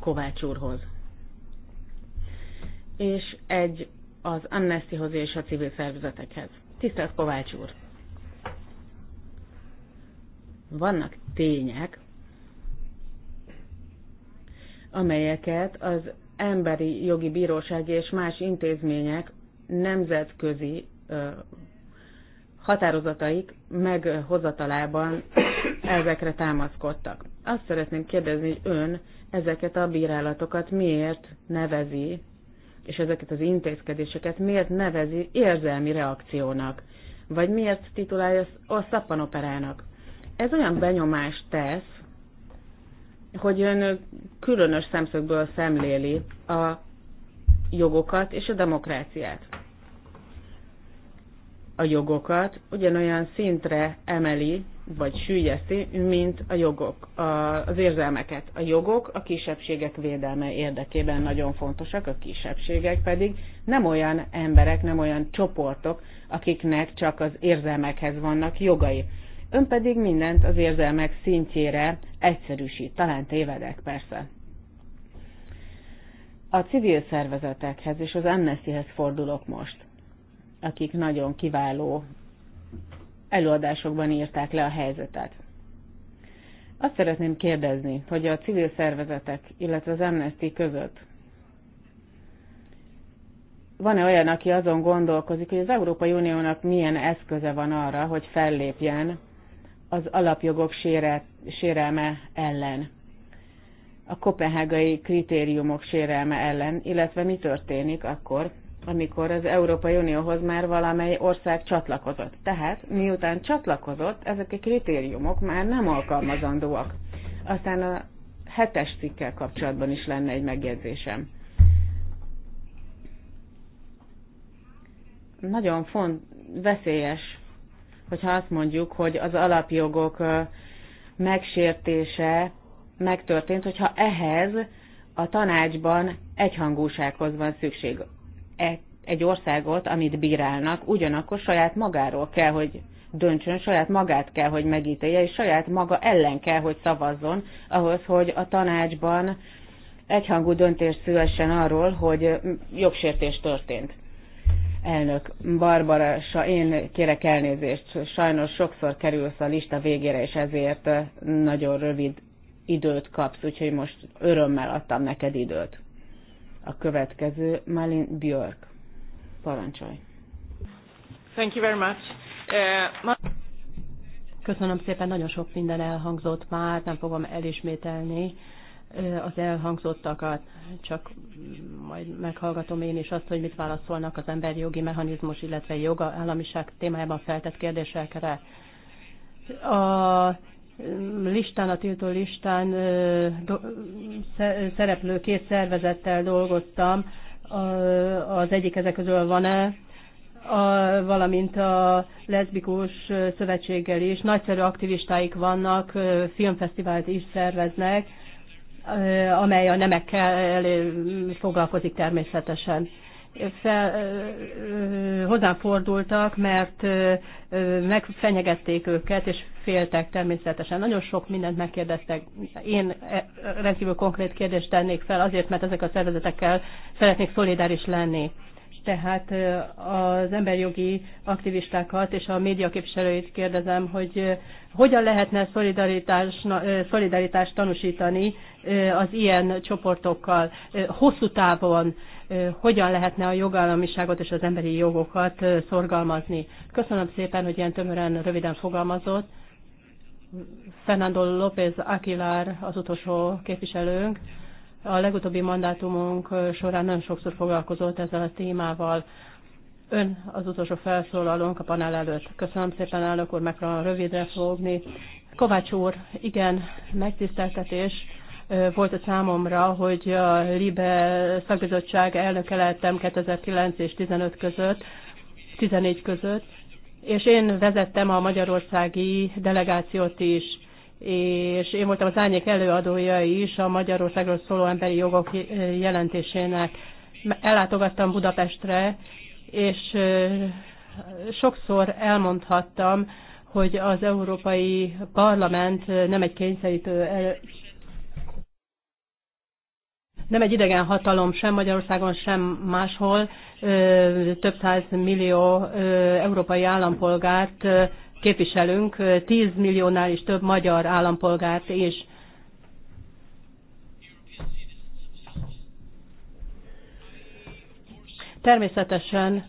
Kovács úrhoz. És egy az Amnestyhoz és a civil szervezetekhez. Tisztelt Kovács úr! Vannak tények, amelyeket az emberi jogi bíróság és más intézmények nemzetközi határozataik meghozatalában ezekre támaszkodtak. Azt szeretném kérdezni, hogy ön ezeket a bírálatokat miért nevezi, és ezeket az intézkedéseket miért nevezi érzelmi reakciónak, vagy miért titulálja a szappanoperának. Ez olyan benyomást tesz, hogy ön különös szemszögből szemléli a jogokat és a demokráciát. A jogokat ugyanolyan szintre emeli, vagy sűjeszti, mint a jogok, a, az érzelmeket. A jogok a kisebbségek védelme érdekében nagyon fontosak, a kisebbségek pedig nem olyan emberek, nem olyan csoportok, akiknek csak az érzelmekhez vannak jogai. Ön pedig mindent az érzelmek szintjére egyszerűsít, talán tévedek persze. A civil szervezetekhez és az Amnestyhez fordulok most, akik nagyon kiváló előadásokban írták le a helyzetet. Azt szeretném kérdezni, hogy a civil szervezetek, illetve az Amnesty között van-e olyan, aki azon gondolkozik, hogy az Európai Uniónak milyen eszköze van arra, hogy fellépjen az alapjogok sére, sérelme ellen, a kopenhágai kritériumok sérelme ellen, illetve mi történik akkor, amikor az Európai Unióhoz már valamely ország csatlakozott. Tehát miután csatlakozott, ezek a kritériumok már nem alkalmazandóak. Aztán a hetes cikkel kapcsolatban is lenne egy megjegyzésem. Nagyon font, veszélyes hogyha azt mondjuk, hogy az alapjogok megsértése megtörtént, hogyha ehhez a tanácsban egyhangúsághoz van szükség. E, egy országot, amit bírálnak, ugyanakkor saját magáról kell, hogy döntsön, saját magát kell, hogy megítélje, és saját maga ellen kell, hogy szavazzon, ahhoz, hogy a tanácsban egyhangú döntés szülessen arról, hogy jogsértés történt. Elnök Barbara, sa én kérek elnézést, sajnos sokszor kerülsz a lista végére, és ezért eh, nagyon rövid időt kapsz, úgyhogy most örömmel adtam neked időt. A következő Malin Björk. Parancsolj. Thank you very much. Uh, ma... Köszönöm szépen, nagyon sok minden elhangzott már, nem fogom elismételni. Uh, az elhangzottakat, csak majd meghallgatom én is azt, hogy mit válaszolnak az emberi jogi mechanizmus, illetve joga államiság témájában feltett kérdésekre. A listán, a tiltó listán szereplő két szervezettel dolgoztam, az egyik ezek közül van-e, a, valamint a leszbikus szövetséggel is. Nagyszerű aktivistáik vannak, filmfesztivált is szerveznek, amely a nemekkel foglalkozik természetesen. Fel, hozzám fordultak, mert megfenyegették őket, és féltek természetesen. Nagyon sok mindent megkérdeztek. Én e, rendkívül konkrét kérdést tennék fel, azért, mert ezek a szervezetekkel szeretnék szolidáris lenni tehát az emberjogi aktivistákat és a média képviselőit kérdezem, hogy hogyan lehetne szolidaritást tanúsítani az ilyen csoportokkal hosszú távon hogyan lehetne a jogállamiságot és az emberi jogokat szorgalmazni. Köszönöm szépen, hogy ilyen tömören, röviden fogalmazott. Fernando López Aquilar az utolsó képviselőnk. A legutóbbi mandátumunk során nagyon sokszor foglalkozott ezzel a témával. Ön az utolsó felszólalónk a panel előtt. Köszönöm szépen, elnök úr, megpróbálom rövidre fogni. Kovács úr, igen, megtiszteltetés volt a számomra, hogy a LIBE szakbizottság elnöke lettem 2009 és 15 között, 14 között, és én vezettem a magyarországi delegációt is, és én voltam az árnyék előadója is a Magyarországról szóló emberi jogok jelentésének. Ellátogattam Budapestre, és sokszor elmondhattam, hogy az Európai Parlament nem egy kényszerítő nem egy idegen hatalom sem Magyarországon, sem máshol több száz millió európai állampolgárt képviselünk, 10 milliónál is több magyar állampolgárt is. Természetesen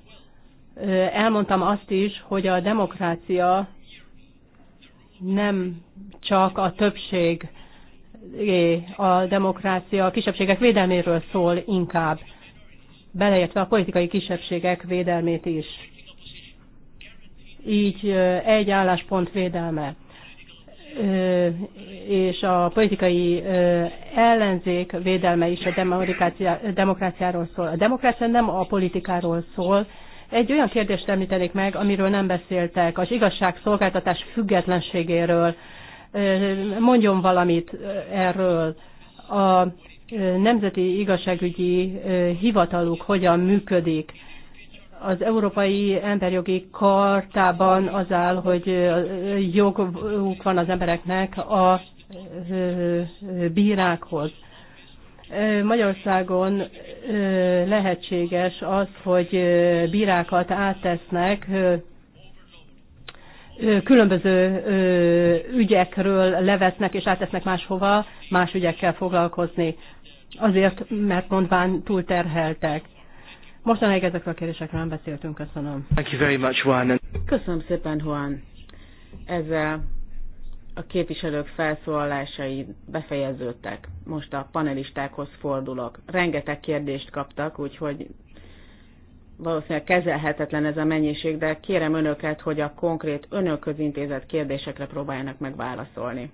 elmondtam azt is, hogy a demokrácia nem csak a többség a demokrácia a kisebbségek védelméről szól inkább, beleértve a politikai kisebbségek védelmét is. Így egy álláspont védelme és a politikai ellenzék védelme is a demokráciáról szól. A demokrácia nem a politikáról szól. Egy olyan kérdést említenék meg, amiről nem beszéltek, az igazságszolgáltatás függetlenségéről, mondjon valamit erről. A Nemzeti Igazságügyi Hivataluk hogyan működik? Az Európai Emberjogi Kartában az áll, hogy joguk van az embereknek a bírákhoz. Magyarországon lehetséges az, hogy bírákat áttesznek különböző ügyekről levetnek és átesznek máshova, más ügyekkel foglalkozni. Azért, mert mondván túlterheltek. Mostanáig ezekről a kérdésekről nem beszéltünk, köszönöm. Thank you very much, Juan. Köszönöm szépen, Juan. Ezzel a képviselők felszólalásai befejeződtek. Most a panelistákhoz fordulok. Rengeteg kérdést kaptak, úgyhogy valószínűleg kezelhetetlen ez a mennyiség, de kérem önöket, hogy a konkrét önökhöz intézett kérdésekre próbáljanak megválaszolni.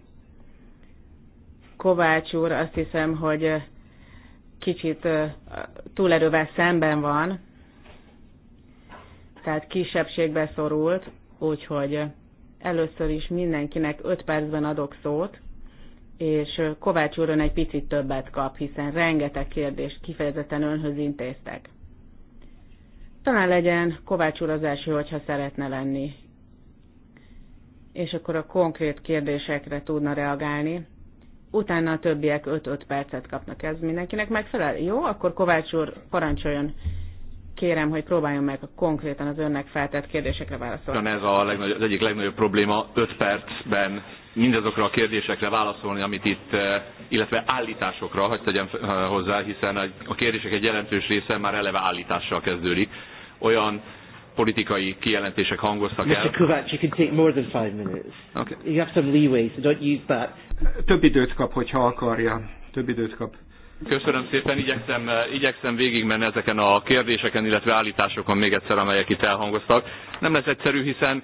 Kovács úr azt hiszem, hogy kicsit túlerővel szemben van, tehát kisebbségbe szorult, úgyhogy először is mindenkinek 5 percben adok szót, és Kovács úrön egy picit többet kap, hiszen rengeteg kérdést kifejezetten önhöz intéztek. Talán legyen Kovács úr az első, hogyha szeretne lenni. És akkor a konkrét kérdésekre tudna reagálni. Utána a többiek 5-5 percet kapnak. Ez mindenkinek megfelel? Jó, akkor Kovács úr parancsoljon kérem, hogy próbáljon meg konkrétan az önnek feltett kérdésekre válaszolni. Ez a legnagyobb, az egyik legnagyobb probléma 5 percben mindazokra a kérdésekre válaszolni, amit itt, eh, illetve állításokra, hogy tegyem eh, hozzá, hiszen a kérdések egy jelentős része már eleve állítással kezdődik, olyan politikai kijelentések hangoztak el. Mr. Kovács, you can take more than five minutes. You have some leeway, so don't use that. Több időt kap, hogyha akarja. Több időt kap. Köszönöm szépen, igyekszem, igyekszem végigmenni ezeken a kérdéseken, illetve állításokon még egyszer, amelyek itt elhangoztak. Nem lesz egyszerű, hiszen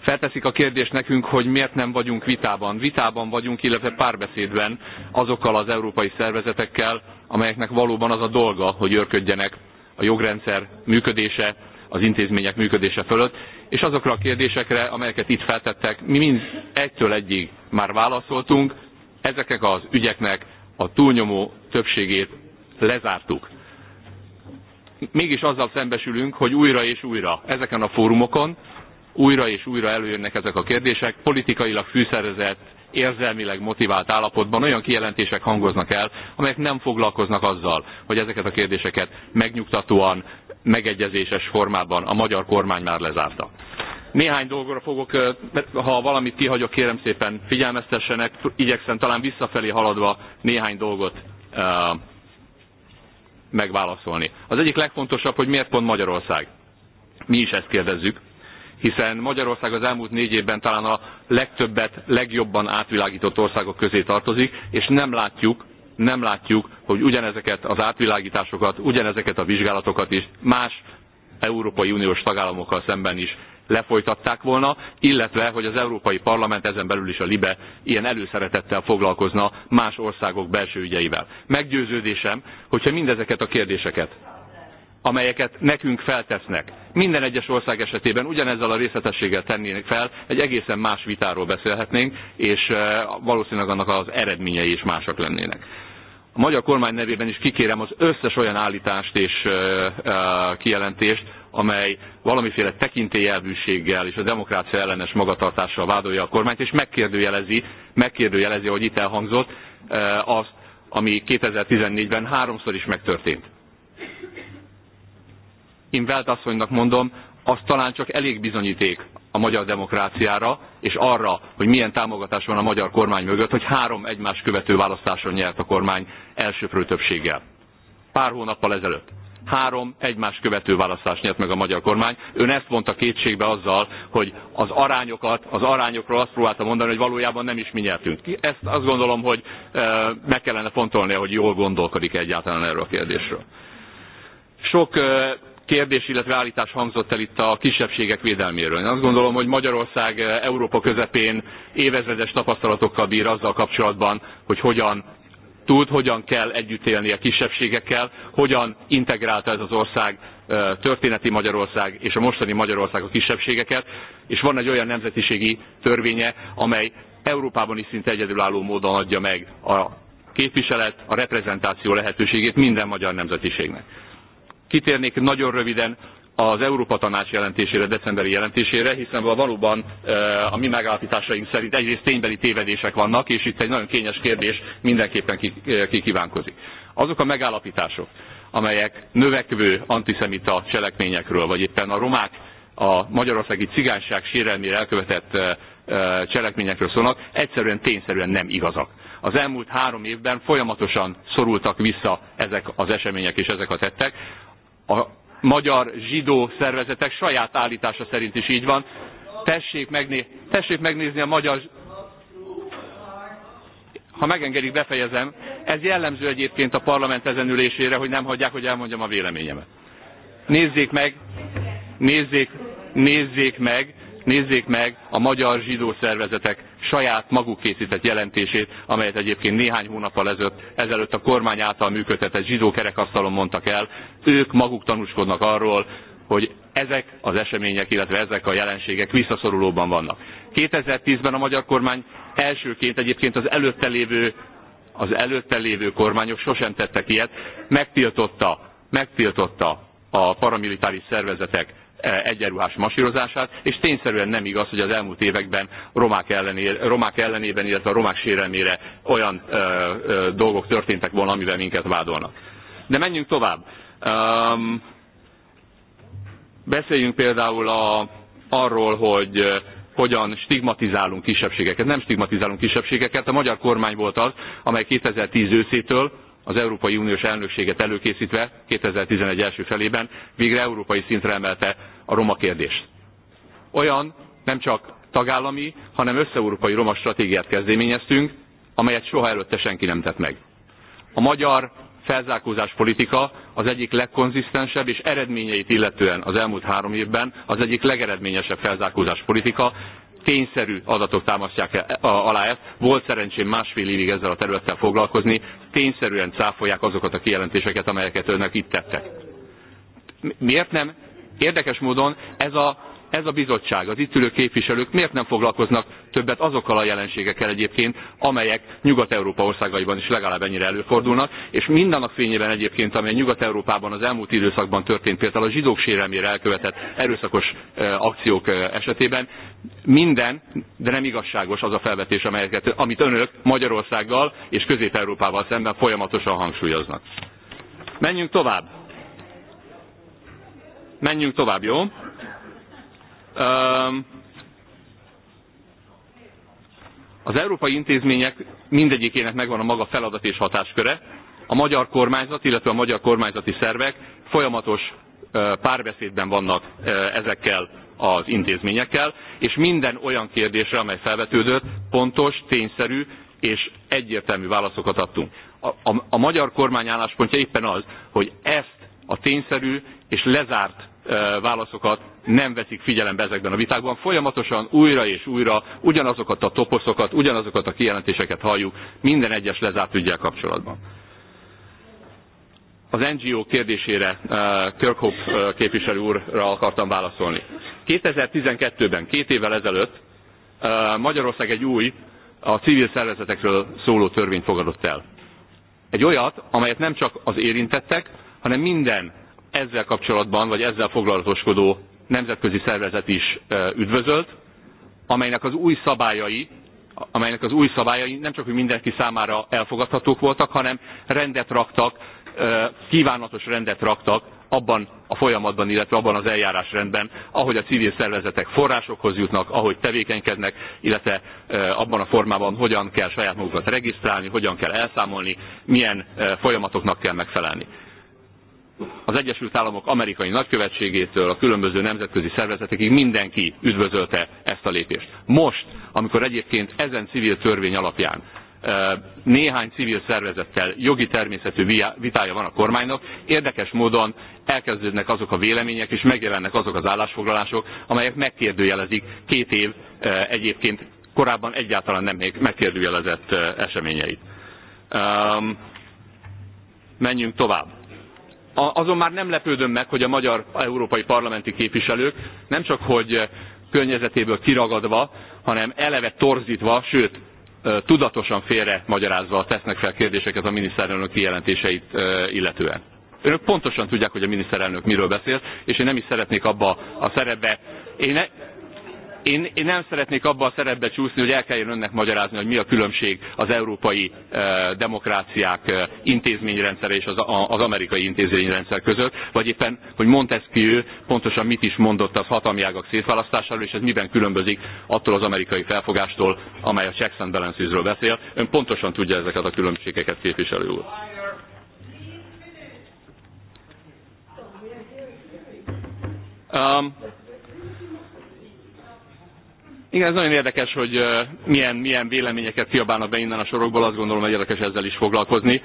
felteszik a kérdést nekünk, hogy miért nem vagyunk vitában. Vitában vagyunk, illetve párbeszédben azokkal az európai szervezetekkel, amelyeknek valóban az a dolga, hogy örködjenek a jogrendszer működése, az intézmények működése fölött, és azokra a kérdésekre, amelyeket itt feltettek, mi mind egytől egyig már válaszoltunk, ezeknek az ügyeknek a túlnyomó többségét lezártuk. Mégis azzal szembesülünk, hogy újra és újra ezeken a fórumokon újra és újra előjönnek ezek a kérdések, politikailag fűszerezett érzelmileg motivált állapotban olyan kijelentések hangoznak el, amelyek nem foglalkoznak azzal, hogy ezeket a kérdéseket megnyugtatóan, megegyezéses formában a magyar kormány már lezárta. Néhány dolgokra fogok, ha valamit kihagyok, kérem szépen figyelmeztessenek, igyekszem talán visszafelé haladva néhány dolgot megválaszolni. Az egyik legfontosabb, hogy miért pont Magyarország. Mi is ezt kérdezzük hiszen Magyarország az elmúlt négy évben talán a legtöbbet, legjobban átvilágított országok közé tartozik, és nem látjuk, nem látjuk, hogy ugyanezeket az átvilágításokat, ugyanezeket a vizsgálatokat is más Európai Uniós tagállamokkal szemben is lefolytatták volna, illetve hogy az Európai Parlament ezen belül is a LIBE ilyen előszeretettel foglalkozna más országok belső ügyeivel. Meggyőződésem, hogyha mindezeket a kérdéseket amelyeket nekünk feltesznek. Minden egyes ország esetében ugyanezzel a részletességgel tennének fel, egy egészen más vitáról beszélhetnénk, és eh, valószínűleg annak az eredményei is másak lennének. A magyar kormány nevében is kikérem az összes olyan állítást és eh, eh, kijelentést, amely valamiféle tekintélyelvűséggel és a demokrácia ellenes magatartással vádolja a kormányt, és megkérdőjelezi, megkérdőjelezi, hogy itt elhangzott, azt, ami 2014-ben háromszor is megtörtént Harkin Welt asszonynak mondom, az talán csak elég bizonyíték a magyar demokráciára, és arra, hogy milyen támogatás van a magyar kormány mögött, hogy három egymás követő választáson nyert a kormány elsőprő többséggel. Pár hónappal ezelőtt. Három egymás követő választást nyert meg a magyar kormány. Ön ezt mondta kétségbe azzal, hogy az arányokat, az arányokról azt próbálta mondani, hogy valójában nem is mi nyertünk. Ezt azt gondolom, hogy meg kellene fontolnia, hogy jól gondolkodik egyáltalán erről a kérdésről. Sok kérdés, illetve állítás hangzott el itt a kisebbségek védelméről. Én azt gondolom, hogy Magyarország eh, Európa közepén évezredes tapasztalatokkal bír azzal kapcsolatban, hogy hogyan tud, hogyan kell együtt élni a kisebbségekkel, hogyan integrálta ez az ország eh, történeti Magyarország és a mostani Magyarország a kisebbségeket, és van egy olyan nemzetiségi törvénye, amely Európában is szinte egyedülálló módon adja meg a képviselet, a reprezentáció lehetőségét minden magyar nemzetiségnek kitérnék nagyon röviden az Európa Tanács jelentésére, decemberi jelentésére, hiszen valóban a mi megállapításaink szerint egyrészt ténybeli tévedések vannak, és itt egy nagyon kényes kérdés mindenképpen kikívánkozik. Azok a megállapítások, amelyek növekvő antiszemita cselekményekről, vagy éppen a romák a magyarországi cigányság sérelmére elkövetett cselekményekről szólnak, egyszerűen tényszerűen nem igazak. Az elmúlt három évben folyamatosan szorultak vissza ezek az események és ezek a tettek a magyar zsidó szervezetek saját állítása szerint is így van. Tessék, megné tessék megnézni a magyar... Ha megengedik, befejezem. Ez jellemző egyébként a parlament ezen ülésére, hogy nem hagyják, hogy elmondjam a véleményemet. Nézzék meg, nézzék, nézzék meg Nézzék meg a magyar zsidó szervezetek saját maguk készített jelentését, amelyet egyébként néhány hónappal ezelőtt, ezelőtt a kormány által működtetett zsidó kerekasztalon mondtak el. Ők maguk tanúskodnak arról, hogy ezek az események, illetve ezek a jelenségek visszaszorulóban vannak. 2010-ben a magyar kormány elsőként egyébként az előtte lévő, az előtte lévő kormányok sosem tettek ilyet, megtiltotta, megtiltotta a paramilitáris szervezetek E, egyenruhás masírozását, és tényszerűen nem igaz, hogy az elmúlt években romák, ellené, romák ellenében, illetve a romák sérelmére olyan ö, e, ö, e, dolgok történtek volna, amivel minket vádolnak. De menjünk tovább. Um, beszéljünk például a, arról, hogy hogyan stigmatizálunk kisebbségeket. Nem stigmatizálunk kisebbségeket. A magyar kormány volt az, amely 2010 őszétől az Európai Uniós elnökséget előkészítve 2011 első felében végre európai szintre emelte a roma kérdést. Olyan nem csak tagállami, hanem összeurópai roma stratégiát kezdeményeztünk, amelyet soha előtte senki nem tett meg. A magyar felzárkózás politika az egyik legkonzisztensebb és eredményeit illetően az elmúlt három évben az egyik legeredményesebb felzárkózás politika, tényszerű adatok támasztják alá ezt. Volt szerencsém másfél évig ezzel a területtel foglalkozni, tényszerűen cáfolják azokat a kijelentéseket, amelyeket önök itt tettek. Miért nem? Érdekes módon ez a ez a bizottság, az itt ülő képviselők miért nem foglalkoznak többet azokkal a jelenségekkel egyébként, amelyek Nyugat-Európa országaiban is legalább ennyire előfordulnak, és mindannak fényében egyébként, amely Nyugat-Európában az elmúlt időszakban történt, például a zsidók sérelmére elkövetett erőszakos akciók esetében, minden, de nem igazságos az a felvetés, amelyeket, amit önök Magyarországgal és Közép-Európával szemben folyamatosan hangsúlyoznak. Menjünk tovább. Menjünk tovább, jó? Az európai intézmények mindegyikének megvan a maga feladat és hatásköre. A magyar kormányzat, illetve a magyar kormányzati szervek folyamatos párbeszédben vannak ezekkel az intézményekkel, és minden olyan kérdésre, amely felvetődött, pontos, tényszerű és egyértelmű válaszokat adtunk. A, a, a magyar kormány álláspontja éppen az, hogy ezt a tényszerű és lezárt válaszokat nem veszik figyelembe ezekben a vitákban. Folyamatosan újra és újra ugyanazokat a toposzokat, ugyanazokat a kijelentéseket halljuk minden egyes lezárt ügyel kapcsolatban. Az NGO kérdésére Kirkhope képviselő úrra akartam válaszolni. 2012-ben, két évvel ezelőtt Magyarország egy új, a civil szervezetekről szóló törvényt fogadott el. Egy olyat, amelyet nem csak az érintettek, hanem minden ezzel kapcsolatban, vagy ezzel foglalatoskodó nemzetközi szervezet is üdvözölt, amelynek az új szabályai amelynek az új szabályai nem csak, hogy mindenki számára elfogadhatók voltak, hanem rendet raktak, kívánatos rendet raktak abban a folyamatban, illetve abban az eljárásrendben, ahogy a civil szervezetek forrásokhoz jutnak, ahogy tevékenykednek, illetve abban a formában, hogyan kell saját magukat regisztrálni, hogyan kell elszámolni, milyen folyamatoknak kell megfelelni az Egyesült Államok amerikai nagykövetségétől a különböző nemzetközi szervezetekig mindenki üdvözölte ezt a lépést. Most, amikor egyébként ezen civil törvény alapján e, néhány civil szervezettel jogi természetű vitája van a kormánynak, érdekes módon elkezdődnek azok a vélemények, és megjelennek azok az állásfoglalások, amelyek megkérdőjelezik két év e, egyébként korábban egyáltalán nem megkérdőjelezett e, eseményeit. Menjünk tovább azon már nem lepődöm meg, hogy a magyar európai parlamenti képviselők nemcsak, hogy eh, környezetéből kiragadva, hanem eleve torzítva, sőt, eh, tudatosan félre magyarázva tesznek fel kérdéseket a miniszterelnök kijelentéseit eh, illetően. Önök pontosan tudják, hogy a miniszterelnök miről beszél, és én nem is szeretnék abba a szerepbe, én, ne, én, én nem szeretnék abba a szerepbe csúszni, hogy el kelljen önnek magyarázni, hogy mi a különbség az európai eh, demokráciák eh, intézményrendszere és az, az amerikai intézményrendszer között, vagy éppen, hogy Montesquieu pontosan mit is mondott az hatalmiágak szétválasztásáról, és ez miben különbözik attól az amerikai felfogástól, amely a checks and balancesről beszél. Ön pontosan tudja ezeket a különbségeket, képviselő úr. Um, igen, ez nagyon érdekes, hogy milyen, milyen véleményeket kiabálnak be innen a sorokból, azt gondolom, hogy érdekes ezzel is foglalkozni.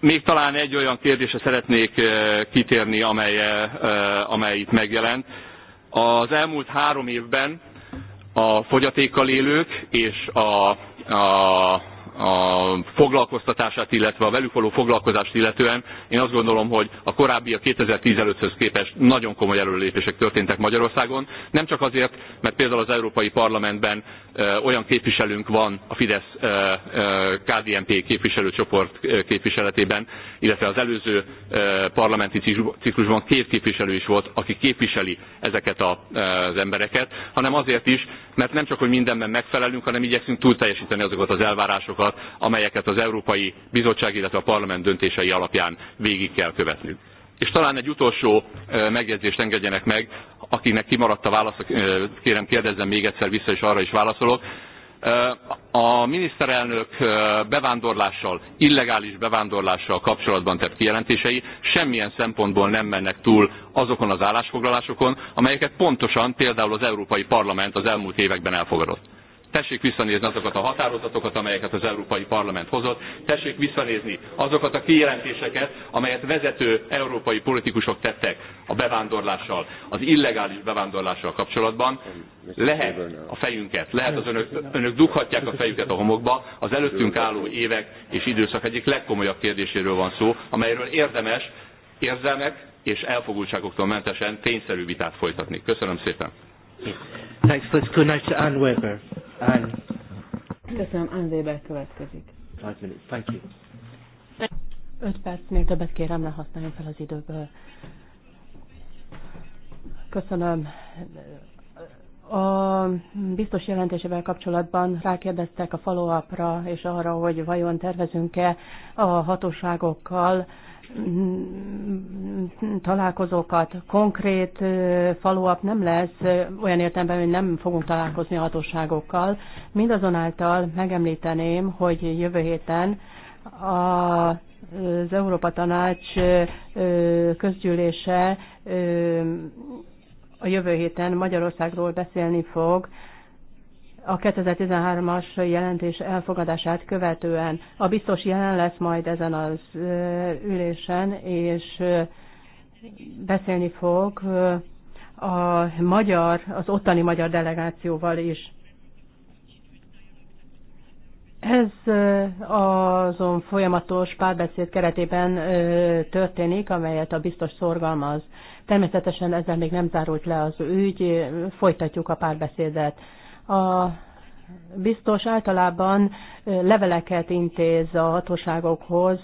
Még talán egy olyan kérdésre szeretnék kitérni, amely, amely itt megjelent. Az elmúlt három évben a fogyatékkal élők és a, a a foglalkoztatását, illetve a velük való foglalkozást illetően, én azt gondolom, hogy a korábbi a 2010 előtthöz képest nagyon komoly előlépések történtek Magyarországon. Nem csak azért, mert például az Európai Parlamentben olyan képviselőnk van a Fidesz KDNP képviselőcsoport képviseletében, illetve az előző parlamenti ciklusban két képviselő is volt, aki képviseli ezeket az embereket, hanem azért is, mert nem csak, hogy mindenben megfelelünk, hanem igyekszünk túl teljesíteni azokat az elvárásokat, feladatokat, amelyeket az Európai Bizottság, illetve a parlament döntései alapján végig kell követnünk. És talán egy utolsó megjegyzést engedjenek meg, akinek kimaradt a válasz, kérem kérdezzem még egyszer vissza, és arra is válaszolok. A miniszterelnök bevándorlással, illegális bevándorlással kapcsolatban tett kijelentései semmilyen szempontból nem mennek túl azokon az állásfoglalásokon, amelyeket pontosan például az Európai Parlament az elmúlt években elfogadott. Tessék visszanézni azokat a határozatokat, amelyeket az Európai Parlament hozott. Tessék visszanézni azokat a kijelentéseket, amelyet vezető európai politikusok tettek a bevándorlással, az illegális bevándorlással kapcsolatban. Lehet a fejünket, lehet az önök, önök dughatják a fejüket a homokba. Az előttünk álló évek és időszak egyik legkomolyabb kérdéséről van szó, amelyről érdemes érzelmek és elfogultságoktól mentesen tényszerű vitát folytatni. Köszönöm szépen! let's go to Weber. And Köszönöm, Anne következik. Five minutes, thank you. Öt percnél többet kérem, ne használjam fel az időből. Köszönöm. A biztos jelentésével kapcsolatban rákérdeztek a follow és arra, hogy vajon tervezünk-e a hatóságokkal találkozókat. Konkrét follow nem lesz, olyan értelemben, hogy nem fogunk találkozni a hatóságokkal. Mindazonáltal megemlíteném, hogy jövő héten a az Európa Tanács közgyűlése a jövő héten Magyarországról beszélni fog, a 2013-as jelentés elfogadását követően. A biztos jelen lesz majd ezen az ülésen, és beszélni fog a magyar, az ottani magyar delegációval is. Ez azon folyamatos párbeszéd keretében történik, amelyet a biztos szorgalmaz. Természetesen ezzel még nem zárult le az ügy, folytatjuk a párbeszédet. A biztos általában leveleket intéz a hatóságokhoz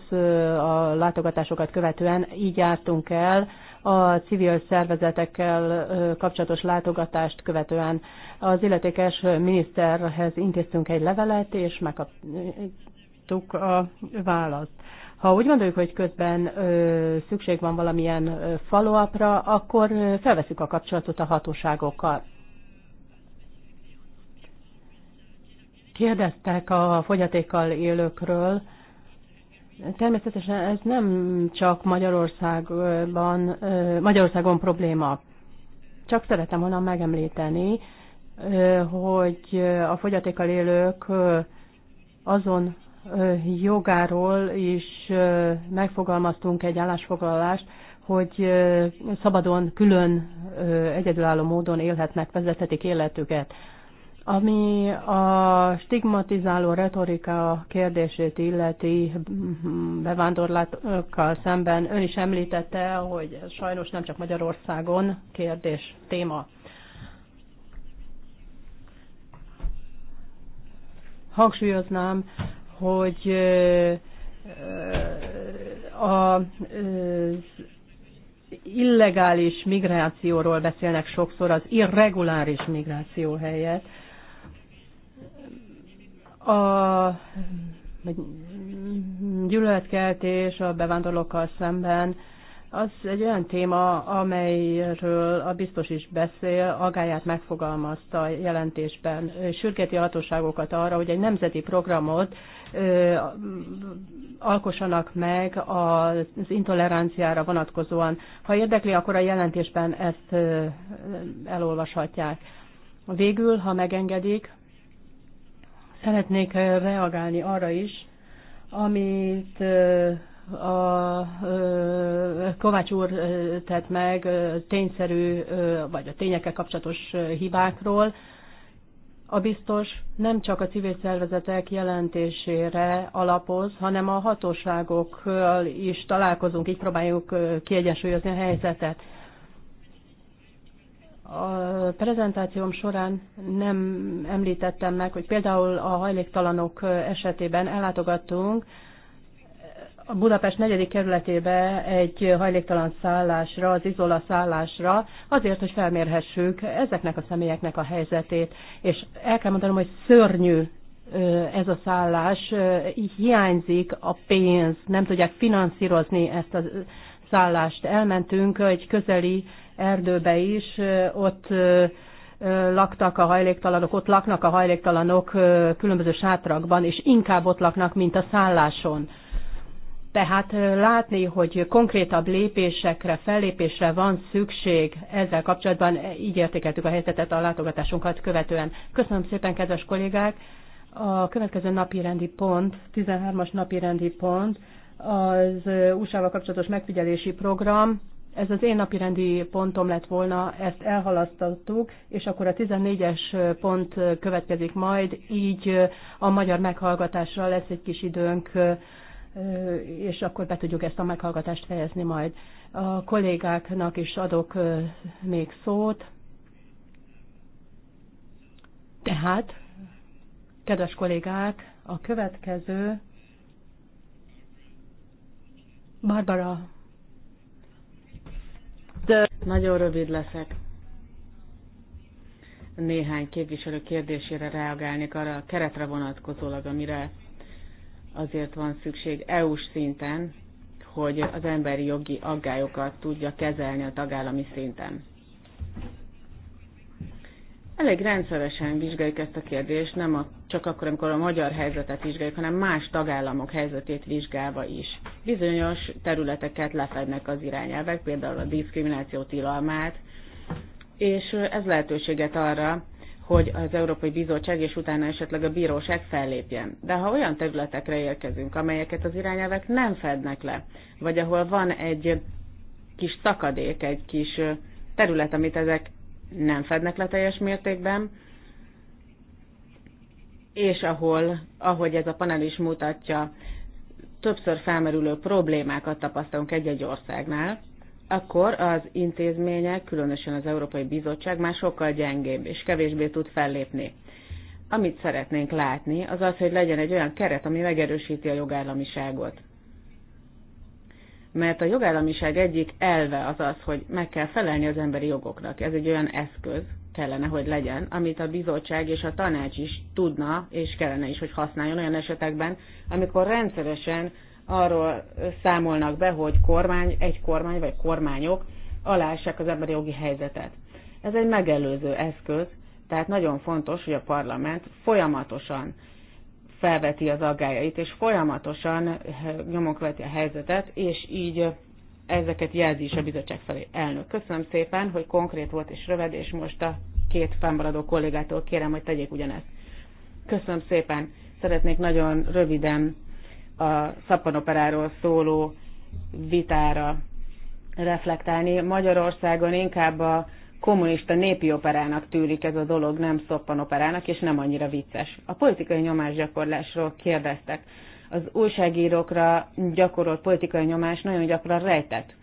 a látogatásokat követően, így jártunk el a civil szervezetekkel kapcsolatos látogatást követően. Az illetékes miniszterhez intéztünk egy levelet, és megkaptuk a választ. Ha úgy gondoljuk, hogy közben ö, szükség van valamilyen follow-upra, akkor felveszük a kapcsolatot a hatóságokkal. Kérdeztek a fogyatékkal élőkről. Természetesen ez nem csak Magyarországban, Magyarországon probléma. Csak szeretem volna megemlíteni, hogy a fogyatékkal élők azon jogáról is megfogalmaztunk egy állásfoglalást, hogy szabadon, külön, egyedülálló módon élhetnek, vezethetik életüket. Ami a stigmatizáló retorika kérdését illeti m-m-m, bevándorlákkal szemben, ön is említette, hogy ez sajnos nem csak Magyarországon kérdés, téma. Hangsúlyoznám, hogy a illegális migrációról beszélnek sokszor, az irreguláris migráció helyett, a gyűlöletkeltés a bevándorlókkal szemben az egy olyan téma, amelyről a biztos is beszél, agáját megfogalmazta a jelentésben. Sürgeti hatóságokat arra, hogy egy nemzeti programot ö, alkossanak meg az intoleranciára vonatkozóan. Ha érdekli, akkor a jelentésben ezt ö, elolvashatják. Végül, ha megengedik, Szeretnék eh, reagálni arra is, amit eh, a eh, Kovács úr tett meg tényszerű, vagy a tényekkel kapcsolatos hibákról. A biztos nem csak a civil szervezetek jelentésére alapoz, hanem a hatóságokkal is találkozunk, így próbáljuk kiegyensúlyozni a helyzetet. A prezentációm során nem említettem meg, hogy például a hajléktalanok esetében ellátogattunk a Budapest negyedik kerületébe egy hajléktalan szállásra, az izola szállásra, azért, hogy felmérhessük ezeknek a személyeknek a helyzetét. És el kell mondanom, hogy szörnyű ez a szállás, hiányzik a pénz, nem tudják finanszírozni ezt a szállást. Elmentünk egy közeli erdőbe is, ott laktak a hajléktalanok, ott laknak a hajléktalanok különböző sátrakban, és inkább ott laknak, mint a szálláson. Tehát látni, hogy konkrétabb lépésekre, fellépésre van szükség ezzel kapcsolatban, e, így értékeltük a helyzetet a látogatásunkat követően. Köszönöm szépen, kedves kollégák! A következő napi rendi pont, 13-as napi rendi pont, az USA-val kapcsolatos megfigyelési program, ez az én napirendi pontom lett volna, ezt elhalasztottuk, és akkor a 14-es pont következik majd, így a magyar meghallgatásra lesz egy kis időnk, és akkor be tudjuk ezt a meghallgatást fejezni majd. A kollégáknak is adok még szót. Tehát, kedves kollégák, a következő Barbara nagyon rövid leszek. Néhány képviselő kérdésére reagálnék arra a keretre vonatkozólag, amire azért van szükség EU-s szinten, hogy az emberi jogi aggályokat tudja kezelni a tagállami szinten. Elég rendszeresen vizsgáljuk ezt a kérdést, nem a csak akkor, amikor a magyar helyzetet vizsgáljuk, hanem más tagállamok helyzetét vizsgálva is. Bizonyos területeket lefednek az irányelvek, például a diszkrimináció tilalmát, és ez lehetőséget arra, hogy az Európai Bizottság és utána esetleg a bíróság fellépjen. De ha olyan területekre érkezünk, amelyeket az irányelvek nem fednek le, vagy ahol van egy kis szakadék, egy kis terület, amit ezek nem fednek le teljes mértékben, és ahol, ahogy ez a panel is mutatja, többször felmerülő problémákat tapasztalunk egy-egy országnál, akkor az intézmények, különösen az Európai Bizottság már sokkal gyengébb és kevésbé tud fellépni. Amit szeretnénk látni, az az, hogy legyen egy olyan keret, ami megerősíti a jogállamiságot. Mert a jogállamiság egyik elve az az, hogy meg kell felelni az emberi jogoknak. Ez egy olyan eszköz, kellene, hogy legyen, amit a bizottság és a tanács is tudna, és kellene is, hogy használjon olyan esetekben, amikor rendszeresen arról számolnak be, hogy kormány, egy kormány vagy kormányok alássák az emberi jogi helyzetet. Ez egy megelőző eszköz, tehát nagyon fontos, hogy a parlament folyamatosan felveti az aggájait, és folyamatosan nyomon követi a helyzetet, és így ezeket jelzi is a bizottság felé. Elnök, köszönöm szépen, hogy konkrét volt és rövid, és most a két fennmaradó kollégától kérem, hogy tegyék ugyanezt. Köszönöm szépen. Szeretnék nagyon röviden a szappanoperáról szóló vitára reflektálni. Magyarországon inkább a kommunista népi operának tűlik ez a dolog, nem szappanoperának, és nem annyira vicces. A politikai nyomásgyakorlásról kérdeztek az újságírókra gyakorolt politikai nyomás nagyon gyakran rejtett.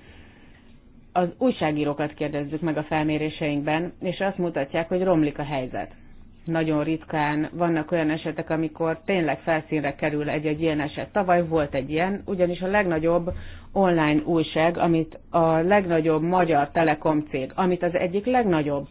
Az újságírókat kérdezzük meg a felméréseinkben, és azt mutatják, hogy romlik a helyzet. Nagyon ritkán vannak olyan esetek, amikor tényleg felszínre kerül egy-egy ilyen eset. Tavaly volt egy ilyen, ugyanis a legnagyobb online újság, amit a legnagyobb magyar telekom cég, amit az egyik legnagyobb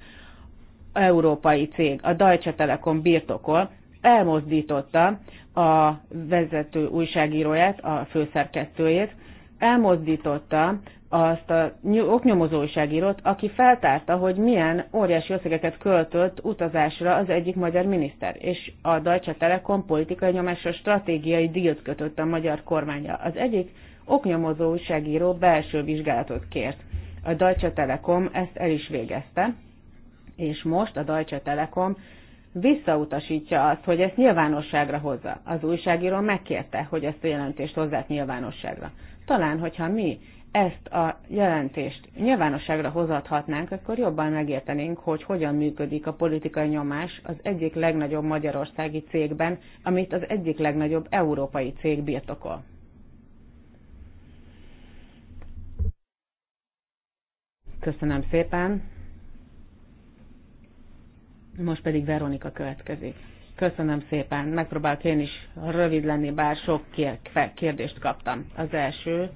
európai cég, a Deutsche Telekom birtokol, elmozdította a vezető újságíróját, a főszerkesztőjét, elmozdította azt a oknyomozó újságírót, aki feltárta, hogy milyen óriási összegeket költött utazásra az egyik magyar miniszter, és a Deutsche Telekom politikai nyomásra stratégiai díjat kötött a magyar kormánya. Az egyik oknyomozó újságíró belső vizsgálatot kért. A Deutsche Telekom ezt el is végezte, és most a Deutsche Telekom visszautasítja azt, hogy ezt nyilvánosságra hozza. Az újságíró megkérte, hogy ezt a jelentést hozzák nyilvánosságra. Talán, hogyha mi ezt a jelentést nyilvánosságra hozathatnánk, akkor jobban megértenénk, hogy hogyan működik a politikai nyomás az egyik legnagyobb magyarországi cégben, amit az egyik legnagyobb európai cég birtokol. Köszönöm szépen! Most pedig Veronika következik. Köszönöm szépen. Megpróbálok én is rövid lenni, bár sok kérdést kaptam. Az első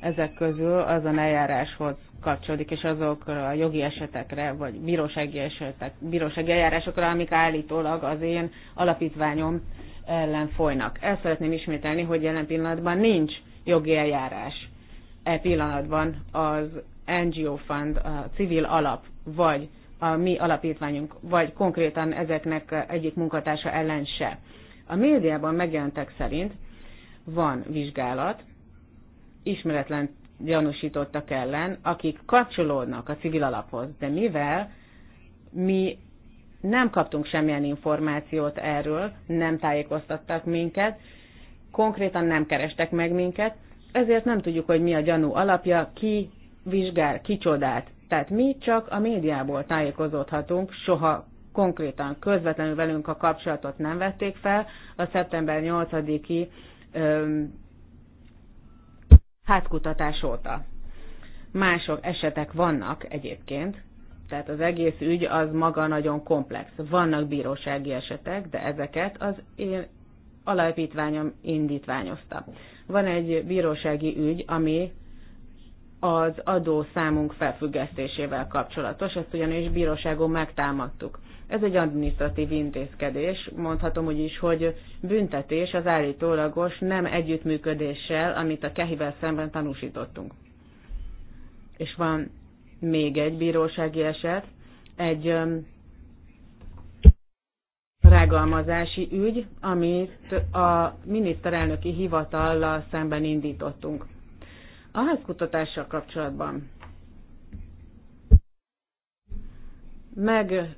ezek közül az a eljáráshoz kapcsolódik, és azokra a jogi esetekre, vagy bírósági esetek, bírósági eljárásokra, amik állítólag az én alapítványom ellen folynak. El szeretném ismételni, hogy jelen pillanatban nincs jogi eljárás. E pillanatban az NGO Fund, a civil alap, vagy a mi alapítványunk, vagy konkrétan ezeknek egyik munkatársa ellen se. A médiában megjelentek szerint van vizsgálat, ismeretlen gyanúsítottak ellen, akik kapcsolódnak a civil alaphoz, de mivel mi nem kaptunk semmilyen információt erről, nem tájékoztattak minket, konkrétan nem kerestek meg minket, ezért nem tudjuk, hogy mi a gyanú alapja, ki vizsgál, ki csodát. Tehát mi csak a médiából tájékozódhatunk, soha konkrétan, közvetlenül velünk a kapcsolatot nem vették fel. A szeptember 8-i házkutatás óta. Mások esetek vannak egyébként, tehát az egész ügy az maga nagyon komplex. Vannak bírósági esetek, de ezeket az én alapítványom indítványozta. Van egy bírósági ügy, ami az adó számunk felfüggesztésével kapcsolatos, ezt ugyanis bíróságon megtámadtuk. Ez egy administratív intézkedés, mondhatom úgy is, hogy büntetés az állítólagos nem együttműködéssel, amit a kehivel szemben tanúsítottunk. És van még egy bírósági eset, egy rágalmazási ügy, amit a miniszterelnöki hivatallal szemben indítottunk. A házkutatással kapcsolatban megkeresett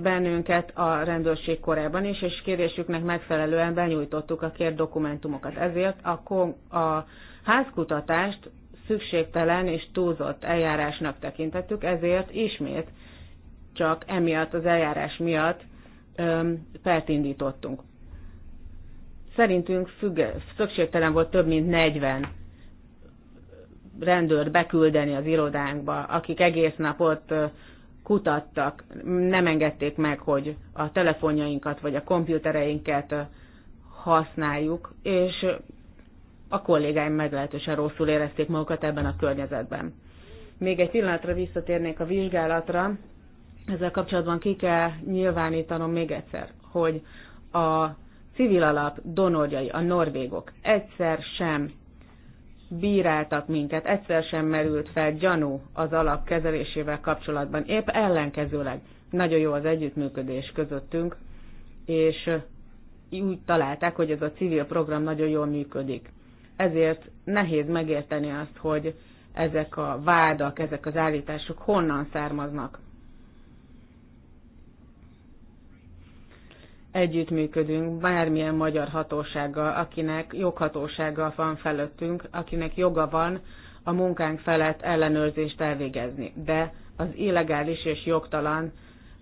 bennünket a rendőrség korában is, és kérésüknek megfelelően benyújtottuk a kért dokumentumokat. Ezért a, a házkutatást szükségtelen és túlzott eljárásnak tekintettük, ezért ismét csak emiatt az eljárás miatt öm, pert indítottunk. Szerintünk szükségtelen volt több mint 40 rendőrt beküldeni az irodánkba, akik egész nap ott kutattak, nem engedték meg, hogy a telefonjainkat vagy a kompjútereinket használjuk, és a kollégáim meglehetősen rosszul érezték magukat ebben a környezetben. Még egy pillanatra visszatérnék a vizsgálatra. Ezzel kapcsolatban ki kell nyilvánítanom még egyszer, hogy a civil alap donorjai, a norvégok egyszer sem bíráltak minket, egyszer sem merült fel gyanú az alap kezelésével kapcsolatban. Épp ellenkezőleg nagyon jó az együttműködés közöttünk, és eh, úgy találták, hogy ez a civil program nagyon jól működik. Ezért nehéz megérteni azt, hogy ezek a vádak, ezek az állítások honnan származnak. együttműködünk bármilyen magyar hatósággal, akinek joghatósággal van felettünk, akinek joga van a munkánk felett ellenőrzést elvégezni. De az illegális és jogtalan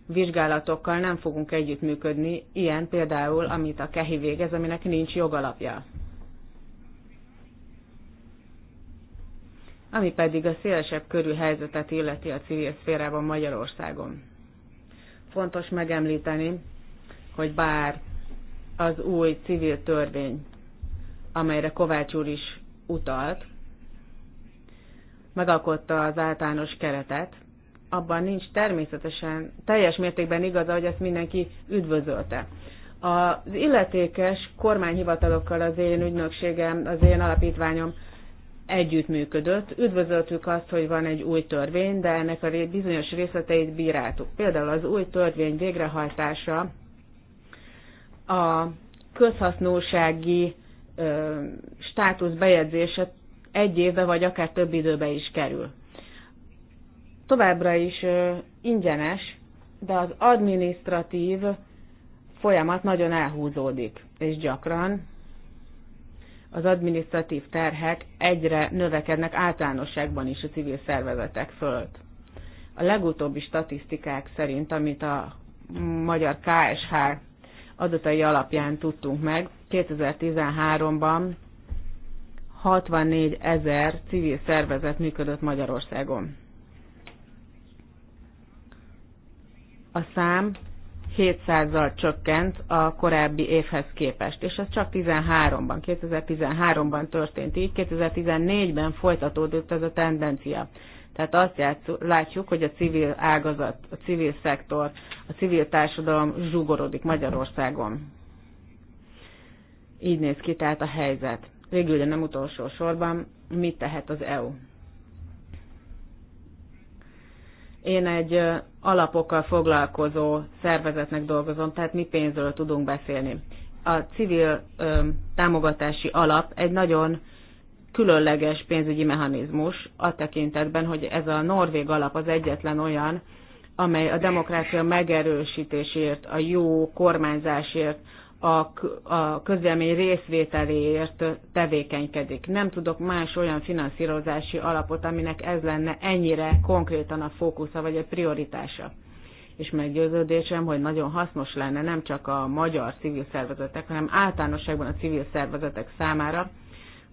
vizsgálatokkal nem fogunk együttműködni, ilyen például, amit a kehi végez, aminek nincs jogalapja. Ami pedig a szélesebb körű helyzetet illeti a civil szférában Magyarországon. Fontos megemlíteni, hogy bár az új civil törvény, amelyre Kovács úr is utalt, megalkotta az általános keretet, abban nincs természetesen teljes mértékben igaza, hogy ezt mindenki üdvözölte. Az illetékes kormányhivatalokkal az én ügynökségem, az én alapítványom együttműködött. Üdvözöltük azt, hogy van egy új törvény, de ennek a bizonyos részleteit bíráltuk. Például az új törvény végrehajtása a közhasznósági ö, státusz bejegyzése egy évbe vagy akár több időbe is kerül. Továbbra is ö, ingyenes, de az administratív folyamat nagyon elhúzódik, és gyakran az administratív terhek egyre növekednek általánosságban is a civil szervezetek fölött. A legutóbbi statisztikák szerint, amit a magyar KSH adatai alapján tudtunk meg. 2013-ban 64 ezer civil szervezet működött Magyarországon. A szám 700-zal csökkent a korábbi évhez képest, és ez csak 13-ban, 2013-ban történt így, 2014-ben folytatódott ez a tendencia. Tehát azt látjuk, hogy a civil ágazat, a civil szektor, a civil társadalom zsugorodik Magyarországon. Így néz ki tehát a helyzet. Végül, de nem utolsó sorban, mit tehet az EU? Én egy alapokkal foglalkozó szervezetnek dolgozom, tehát mi pénzről tudunk beszélni. A civil ö, támogatási alap egy nagyon különleges pénzügyi mechanizmus a tekintetben, hogy ez a norvég alap az egyetlen olyan, amely a demokrácia megerősítésért, a jó kormányzásért, a, a közvélemény részvételéért tevékenykedik. Nem tudok más olyan finanszírozási alapot, aminek ez lenne ennyire konkrétan a fókusza vagy a prioritása. És meggyőződésem, hogy nagyon hasznos lenne nem csak a magyar civil szervezetek, hanem általánosságban a civil szervezetek számára,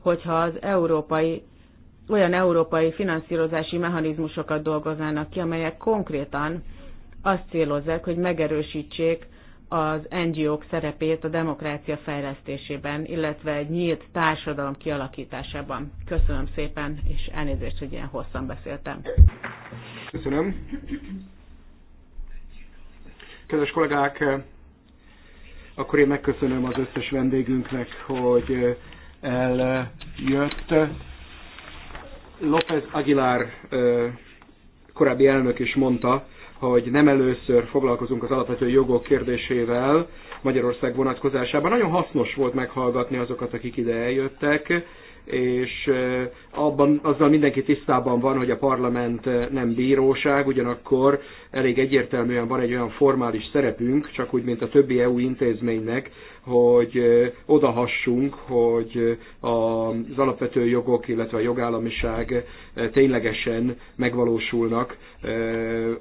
hogyha az európai, olyan európai finanszírozási mechanizmusokat dolgoznának ki, amelyek konkrétan azt célozzák, hogy megerősítsék az NGO-k szerepét a demokrácia fejlesztésében, illetve egy nyílt társadalom kialakításában. Köszönöm szépen, és elnézést, hogy ilyen hosszan beszéltem. Köszönöm. Kedves kollégák, akkor én megköszönöm az összes vendégünknek, hogy eljött. López Aguilar korábbi elnök is mondta, hogy nem először foglalkozunk az alapvető jogok kérdésével Magyarország vonatkozásában. Nagyon hasznos volt meghallgatni azokat, akik ide eljöttek és abban, azzal mindenki tisztában van, hogy a parlament nem bíróság, ugyanakkor elég egyértelműen van egy olyan formális szerepünk, csak úgy, mint a többi EU intézménynek, hogy odahassunk, hogy az alapvető jogok, illetve a jogállamiság ténylegesen megvalósulnak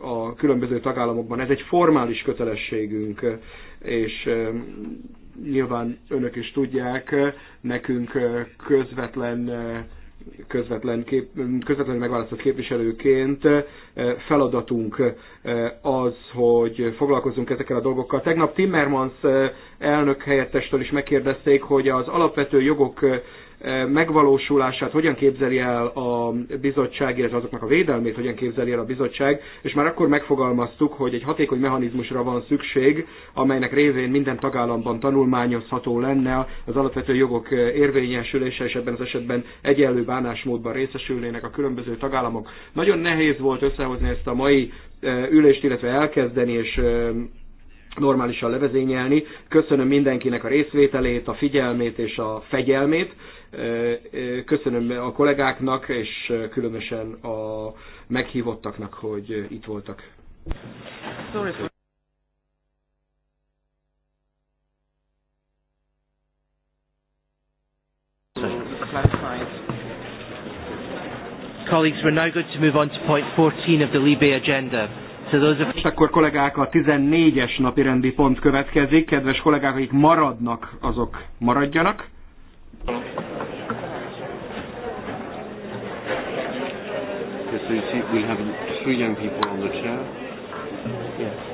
a különböző tagállamokban. Ez egy formális kötelességünk, és nyilván önök is tudják, nekünk közvetlen közvetlen kép, közvetlenül megválasztott képviselőként feladatunk az, hogy foglalkozunk ezekkel a dolgokkal. Tegnap Timmermans elnök helyettestől is megkérdezték, hogy az alapvető jogok megvalósulását hogyan képzeli el a bizottság, illetve azoknak a védelmét hogyan képzeli el a bizottság, és már akkor megfogalmaztuk, hogy egy hatékony mechanizmusra van szükség, amelynek révén minden tagállamban tanulmányozható lenne az alapvető jogok érvényesülése, és ebben az esetben egyenlő bánásmódban részesülnének a különböző tagállamok. Nagyon nehéz volt összehozni ezt a mai eh, ülést, illetve elkezdeni, és eh, normálisan levezényelni. Köszönöm mindenkinek a részvételét, a figyelmét és a fegyelmét, Köszönöm a kollégáknak, és különösen a meghívottaknak, hogy itt voltak. Colleagues, we're now going to move on to point 14 of the Libé agenda. So those of... akkor kollégák, a 14-es napi rendi pont következik. Kedves kollégák, akik maradnak, azok maradjanak. Because so you see, we have three young people on the chair. Yes.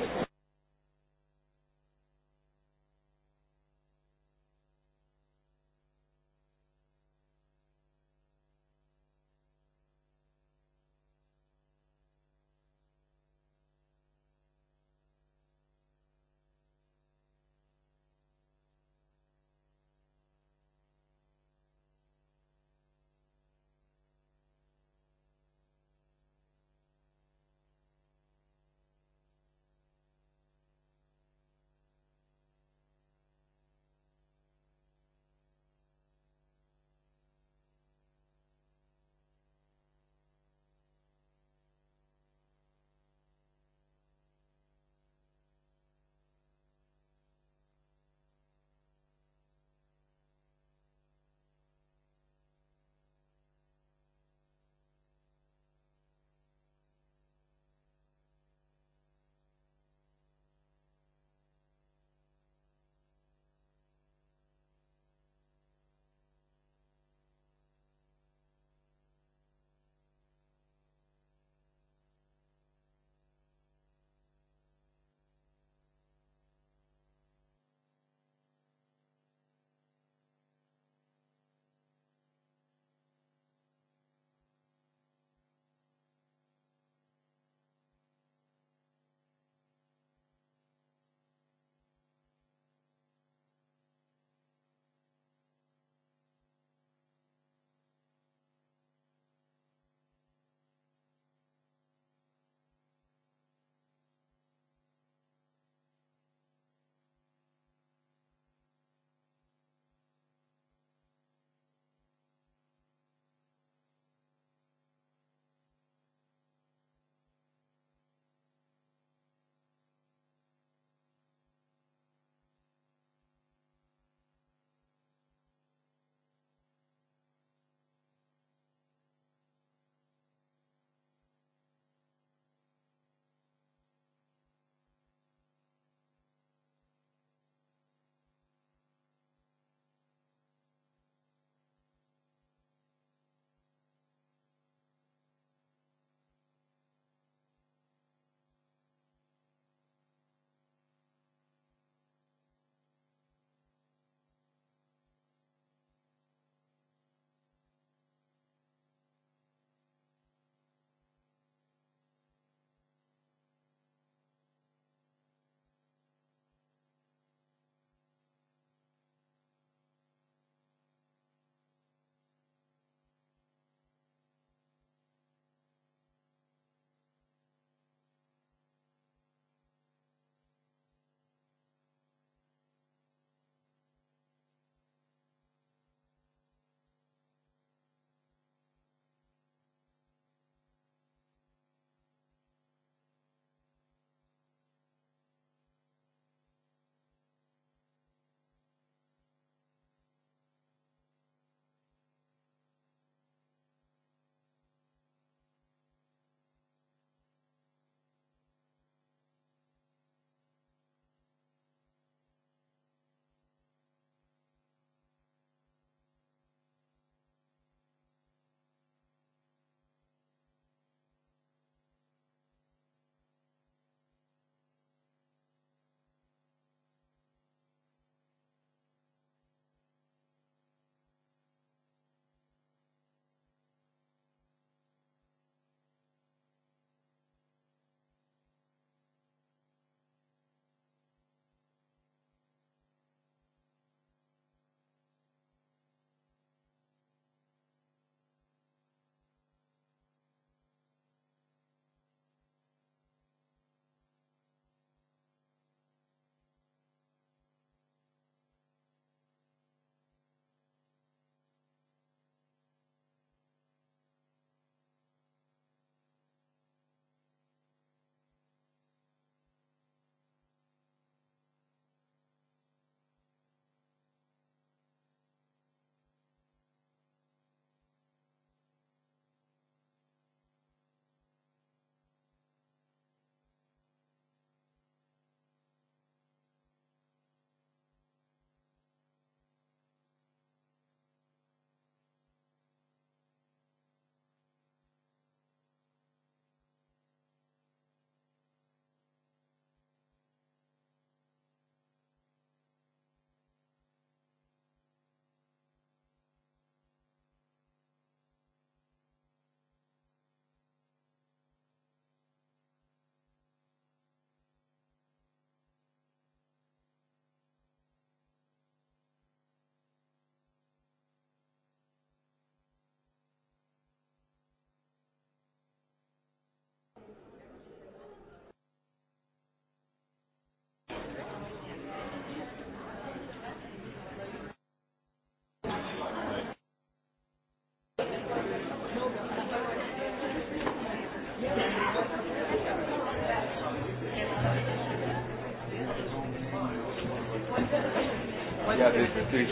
yeah, there's, there's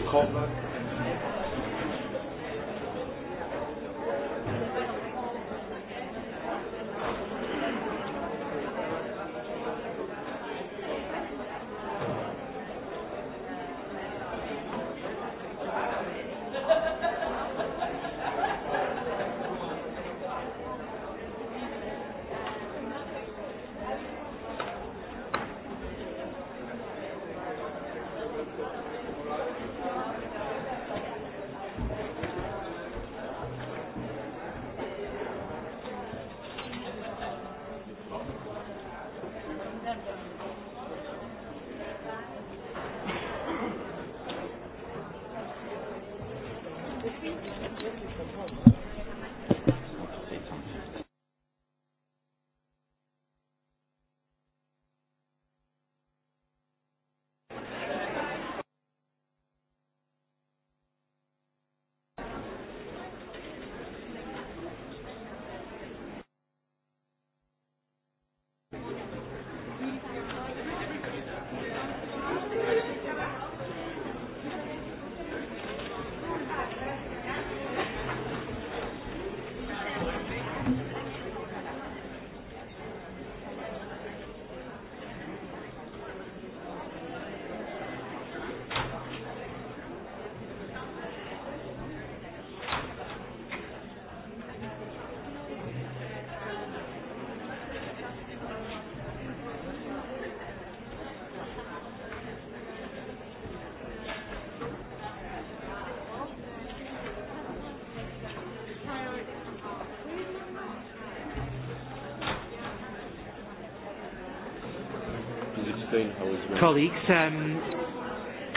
colleagues, um,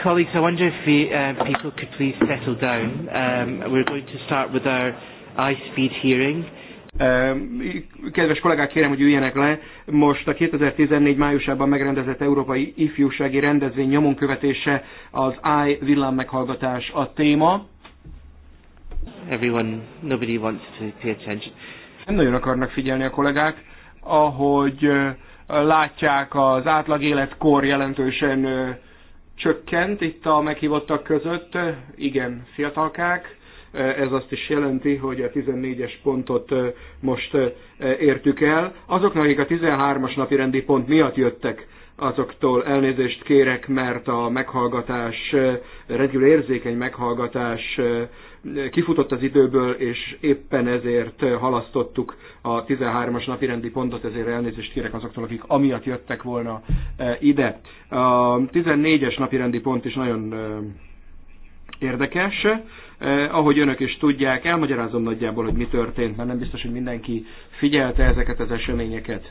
colleagues, I wonder if we, uh, people could please settle down. Um, we're going to start with our high-speed hearing. Um, kedves kollégák, kérem, hogy üljenek le. Most a 2014 májusában megrendezett Európai Ifjúsági Rendezvény nyomon követése az I villám meghallgatás a téma. Everyone, nobody wants to pay attention. Nem nagyon akarnak figyelni a kollégák. Ahogy uh, látják az átlag életkor jelentősen csökkent itt a meghívottak között. Igen, fiatalkák. Ez azt is jelenti, hogy a 14-es pontot most értük el. Azoknak, akik a 13-as napi rendi pont miatt jöttek, azoktól elnézést kérek, mert a meghallgatás, rendkívül érzékeny meghallgatás kifutott az időből, és éppen ezért halasztottuk a 13-as napirendi pontot, ezért elnézést kérek azoktól, akik amiatt jöttek volna e, ide. A 14-es napirendi pont is nagyon e, érdekes. Eh, ahogy önök is tudják, elmagyarázom nagyjából, hogy mi történt, mert nem biztos, hogy mindenki figyelte ezeket az eseményeket.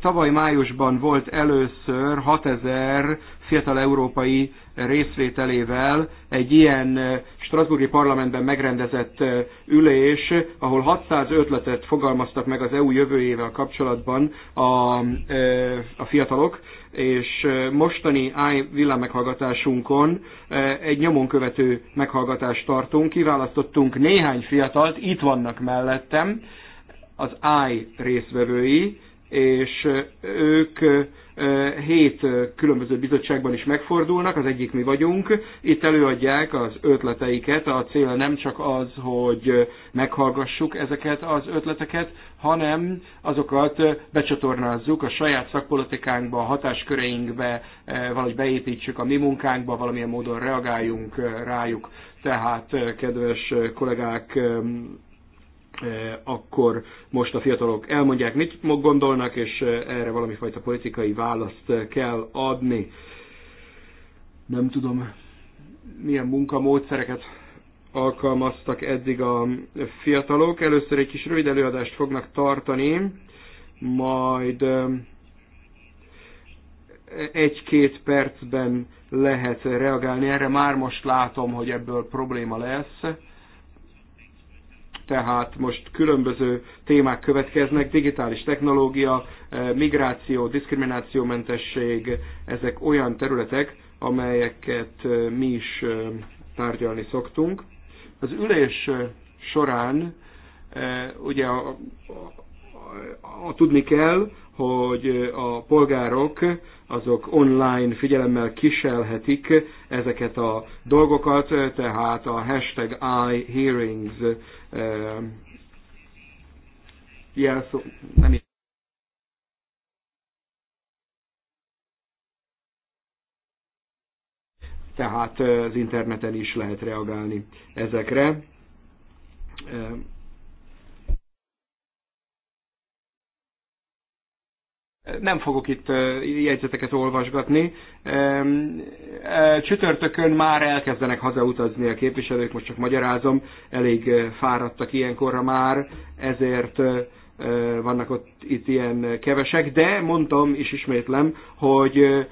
Tavaly májusban volt először 6000 fiatal európai részvételével egy ilyen eh, Strasburgi parlamentben megrendezett eh, ülés, ahol 600 ötletet fogalmaztak meg az EU jövőjével kapcsolatban a, eh, a fiatalok, és mostani AI villám meghallgatásunkon egy nyomon követő meghallgatást tartunk, kiválasztottunk néhány fiatalt, itt vannak mellette, említettem, az AI részvevői, és ők hét különböző bizottságban is megfordulnak, az egyik mi vagyunk. Itt előadják az ötleteiket, a cél nem csak az, hogy meghallgassuk ezeket az ötleteket, hanem azokat becsatornázzuk a saját szakpolitikánkba, a hatásköreinkbe, valahogy beépítsük a mi munkánkba, valamilyen módon reagáljunk rájuk. Tehát, kedves kollégák, Eh, akkor most a fiatalok elmondják, mit gondolnak, és eh, erre valami fajta politikai választ eh, kell adni. Nem tudom, milyen munkamódszereket alkalmaztak eddig a fiatalok. Először egy kis rövid előadást fognak tartani, majd egy-két percben lehet reagálni. Erre már most látom, hogy ebből probléma lesz tehát most különböző témák következnek, digitális technológia, eh, migráció, diszkriminációmentesség, ezek olyan területek, amelyeket eh, mi is eh, tárgyalni szoktunk. Az ülés során ugye a, a tudni kell, hogy a polgárok azok online figyelemmel kiselhetik ezeket a dolgokat, tehát a hashtag iHearings eh, jelszó, nem tehát eh, az interneten is lehet reagálni ezekre eh, nem fogok itt jegyzeteket olvasgatni. Csütörtökön már elkezdenek hazautazni a képviselők, most csak magyarázom, elég fáradtak ilyenkorra már, ezért vannak ott itt ilyen kevesek, de mondtam és ismétlem, hogy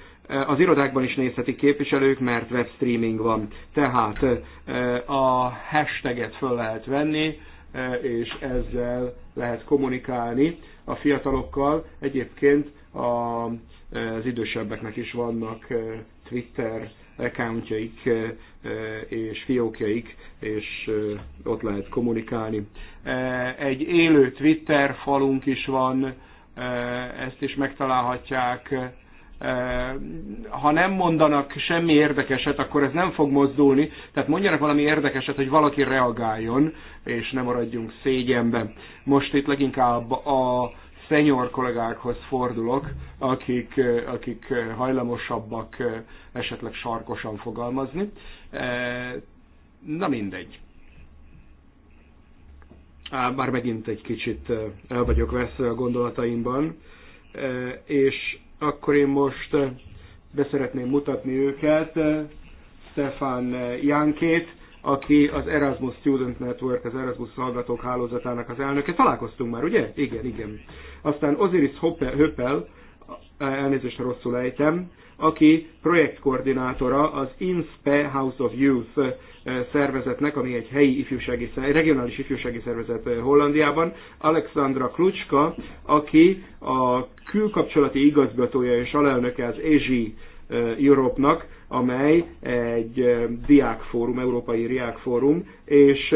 az irodákban is nézhetik képviselők, mert webstreaming van. Tehát a hashtaget föl lehet venni, és ezzel lehet kommunikálni a fiatalokkal. Egyébként a, az idősebbeknek is vannak eh, Twitter accountjaik eh, eh, és fiókjaik, és ott lehet kommunikálni. Egy élő Twitter falunk is van, ezt is megtalálhatják ha nem mondanak semmi érdekeset, akkor ez nem fog mozdulni, tehát mondjanak valami érdekeset, hogy valaki reagáljon, és ne maradjunk szégyenben. Most itt leginkább a szenyor kollégákhoz fordulok, akik, akik hajlamosabbak esetleg sarkosan fogalmazni. Na mindegy. Á, már megint egy kicsit el vagyok veszve a gondolataimban, és akkor én most eh, beszeretném mutatni őket, eh, Stefan eh, Jánkét, aki az Erasmus Student Network, az Erasmus Hallgatók Hálózatának az elnöke. Találkoztunk már, ugye? Igen, igen. Aztán Osiris Hoppel, elnézést, rosszul ejtem, aki projektkoordinátora az INSPE House of Youth eh, szervezetnek, ami egy helyi ifjúsági, regionális ifjúsági szervezet eh, Hollandiában, Alexandra Klucska, aki a külkapcsolati igazgatója és alelnöke az EZI Europe-nak, amely egy diákfórum, európai diákfórum, és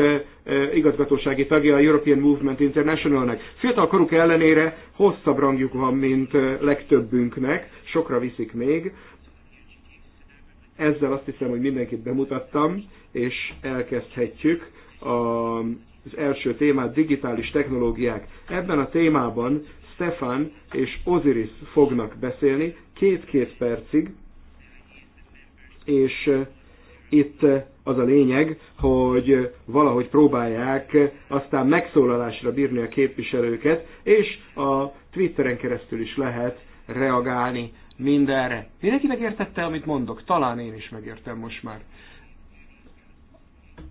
igazgatósági tagja a European Movement Internationalnek. koruk ellenére hosszabb rangjuk van, mint legtöbbünknek, sokra viszik még. Ezzel azt hiszem, hogy mindenkit bemutattam, és elkezdhetjük a az első témát, digitális technológiák. Ebben a témában Stefan és Osiris fognak beszélni két-két percig, és eh, itt eh, az a lényeg, hogy eh, valahogy próbálják aztán megszólalásra bírni a képviselőket, és a Twitteren keresztül is lehet reagálni mindenre. Mindenki megértette, amit mondok? Talán én is megértem most már.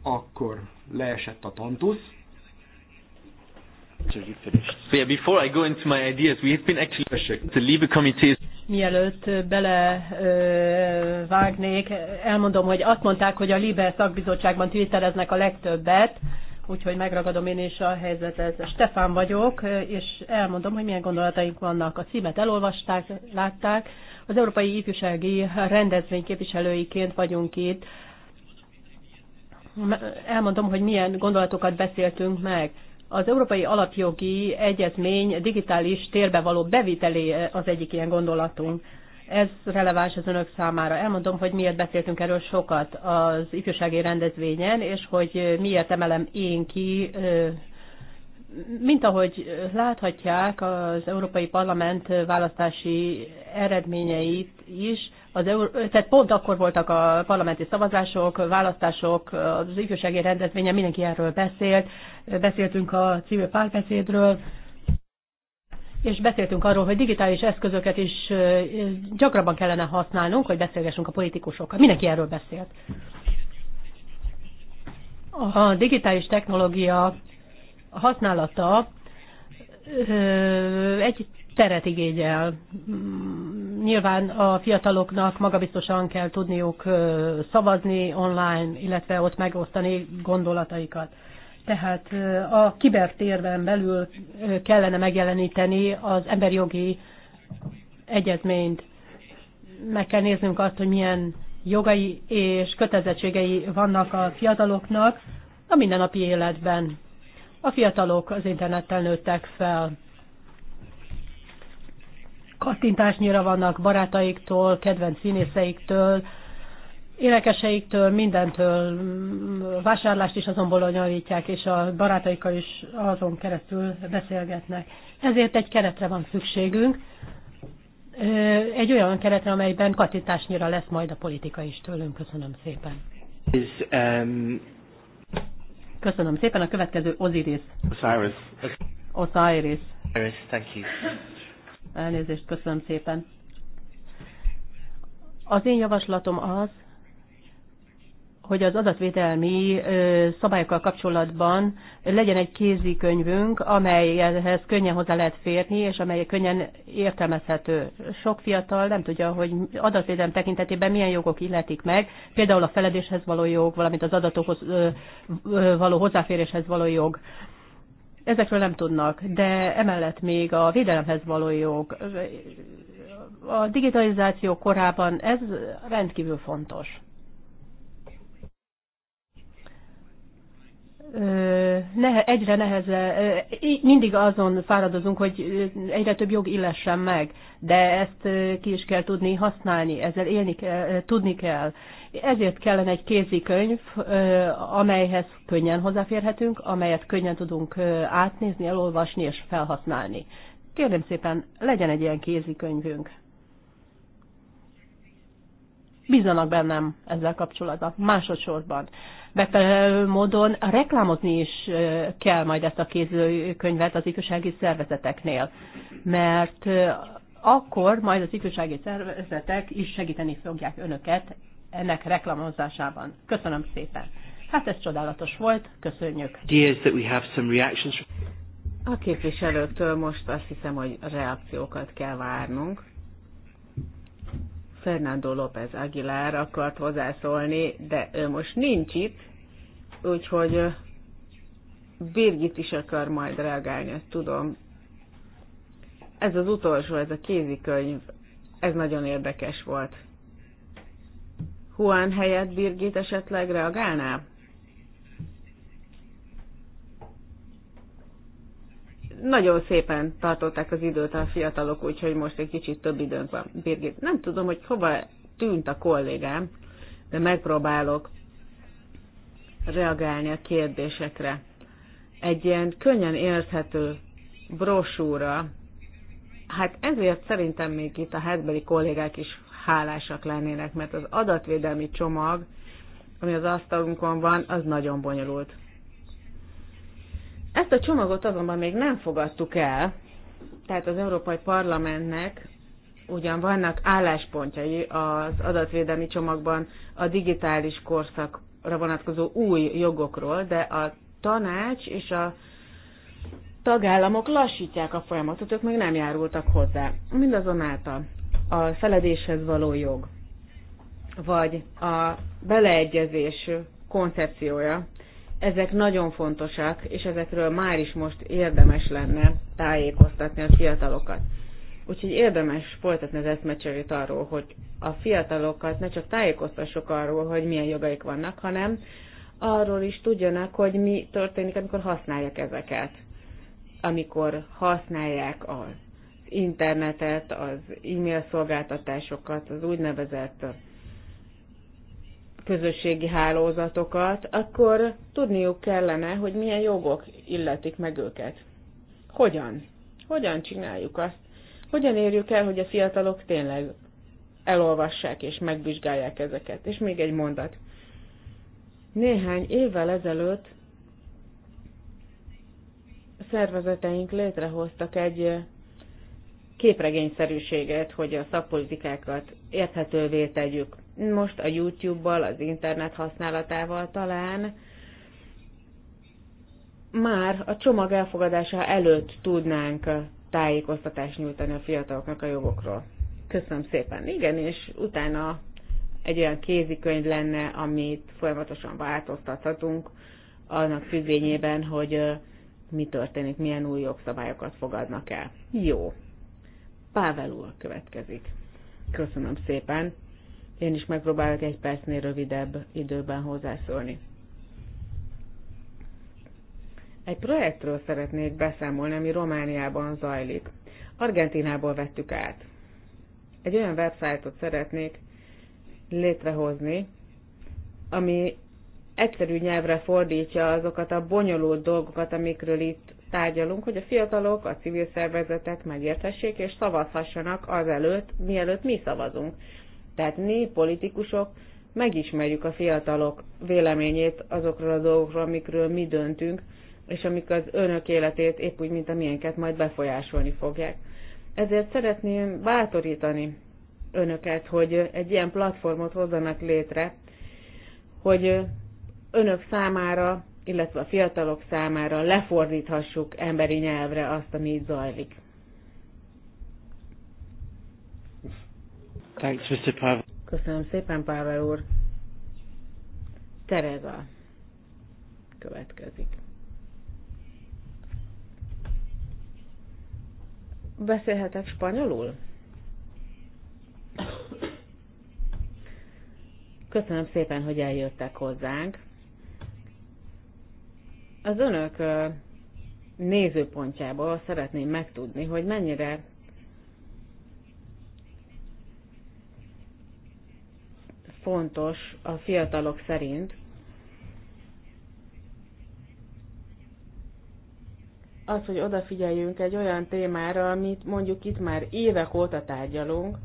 Akkor leesett a tantusz. Yeah, before I go into my ideas, we have been actually the Liebe Committees. Mielőtt bele ö, vágnék, elmondom, hogy azt mondták, hogy a Libe szakbizottságban tűzteleznek a legtöbbet, úgyhogy megragadom én is a helyzetet. Stefán vagyok, és elmondom, hogy milyen gondolataink vannak. A címet elolvasták, látták. Az Európai Ifjúsági Rendezvény képviselőiként vagyunk itt. Elmondom, hogy milyen gondolatokat beszéltünk meg. Az Európai Alapjogi Egyezmény digitális térbe való bevitelé eh, az egyik ilyen gondolatunk. Ez releváns az önök számára. Elmondom, hogy miért beszéltünk erről sokat az ifjúsági rendezvényen, és hogy eh, miért emelem én ki eh, mint ahogy láthatják az Európai Parlament választási eredményeit is, az Euró... tehát pont akkor voltak a parlamenti szavazások, választások, az ifjúsági rendezvényen mindenki erről beszélt, beszéltünk a civil párbeszédről, és beszéltünk arról, hogy digitális eszközöket is gyakrabban kellene használnunk, hogy beszélgessünk a politikusokkal. Mindenki erről beszélt. A digitális technológia használata egy teret igényel. Nyilván a fiataloknak magabiztosan kell tudniuk szavazni online, illetve ott megosztani gondolataikat. Tehát a kibertérben belül kellene megjeleníteni az emberjogi egyezményt. Meg kell néznünk azt, hogy milyen jogai és kötelezettségei vannak a fiataloknak a mindennapi életben a fiatalok az internettel nőttek fel. Kattintásnyira vannak barátaiktól, kedvenc színészeiktől, énekeseiktől, mindentől. Vásárlást is azon bonyolítják, és a barátaikkal is azon keresztül beszélgetnek. Ezért egy keretre van szükségünk, egy olyan keretre, amelyben kattintásnyira lesz majd a politika is tőlünk. Köszönöm szépen. Is, um... Köszönöm szépen. A következő Osiris. Osiris. Osiris. Osiris, thank you. Elnézést, köszönöm szépen. Az én javaslatom az, hogy az adatvételmi szabályokkal kapcsolatban legyen egy kézikönyvünk, amelyhez könnyen hozzá lehet férni, és amely könnyen értelmezhető. Sok fiatal nem tudja, hogy adatvédelem tekintetében milyen jogok illetik meg, például a feledéshez való jog, valamint az adatokhoz való hozzáféréshez való jog. Ezekről nem tudnak, de emellett még a védelemhez való jog. A digitalizáció korában ez rendkívül fontos. nehe, egyre neheze, mindig azon fáradozunk, hogy egyre több jog illessen meg, de ezt ki is kell tudni használni, ezzel élni kell, tudni kell. Ezért kellene egy kézikönyv, amelyhez könnyen hozzáférhetünk, amelyet könnyen tudunk átnézni, elolvasni és felhasználni. Kérném szépen, legyen egy ilyen kézikönyvünk. Bízanak bennem ezzel kapcsolatban. Másodszorban megfelelő módon reklámozni is kell majd ezt a kézkönyvet az ifjúsági szervezeteknél, mert akkor majd az ifjúsági szervezetek is segíteni fogják önöket ennek reklámozásában. Köszönöm szépen! Hát ez csodálatos volt, köszönjük! A képviselőtől most azt hiszem, hogy reakciókat kell várnunk. Fernando López Aguilar akart hozzászólni, de ő most nincs itt, úgyhogy Birgit is akar majd reagálni, ezt tudom. Ez az utolsó, ez a kézikönyv, ez nagyon érdekes volt. Juan helyett Birgit esetleg reagálná? nagyon szépen tartották az időt a fiatalok, úgyhogy most egy kicsit több időnk van. Birgit, nem tudom, hogy hova tűnt a kollégám, de megpróbálok reagálni a kérdésekre. Egy ilyen könnyen érthető brosúra, hát ezért szerintem még itt a hátbeli kollégák is hálásak lennének, mert az adatvédelmi csomag, ami az asztalunkon van, az nagyon bonyolult. Ezt a csomagot azonban még nem fogadtuk el, tehát az Európai Parlamentnek ugyan vannak álláspontjai az adatvédelmi csomagban a digitális korszakra vonatkozó új jogokról, de a tanács és a tagállamok lassítják a folyamatot, ők még nem járultak hozzá. Mindazonáltal a feledéshez való jog, vagy a beleegyezés koncepciója ezek nagyon fontosak, és ezekről már is most érdemes lenne tájékoztatni a fiatalokat. Úgyhogy érdemes folytatni az eszmecserét arról, hogy a fiatalokat ne csak tájékoztassuk arról, hogy milyen jogaik vannak, hanem arról is tudjanak, hogy mi történik, amikor használják ezeket. Amikor használják az internetet, az e-mail szolgáltatásokat, az úgynevezett közösségi hálózatokat, akkor tudniuk kellene, hogy milyen jogok illetik meg őket. Hogyan? Hogyan csináljuk azt? Hogyan érjük el, hogy a fiatalok tényleg elolvassák és megvizsgálják ezeket? És még egy mondat. Néhány évvel ezelőtt szervezeteink létrehoztak egy képregényszerűséget, hogy a szakpolitikákat érthetővé tegyük most a YouTube-bal, az internet használatával talán már a csomag elfogadása előtt tudnánk tájékoztatást nyújtani a fiataloknak a jogokról. Köszönöm szépen. Igen, és utána egy olyan kézikönyv lenne, amit folyamatosan változtathatunk annak függvényében, hogy mi történik, milyen új jogszabályokat fogadnak el. Jó. Pável úr következik. Köszönöm szépen. Én is megpróbálok egy percnél rövidebb időben hozzászólni. Egy projektről szeretnék beszámolni, ami Romániában zajlik. Argentinából vettük át. Egy olyan websájtot szeretnék létrehozni, ami egyszerű nyelvre fordítja azokat a bonyolult dolgokat, amikről itt tárgyalunk, hogy a fiatalok, a civil szervezetek megérthessék és szavazhassanak azelőtt, mielőtt mi szavazunk. Tehát mi, politikusok, megismerjük a fiatalok véleményét azokról a dolgokról, amikről mi döntünk, és amik az önök életét épp úgy, mint a miénket majd befolyásolni fogják. Ezért szeretném bátorítani önöket, hogy egy ilyen platformot hozzanak létre, hogy önök számára, illetve a fiatalok számára lefordíthassuk emberi nyelvre azt, ami itt zajlik. Thanks, Mr. Pavel. Köszönöm szépen, Pavel úr. Tereza következik. Beszélhetek spanyolul? Köszönöm szépen, hogy eljöttek hozzánk. Az önök nézőpontjából szeretném megtudni, hogy mennyire fontos a fiatalok szerint. Az, hogy odafigyeljünk egy olyan témára, amit mondjuk itt már évek óta tárgyalunk,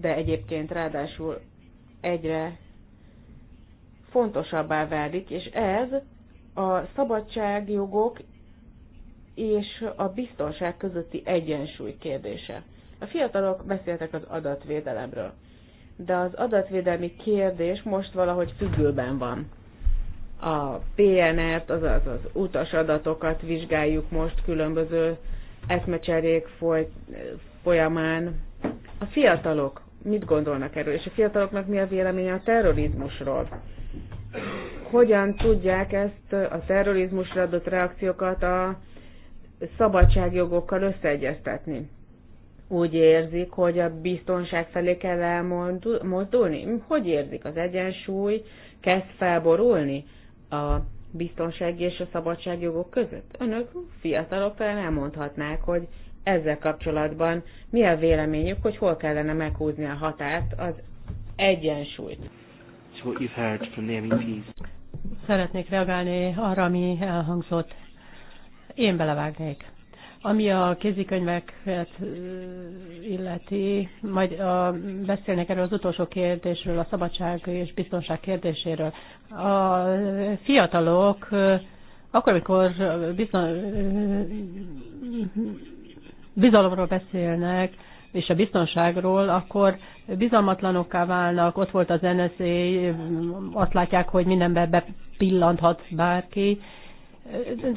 de egyébként ráadásul egyre fontosabbá válik, és ez a szabadságjogok és a biztonság közötti egyensúly kérdése. A fiatalok beszéltek az adatvédelemről de az adatvédelmi kérdés most valahogy függőben van. A PNR-t, azaz az utas adatokat vizsgáljuk most különböző eszmecserék foly- folyamán. A fiatalok mit gondolnak erről, és a fiataloknak mi a véleménye a terrorizmusról? Hogyan tudják ezt a terrorizmusra adott reakciókat a szabadságjogokkal összeegyeztetni? úgy érzik, hogy a biztonság felé kell elmozdulni? Hogy érzik? Az egyensúly kezd felborulni a biztonság és a szabadságjogok között? Önök fiatalok nem mondhatnák, hogy ezzel kapcsolatban mi a véleményük, hogy hol kellene meghúzni a határt, az egyensúlyt? Szeretnék reagálni arra, ami elhangzott. Én belevágnék. Ami a kézikönyveket illeti, majd a, beszélnek erről az utolsó kérdésről, a szabadság és biztonság kérdéséről. A fiatalok, akkor, amikor bizton, bizalomról beszélnek, és a biztonságról, akkor bizalmatlanokká válnak, ott volt az NSZ, azt látják, hogy mindenbe bepillanthat bárki,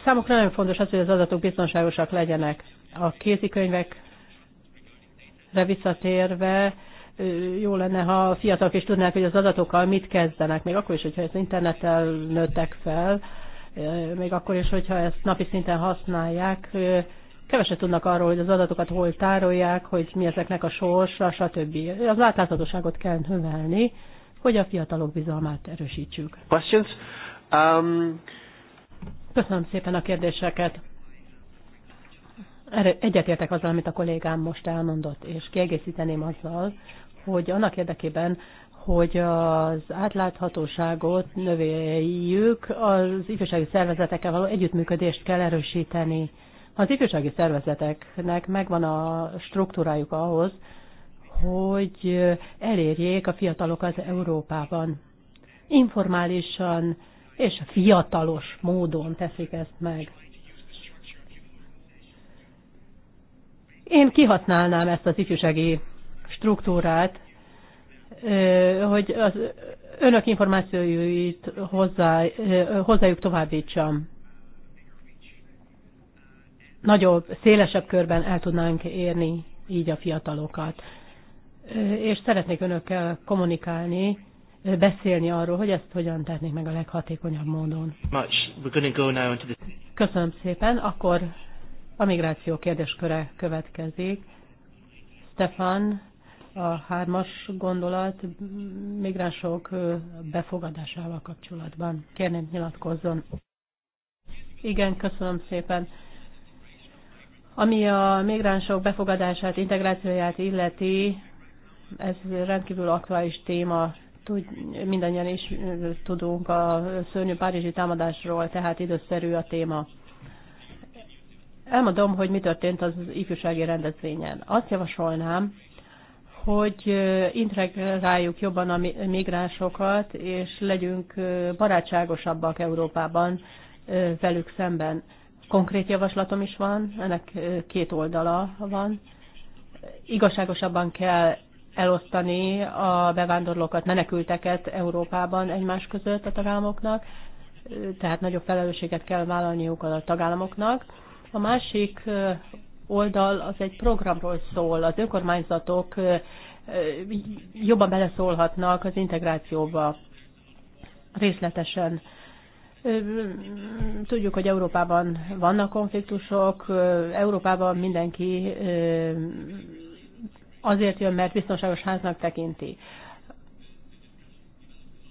számukra nagyon fontos az, hogy az adatok biztonságosak legyenek. A kézikönyvekre visszatérve jó lenne, ha a fiatalok is tudnák, hogy az adatokkal mit kezdenek, még akkor is, hogyha ezt internettel nőttek fel, még akkor is, hogyha ezt napi szinten használják, keveset tudnak arról, hogy az adatokat hol tárolják, hogy mi ezeknek a sorsa, stb. Az átláthatóságot kell növelni, hogy a fiatalok bizalmát erősítsük. Questions? Um... Köszönöm szépen a kérdéseket. Egyetértek azzal, amit a kollégám most elmondott, és kiegészíteném azzal, hogy annak érdekében, hogy az átláthatóságot növeljük, az ifjúsági szervezetekkel való együttműködést kell erősíteni. Az ifjúsági szervezeteknek megvan a struktúrájuk ahhoz, hogy elérjék a fiatalokat Európában. Informálisan és fiatalos módon teszik ezt meg. Én kihasználnám ezt az ifjúsági struktúrát, hogy az önök információit hozzá, hozzájuk továbbítsam. Nagyobb, szélesebb körben el tudnánk érni így a fiatalokat. És szeretnék önökkel kommunikálni, beszélni arról, hogy ezt hogyan tennék meg a leghatékonyabb módon. Köszönöm szépen. Akkor a migráció kérdésköre következik. Stefan, a hármas gondolat migránsok befogadásával kapcsolatban. Kérném, nyilatkozzon. Igen, köszönöm szépen. Ami a migránsok befogadását, integrációját illeti, ez rendkívül aktuális téma tud, mindannyian is tudunk a szörnyű párizsi támadásról, tehát időszerű a téma. Elmondom, hogy mi történt az ifjúsági rendezvényen. Azt javasolnám, hogy integráljuk jobban a migránsokat, és legyünk barátságosabbak Európában velük szemben. Konkrét javaslatom is van, ennek két oldala van. Igazságosabban kell elosztani a bevándorlókat, menekülteket Európában egymás között a tagállamoknak, tehát nagyobb felelősséget kell vállalniuk a tagállamoknak. A másik oldal az egy programról szól, az önkormányzatok jobban beleszólhatnak az integrációba részletesen. Tudjuk, hogy Európában vannak konfliktusok, Európában mindenki azért jön, mert biztonságos háznak tekinti.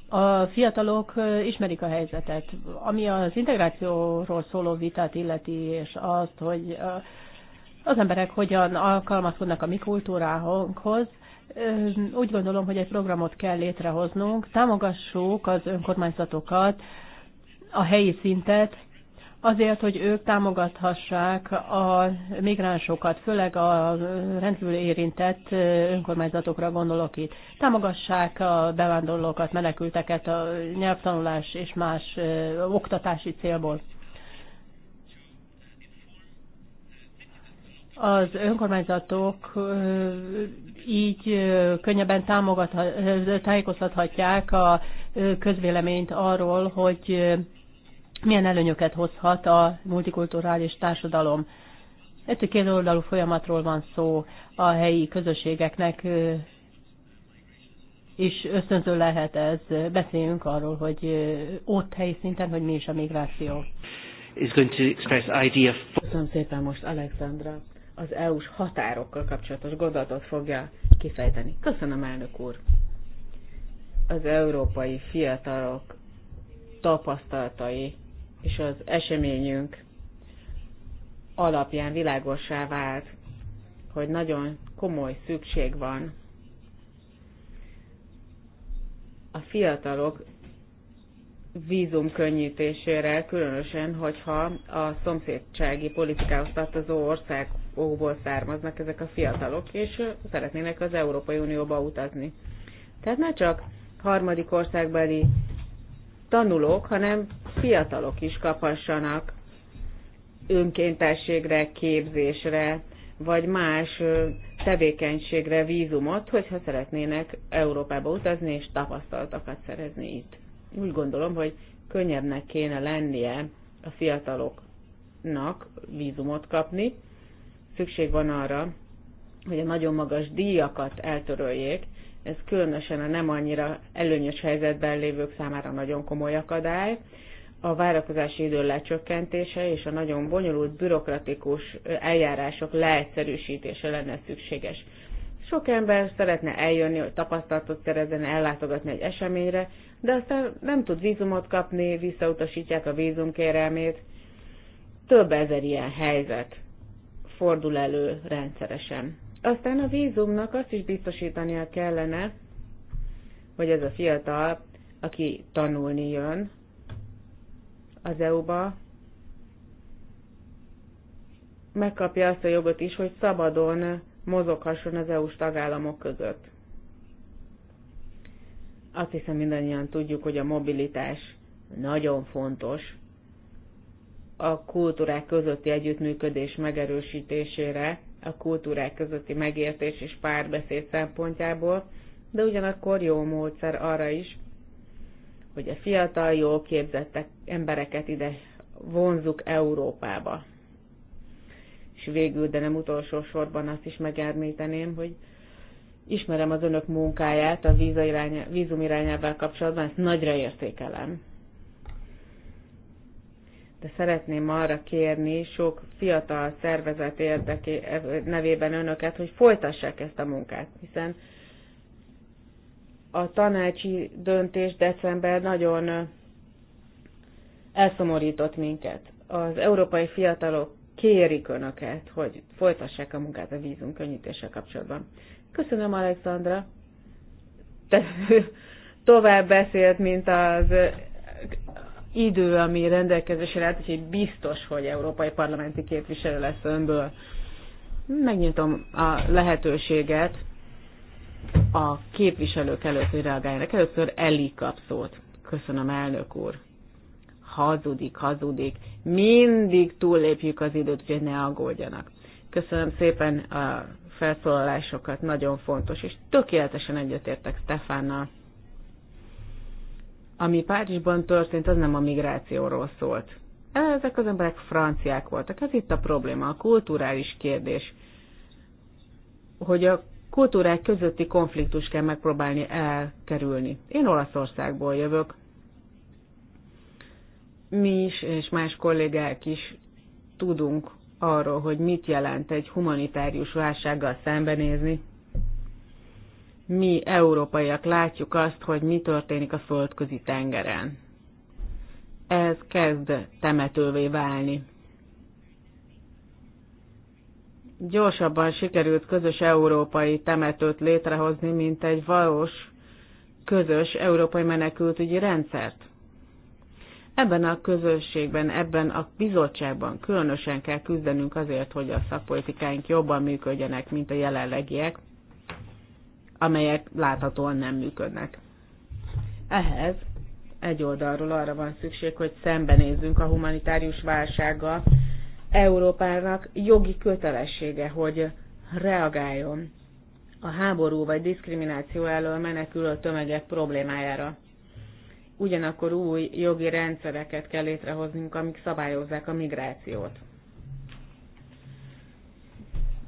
A fiatalok ismerik a helyzetet. Ami az integrációról szóló vitát illeti, és azt, hogy az emberek hogyan alkalmazkodnak a mi kultúrához, úgy gondolom, hogy egy programot kell létrehoznunk, támogassuk az önkormányzatokat, a helyi szintet, azért, hogy ők támogathassák a migránsokat, főleg a rendkívül érintett önkormányzatokra gondolok itt. Támogassák a bevándorlókat, menekülteket a nyelvtanulás és más oktatási célból. az önkormányzatok így könnyebben támogathat, tájékoztathatják a közvéleményt arról, hogy milyen előnyöket hozhat a multikulturális társadalom. Ettől két oldalú folyamatról van szó, a helyi közösségeknek is ösztönző lehet ez. Beszéljünk arról, hogy ott helyi szinten, hogy mi is a migráció. Köszönöm szépen most Alexandra az EU-s határokkal kapcsolatos gondolatot fogja kifejteni. Köszönöm, elnök úr! Az európai fiatalok tapasztalatai és az eseményünk alapján világosá vált, hogy nagyon komoly szükség van a fiatalok vízum könnyítésére, különösen, hogyha a szomszédsági politikához tartozó országokból származnak ezek a fiatalok, és szeretnének az Európai Unióba utazni. Tehát ne csak harmadik országbeli tanulók, hanem fiatalok is kaphassanak önkéntességre, képzésre, vagy más tevékenységre vízumot, hogyha szeretnének Európába utazni és tapasztalatokat szerezni itt. Úgy gondolom, hogy könnyebbnek kéne lennie a fiataloknak vízumot kapni. Szükség van arra, hogy a nagyon magas díjakat eltöröljék, ez különösen a nem annyira előnyös helyzetben lévők számára nagyon komoly akadály. A várakozási idő lecsökkentése és a nagyon bonyolult bürokratikus eljárások leegyszerűsítése lenne szükséges. Sok ember szeretne eljönni, hogy tapasztalatot szerezzen, ellátogatni egy eseményre, de aztán nem tud vízumot kapni, visszautasítják a vízumkérelmét. Több ezer ilyen helyzet fordul elő rendszeresen. Aztán a vízumnak azt is biztosítania kellene, hogy ez a fiatal, aki tanulni jön az EU-ba, megkapja azt a jogot is, hogy szabadon mozoghasson az EU-s tagállamok között. Azt hiszem mindannyian tudjuk, hogy a mobilitás nagyon fontos a kultúrák közötti együttműködés megerősítésére, a kultúrák közötti megértés és párbeszéd szempontjából, de ugyanakkor jó módszer arra is, hogy a fiatal, jól képzettek embereket ide vonzuk Európába. És végül, de nem utolsó sorban azt is megemlíteném, hogy ismerem az önök munkáját a vízumirányával kapcsolatban, ezt nagyra értékelem de szeretném arra kérni sok fiatal szervezet érdeké, nevében önöket, hogy folytassák ezt a munkát, hiszen a tanácsi döntés december nagyon elszomorított minket. Az európai fiatalok kérik önöket, hogy folytassák a munkát a vízunk könnyítése kapcsolatban. Köszönöm, Alexandra. Te tovább beszélt, mint az idő, ami rendelkezésre állt, úgyhogy biztos, hogy európai parlamenti képviselő lesz önből. Megnyitom a lehetőséget a képviselők előtt, hogy reagáljanak. Először Eli kap szót. Köszönöm, elnök úr. Hazudik, hazudik. Mindig túllépjük az időt, hogy ne aggódjanak. Köszönöm szépen a felszólalásokat, nagyon fontos, és tökéletesen egyetértek Stefánnal. Ami Párizsban történt, az nem a migrációról szólt. Ezek az emberek franciák voltak. Ez itt a probléma, a kulturális kérdés. Hogy a kultúrák közötti konfliktus kell megpróbálni elkerülni. Én Olaszországból jövök. Mi is, és más kollégák is tudunk arról, hogy mit jelent egy humanitárius válsággal szembenézni mi európaiak látjuk azt, hogy mi történik a földközi tengeren. Ez kezd temetővé válni. Gyorsabban sikerült közös európai temetőt létrehozni, mint egy valós közös európai menekültügyi rendszert. Ebben a közösségben, ebben a bizottságban különösen kell küzdenünk azért, hogy a szakpolitikáink jobban működjenek, mint a jelenlegiek, amelyek láthatóan nem működnek. Ehhez egy oldalról arra van szükség, hogy szembenézzünk a humanitárius válsággal. Európának jogi kötelessége, hogy reagáljon a háború vagy diszkrimináció elől menekülő tömegek problémájára. Ugyanakkor új jogi rendszereket kell létrehoznunk, amik szabályozzák a migrációt.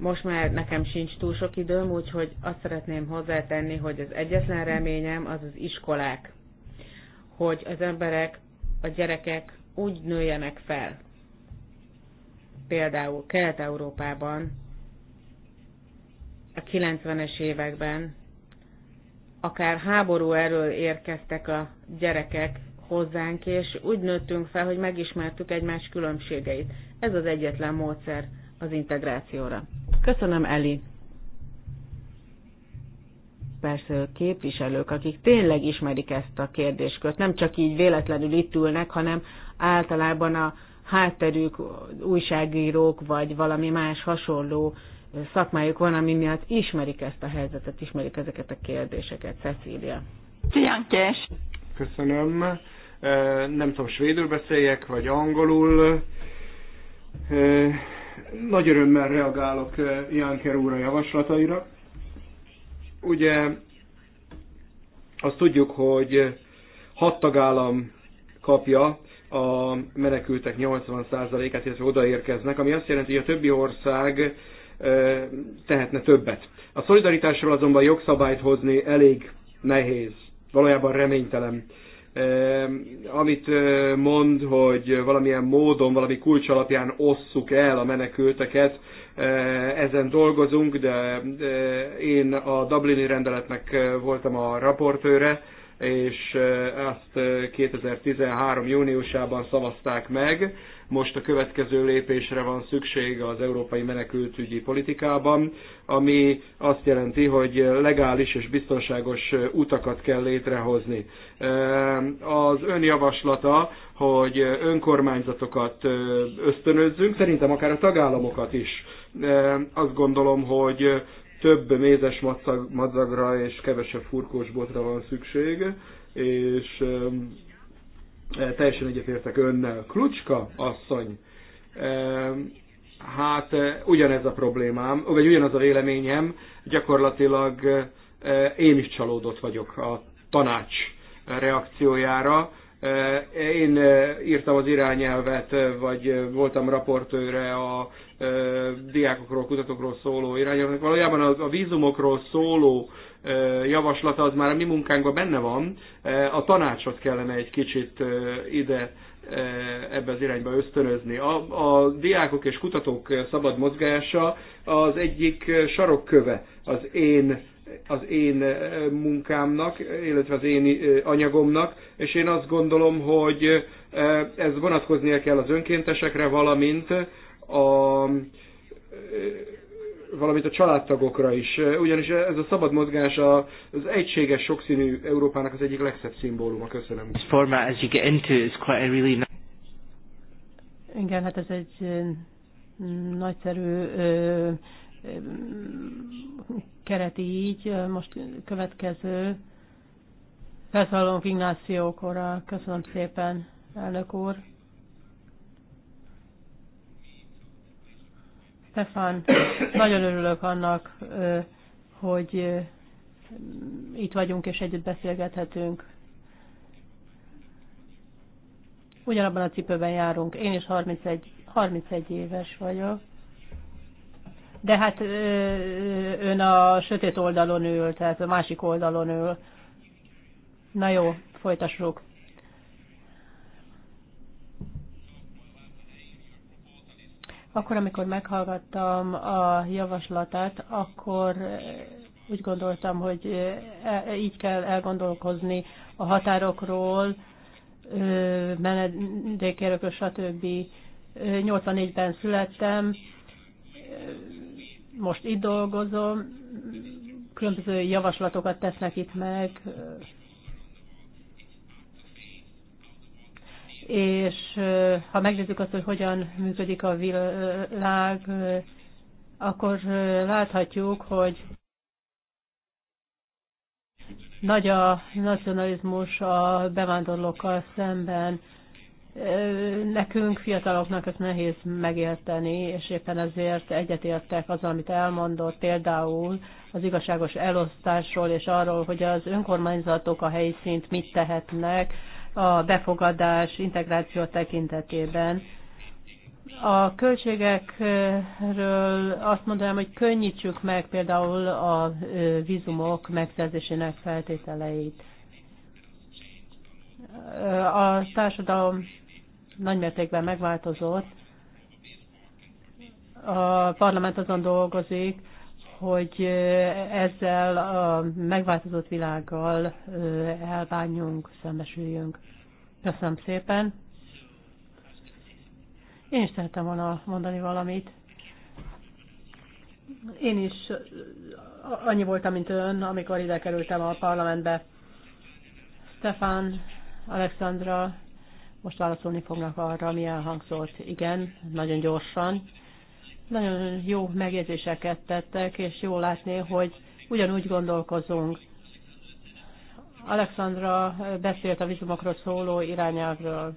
Most már nekem sincs túl sok időm, úgyhogy azt szeretném hozzátenni, hogy az egyetlen reményem az az iskolák, hogy az emberek, a gyerekek úgy nőjenek fel. Például Kelet-Európában a 90-es években akár háború erről érkeztek a gyerekek hozzánk, és úgy nőttünk fel, hogy megismertük egymás különbségeit. Ez az egyetlen módszer az integrációra. Köszönöm, Eli. Persze képviselők, akik tényleg ismerik ezt a kérdéskört, nem csak így véletlenül itt ülnek, hanem általában a hátterük újságírók, vagy valami más hasonló szakmájuk van, ami miatt ismerik ezt a helyzetet, ismerik ezeket a kérdéseket. Cecília. Ciankes. Köszönöm. E, nem tudom, svédül beszéljek, vagy angolul e, nagy örömmel reagálok eh, Janker úr a javaslataira. Ugye azt tudjuk, hogy hat tagállam kapja a menekültek 80%-át, illetve odaérkeznek, ami azt jelenti, hogy a többi ország eh, tehetne többet. A szolidaritásról azonban jogszabályt hozni elég nehéz, valójában reménytelen amit mond, hogy valamilyen módon, valami kulcs alapján osszuk el a menekülteket, ezen dolgozunk, de én a Dublini rendeletnek voltam a raportőre, és azt 2013. júniusában szavazták meg, most a következő lépésre van szükség az európai menekültügyi politikában, ami azt jelenti, hogy legális és biztonságos utakat kell létrehozni. Az önjavaslata, hogy önkormányzatokat ösztönözzünk, szerintem akár a tagállamokat is. Azt gondolom, hogy több mézes madzagra és kevesebb furkós botra van szükség, és Eh, teljesen egyetértek önnel. Klucska asszony, hát eh, ugyanez a problémám, vagy ugyanaz a véleményem, gyakorlatilag eh, én is csalódott vagyok a tanács reakciójára. Én írtam az irányelvet, vagy voltam raportőre a diákokról, kutatókról szóló irányelvnek. Valójában a vízumokról szóló javaslata az már a mi munkánkban benne van, a tanácsot kellene egy kicsit ide ebbe az irányba ösztönözni. A, a diákok és kutatók szabad mozgása az egyik sarokköve az én az én munkámnak, illetve az én anyagomnak, és én azt gondolom, hogy ez vonatkoznia kell az önkéntesekre, valamint a valamint a családtagokra is, ugyanis ez a szabad mozgás az egységes, sokszínű Európának az egyik legszebb szimbóluma. Köszönöm. Igen, hát ez egy nagyszerű keret így, most következő felszólalónk Ignáció Kora. Köszönöm szépen, elnök úr. Stefan, nagyon örülök annak, hogy itt vagyunk és együtt beszélgethetünk. Ugyanabban a cipőben járunk. Én is 31, 31 éves vagyok. De hát ön a sötét oldalon ül, tehát a másik oldalon ül. Na jó, folytassuk. Akkor, amikor meghallgattam a javaslatát, akkor úgy gondoltam, hogy e, e, így kell elgondolkozni a határokról, menedékérökről, stb. 84-ben születtem, most itt dolgozom, különböző javaslatokat tesznek itt meg, és ha megnézzük azt, hogy hogyan működik a világ, akkor láthatjuk, hogy nagy a nacionalizmus a bevándorlókkal szemben. Nekünk, fiataloknak ezt nehéz megérteni, és éppen ezért egyetértek az, amit elmondott, például az igazságos elosztásról, és arról, hogy az önkormányzatok a helyi szint mit tehetnek, a befogadás, integráció tekintetében. A költségekről azt mondanám, hogy könnyítsük meg például a vízumok megszerzésének feltételeit. A társadalom nagymértékben megváltozott, a parlament azon dolgozik, hogy eh, ezzel a megváltozott világgal eh, elbánjunk, szembesüljünk. Köszönöm szépen. Én is szerettem volna mondani valamit. Én is eh, annyi voltam, mint ön, amikor ide kerültem a parlamentbe. Stefan, Alexandra most válaszolni fognak arra, milyen elhangzott. Igen, nagyon gyorsan. Nagyon jó megjegyzéseket tettek, és jó látni, hogy ugyanúgy gondolkozunk. Alexandra beszélt a vizumokról szóló irányelvről.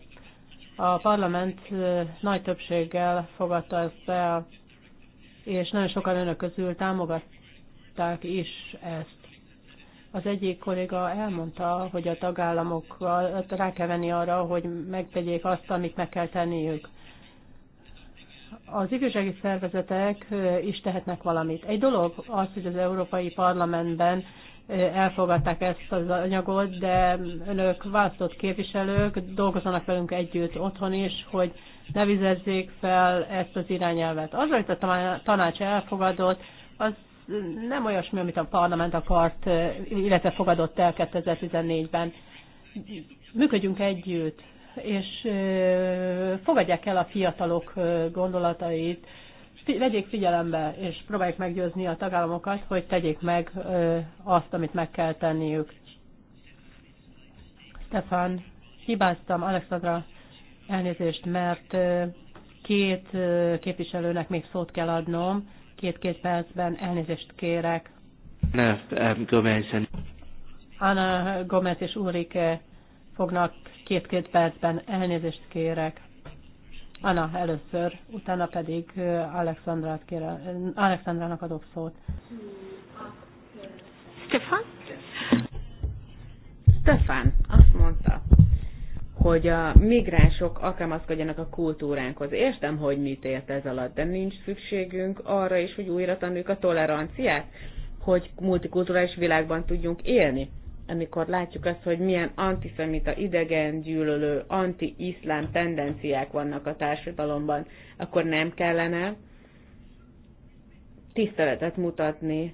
A parlament nagy többséggel fogadta ezt el, és nagyon sokan önök közül támogatták is ezt. Az egyik kolléga elmondta, hogy a tagállamokkal rá kell venni arra, hogy megtegyék azt, amit meg kell tenniük az ifjúsági szervezetek is tehetnek valamit. Egy dolog az, hogy az Európai Parlamentben elfogadták ezt az anyagot, de önök választott képviselők dolgozanak velünk együtt otthon is, hogy ne vizezzék fel ezt az irányelvet. Az, amit a tanács elfogadott, az nem olyasmi, amit a parlament akart, illetve fogadott el 2014-ben. Működjünk együtt, és fogadják el a fiatalok gondolatait, vegyék figyelembe, és próbálják meggyőzni a tagállamokat, hogy tegyék meg azt, amit meg kell tenniük. Stefan, hibáztam, Alexandra, elnézést, mert két képviselőnek még szót kell adnom, két-két percben elnézést kérek. Ana Gomez és Ulrike fognak két-két percben. Elnézést kérek. Anna először, utána pedig Alexandrát kérem, Alexandrának adok szót. Stefan? Stefan azt mondta, hogy a migránsok alkalmazkodjanak a kultúránkhoz. Értem, hogy mit ért ez alatt, de nincs szükségünk arra is, hogy újra tanuljuk a toleranciát, hogy multikulturális világban tudjunk élni amikor látjuk azt, hogy milyen antiszemita, idegen gyűlölő, anti-iszlám tendenciák vannak a társadalomban, akkor nem kellene tiszteletet mutatni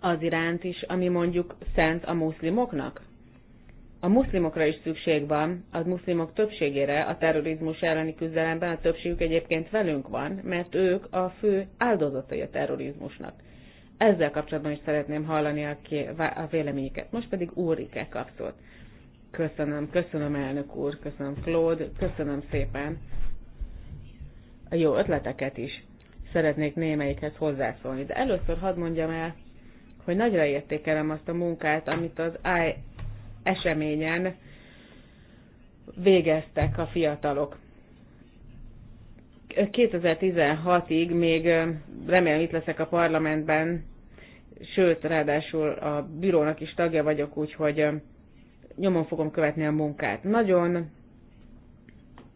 az iránt is, ami mondjuk szent a muszlimoknak? A muszlimokra is szükség van, az muszlimok többségére a terrorizmus elleni küzdelemben a többségük egyébként velünk van, mert ők a fő áldozatai a terrorizmusnak. Ezzel kapcsolatban is szeretném hallani a, ké, a véleményeket. Most pedig Úrike kapszott. Köszönöm, köszönöm elnök úr, köszönöm Claude, köszönöm szépen a jó ötleteket is. Szeretnék némelyikhez hozzászólni, de először hadd mondjam el, hogy nagyra értékelem azt a munkát, amit az I eseményen végeztek a fiatalok. 2016-ig még remélem itt leszek a parlamentben, sőt, ráadásul a bírónak is tagja vagyok, úgyhogy nyomon fogom követni a munkát. Nagyon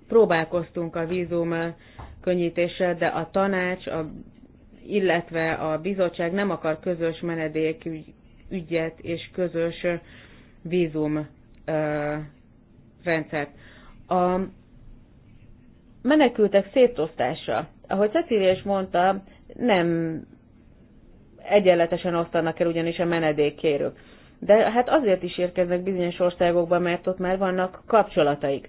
próbálkoztunk a vízum könnyítéssel, de a tanács, a, illetve a bizottság nem akar közös menedék ügyet és közös vízum ö, rendszert. A menekültek szétosztása, ahogy Cecília is mondta, nem egyenletesen osztanak el ugyanis a menedékkérők. De hát azért is érkeznek bizonyos országokba, mert ott már vannak kapcsolataik.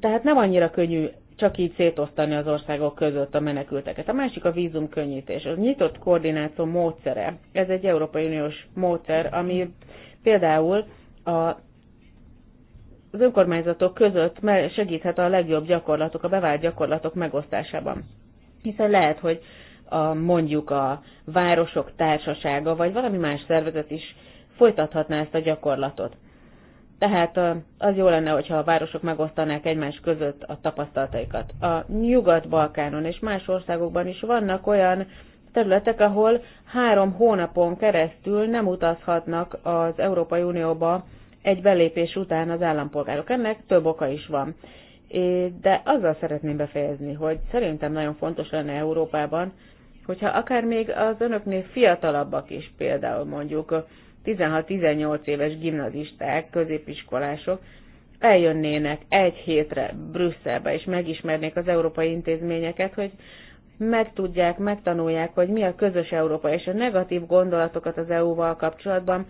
Tehát nem annyira könnyű csak így szétosztani az országok között a menekülteket. A másik a vízum könnyítés. A nyitott koordináció módszere. Ez egy Európai Uniós módszer, ami például a az önkormányzatok között segíthet a legjobb gyakorlatok, a bevált gyakorlatok megosztásában. Hiszen lehet, hogy a, mondjuk a városok társasága, vagy valami más szervezet is folytathatná ezt a gyakorlatot. Tehát az jó lenne, hogyha a városok megosztanák egymás között a tapasztalataikat. A Nyugat-Balkánon és más országokban is vannak olyan területek, ahol három hónapon keresztül nem utazhatnak az Európai Unióba egy belépés után az állampolgárok. Ennek több oka is van. De azzal szeretném befejezni, hogy szerintem nagyon fontos lenne Európában, hogyha akár még az önöknél fiatalabbak is, például mondjuk 16-18 éves gimnazisták, középiskolások eljönnének egy hétre Brüsszelbe, és megismernék az európai intézményeket, hogy megtudják, megtanulják, hogy mi a közös Európa, és a negatív gondolatokat az EU-val kapcsolatban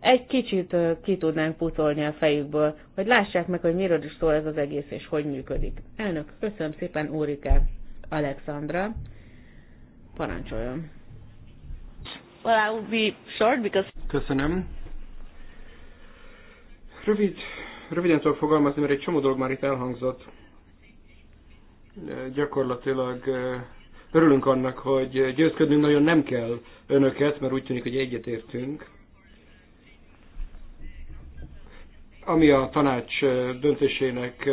egy kicsit ki tudnánk pucolni a fejükből, hogy lássák meg, hogy miről is szól ez az egész, és hogy működik. Elnök, köszönöm szépen, Úrike Alexandra. Parancsoljon. Well, I will be short because... Köszönöm. Rövid, röviden tudok fogalmazni, mert egy csomó dolog már itt elhangzott. Gyakorlatilag örülünk annak, hogy győzködnünk nagyon nem kell önöket, mert úgy tűnik, hogy egyetértünk. Ami a tanács döntésének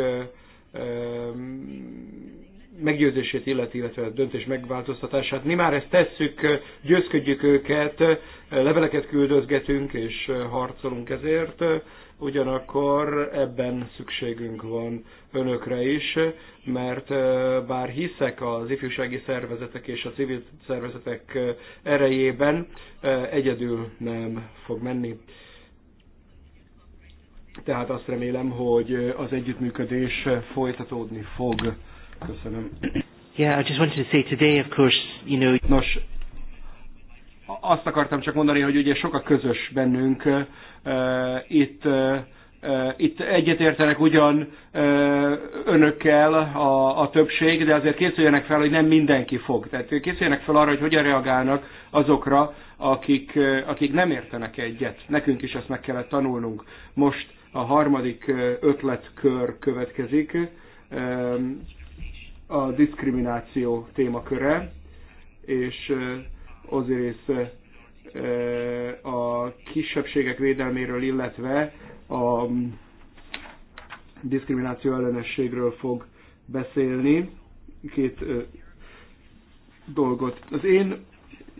meggyőzését illeti, illetve a döntés megváltoztatását. Mi már ezt tesszük, győzködjük őket, leveleket küldözgetünk és harcolunk ezért, ugyanakkor ebben szükségünk van önökre is, mert bár hiszek az ifjúsági szervezetek és a civil szervezetek erejében, egyedül nem fog menni. Tehát azt remélem, hogy az együttműködés folytatódni fog. Köszönöm. Yeah, I just wanted to say today, of course, you know... Nos, azt akartam csak mondani, hogy ugye sok a közös bennünk uh, itt uh, itt egyetértenek ugyan önökkel a, a többség, de azért készüljenek fel, hogy nem mindenki fog. Tehát készüljenek fel arra, hogy hogyan reagálnak azokra, akik, akik nem értenek egyet. Nekünk is ezt meg kellett tanulnunk. Most a harmadik ötletkör következik a diszkrimináció témaköre, és azért a kisebbségek védelméről, illetve a mm, diszkrimináció ellenességről fog beszélni. Két dolgot. Az én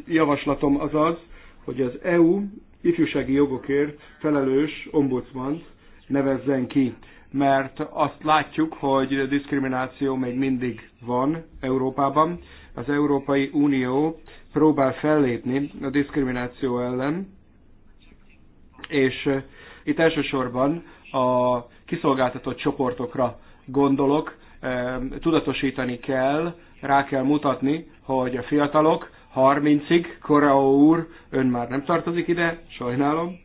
javaslatom az az, hogy az EU ifjúsági jogokért felelős ombudsman nevezzen ki mert azt látjuk, hogy a diszkrimináció még mindig van Európában. Az Európai Unió próbál fellépni a diszkrimináció ellen, és itt elsősorban a kiszolgáltatott csoportokra gondolok, ehm, tudatosítani kell, rá kell mutatni, hogy a fiatalok 30-ig, Korao úr, ön már nem tartozik ide, sajnálom,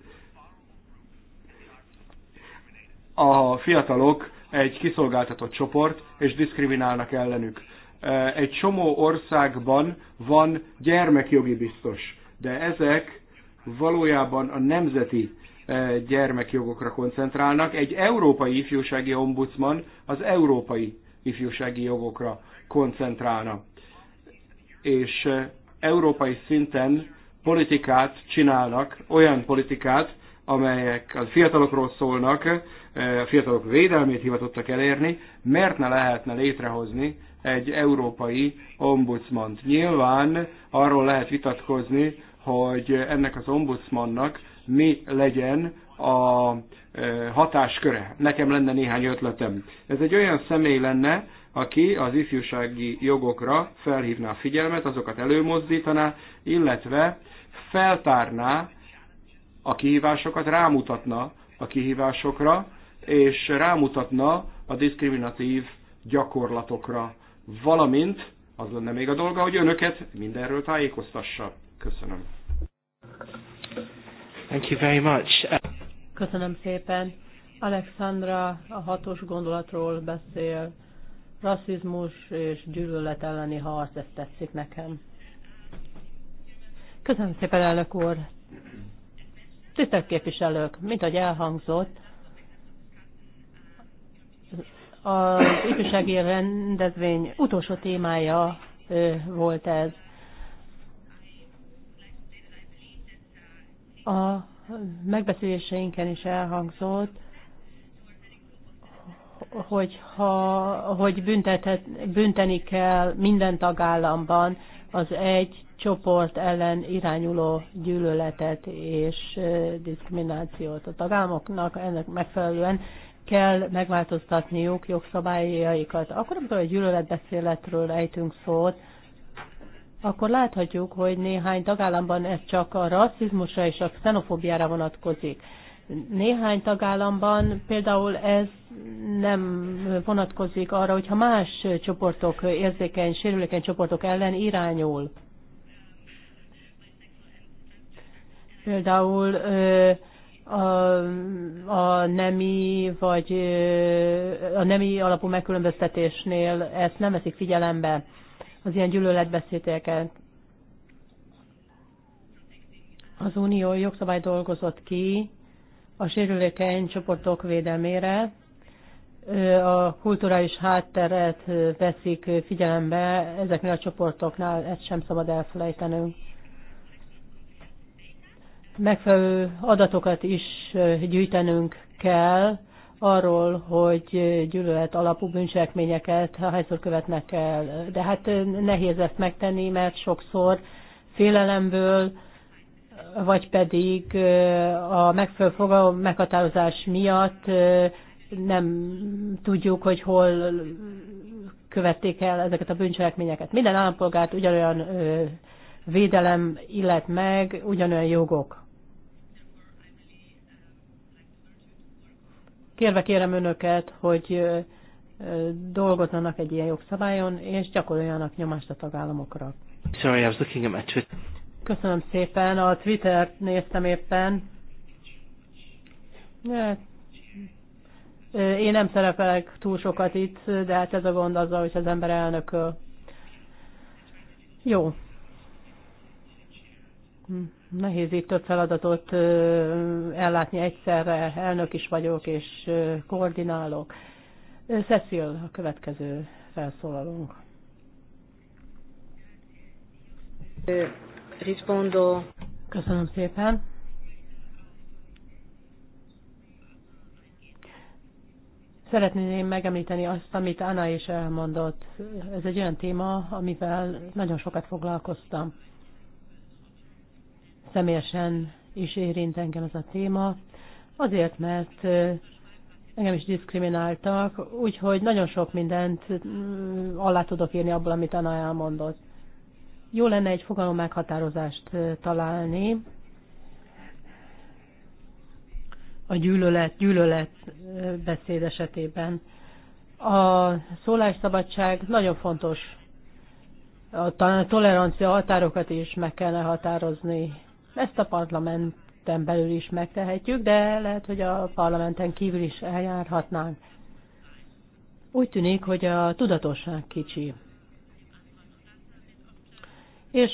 a fiatalok egy kiszolgáltatott csoport, és diszkriminálnak ellenük. E, egy csomó országban van gyermekjogi biztos, de ezek valójában a nemzeti e, gyermekjogokra koncentrálnak. Egy európai ifjúsági ombudsman az európai ifjúsági jogokra koncentrálna. És e, európai szinten politikát csinálnak, olyan politikát, amelyek a fiatalokról szólnak, a fiatalok védelmét hivatottak elérni, mert ne lehetne létrehozni egy európai ombudsmant. Nyilván arról lehet vitatkozni, hogy ennek az ombudsmannak mi legyen a e, hatásköre. Nekem lenne néhány ötletem. Ez egy olyan személy lenne, aki az ifjúsági jogokra felhívná a figyelmet, azokat előmozdítaná, illetve feltárná a kihívásokat, rámutatna a kihívásokra, és rámutatna a diszkriminatív gyakorlatokra, valamint az lenne még a dolga, hogy önöket mindenről tájékoztassa. Köszönöm. Thank you very much. Köszönöm szépen. Alexandra a hatos gondolatról beszél. Rasszizmus és gyűlölet elleni harc, ezt tetszik nekem. Köszönöm szépen, elnök úr. Tisztelt képviselők, mint ahogy elhangzott, az ifjúsági rendezvény utolsó témája volt ez. A megbeszéléseinken is elhangzott, hogy, ha, hogy büntetet, bünteni kell minden tagállamban az egy csoport ellen irányuló gyűlöletet és diszkriminációt a tagállamoknak ennek megfelelően kell megváltoztatniuk jogszabályaikat. Akkor, amikor a gyűlöletbeszéletről ejtünk szót, akkor láthatjuk, hogy néhány tagállamban ez csak a rasszizmusra és a xenofóbiára vonatkozik. Néhány tagállamban például ez nem vonatkozik arra, hogyha más csoportok, érzékeny, sérülékeny csoportok ellen irányul. Például a, a nemi vagy a nemi alapú megkülönböztetésnél ezt nem veszik figyelembe az ilyen gyűlöletbeszédeket. Az Unió jogszabály dolgozott ki a sérülékeny csoportok védelmére, a kulturális hátteret veszik figyelembe ezeknél a csoportoknál, ezt sem szabad elfelejtenünk megfelelő adatokat is gyűjtenünk kell arról, hogy gyűlölet alapú bűncselekményeket hányszor követnek el. De hát nehéz ezt megtenni, mert sokszor félelemből, vagy pedig a megfelelő fogalom meghatározás miatt nem tudjuk, hogy hol követték el ezeket a bűncselekményeket. Minden állampolgárt ugyanolyan védelem illet meg, ugyanolyan jogok. Kérve kérem önöket, hogy dolgozzanak egy ilyen jogszabályon, és gyakoroljanak nyomást a tagállamokra. Sorry, I was looking at my Twitter. Köszönöm szépen, a Twittert néztem éppen. Én nem szerepelek túl sokat itt, de hát ez a gond azzal, hogy az ember elnököl. Jó. Hm nehéz itt több feladatot ellátni egyszerre, elnök is vagyok és koordinálok. Cecil, a következő felszólalunk. Rispondo. Köszönöm szépen. Szeretném megemlíteni azt, amit Anna is elmondott. Ez egy olyan téma, amivel nagyon sokat foglalkoztam személyesen is érint engem ez a téma, azért, mert engem is diszkrimináltak, úgyhogy nagyon sok mindent alá tudok írni abból, amit Anna elmondott. Jó lenne egy fogalom meghatározást találni. A gyűlölet, gyűlölet beszéd esetében. A szólásszabadság nagyon fontos. A tolerancia határokat is meg kellene határozni ezt a parlamenten belül is megtehetjük, de lehet, hogy a parlamenten kívül is eljárhatnánk. Úgy tűnik, hogy a tudatosság kicsi. És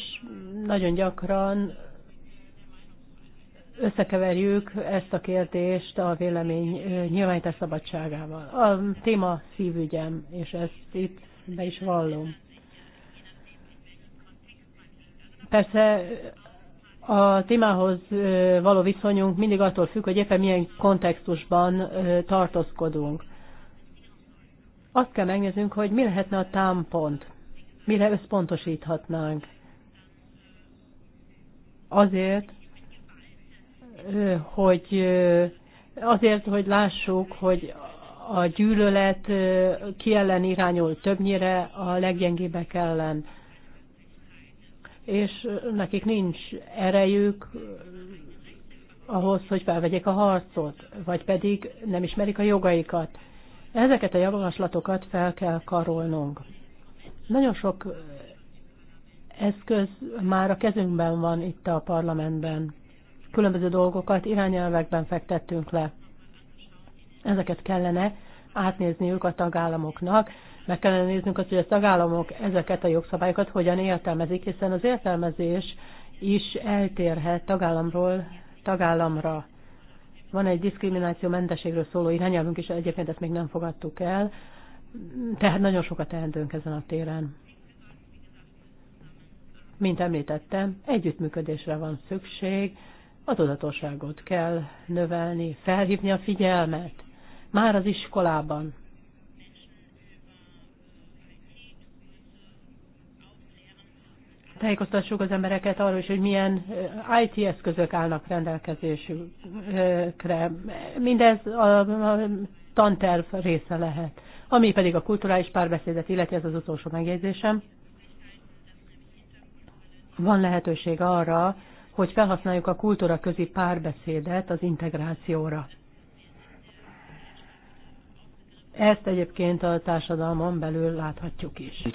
nagyon gyakran összekeverjük ezt a kérdést a vélemény nyilvánítás szabadságával. A téma szívügyem, és ezt itt be is vallom. Persze a témához való viszonyunk mindig attól függ, hogy éppen milyen kontextusban tartózkodunk. Azt kell megnéznünk, hogy mi lehetne a támpont, mire összpontosíthatnánk. Azért, hogy azért, hogy lássuk, hogy a gyűlölet ki irányul többnyire a leggyengébbek ellen és nekik nincs erejük ahhoz, hogy felvegyék a harcot, vagy pedig nem ismerik a jogaikat. Ezeket a javaslatokat fel kell karolnunk. Nagyon sok eszköz már a kezünkben van itt a parlamentben. Különböző dolgokat irányelvekben fektettünk le. Ezeket kellene átnézniük a tagállamoknak, meg kellene néznünk azt, hogy a tagállamok ezeket a jogszabályokat hogyan értelmezik, hiszen az értelmezés is eltérhet tagállamról tagállamra. Van egy diszkrimináció mentességről szóló irányelvünk is, egyébként ezt még nem fogadtuk el, tehát nagyon sokat teendőnk ezen a téren. Mint említettem, együttműködésre van szükség, a tudatosságot kell növelni, felhívni a figyelmet, már az iskolában. tájékoztassuk az embereket arról is, hogy milyen IT eszközök állnak rendelkezésükre. Mindez a tanterv része lehet. Ami pedig a kulturális párbeszédet illeti, ez az utolsó megjegyzésem. Van lehetőség arra, hogy felhasználjuk a kultúra közi párbeszédet az integrációra. Ezt egyébként a társadalmon belül láthatjuk is.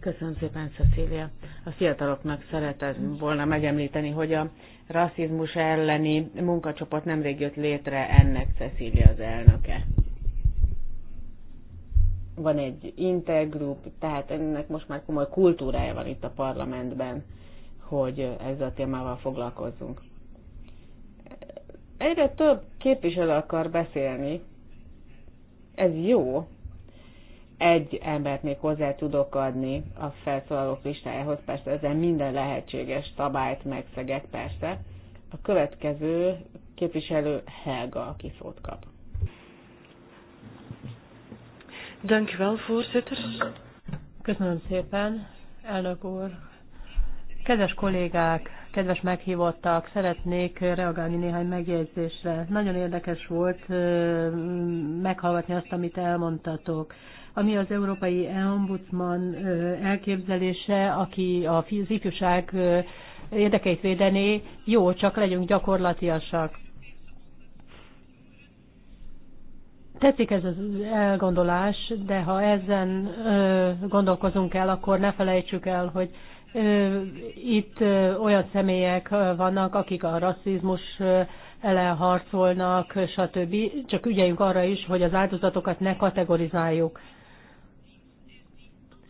Köszönöm szépen, Cecília. A fiataloknak szeretem volna megemlíteni, hogy a rasszizmus elleni munkacsoport nemrég jött létre, ennek Cecília az elnöke. Van egy intergroup, tehát ennek most már komoly kultúrája van itt a parlamentben, hogy ezzel a témával foglalkozzunk. Egyre több képviselő akar beszélni ez jó. Egy embert még hozzá tudok adni a felszólalók listájához, persze ezzel minden lehetséges szabályt megszeget, persze. A következő képviselő Helga, aki szót kap. Dank u wel, voorzitter. Köszönöm szépen, elnök úr, Kedves kollégák, kedves meghívottak, szeretnék reagálni néhány megjegyzésre. Nagyon érdekes volt meghallgatni azt, amit elmondtatok. Ami az Európai Ombudsman elképzelése, aki az ifjúság érdekeit védené, jó, csak legyünk gyakorlatiasak. Tetszik ez az elgondolás, de ha ezen gondolkozunk el, akkor ne felejtsük el, hogy itt olyan személyek vannak, akik a rasszizmus ellen harcolnak, stb. Csak ügyeljünk arra is, hogy az áldozatokat ne kategorizáljuk.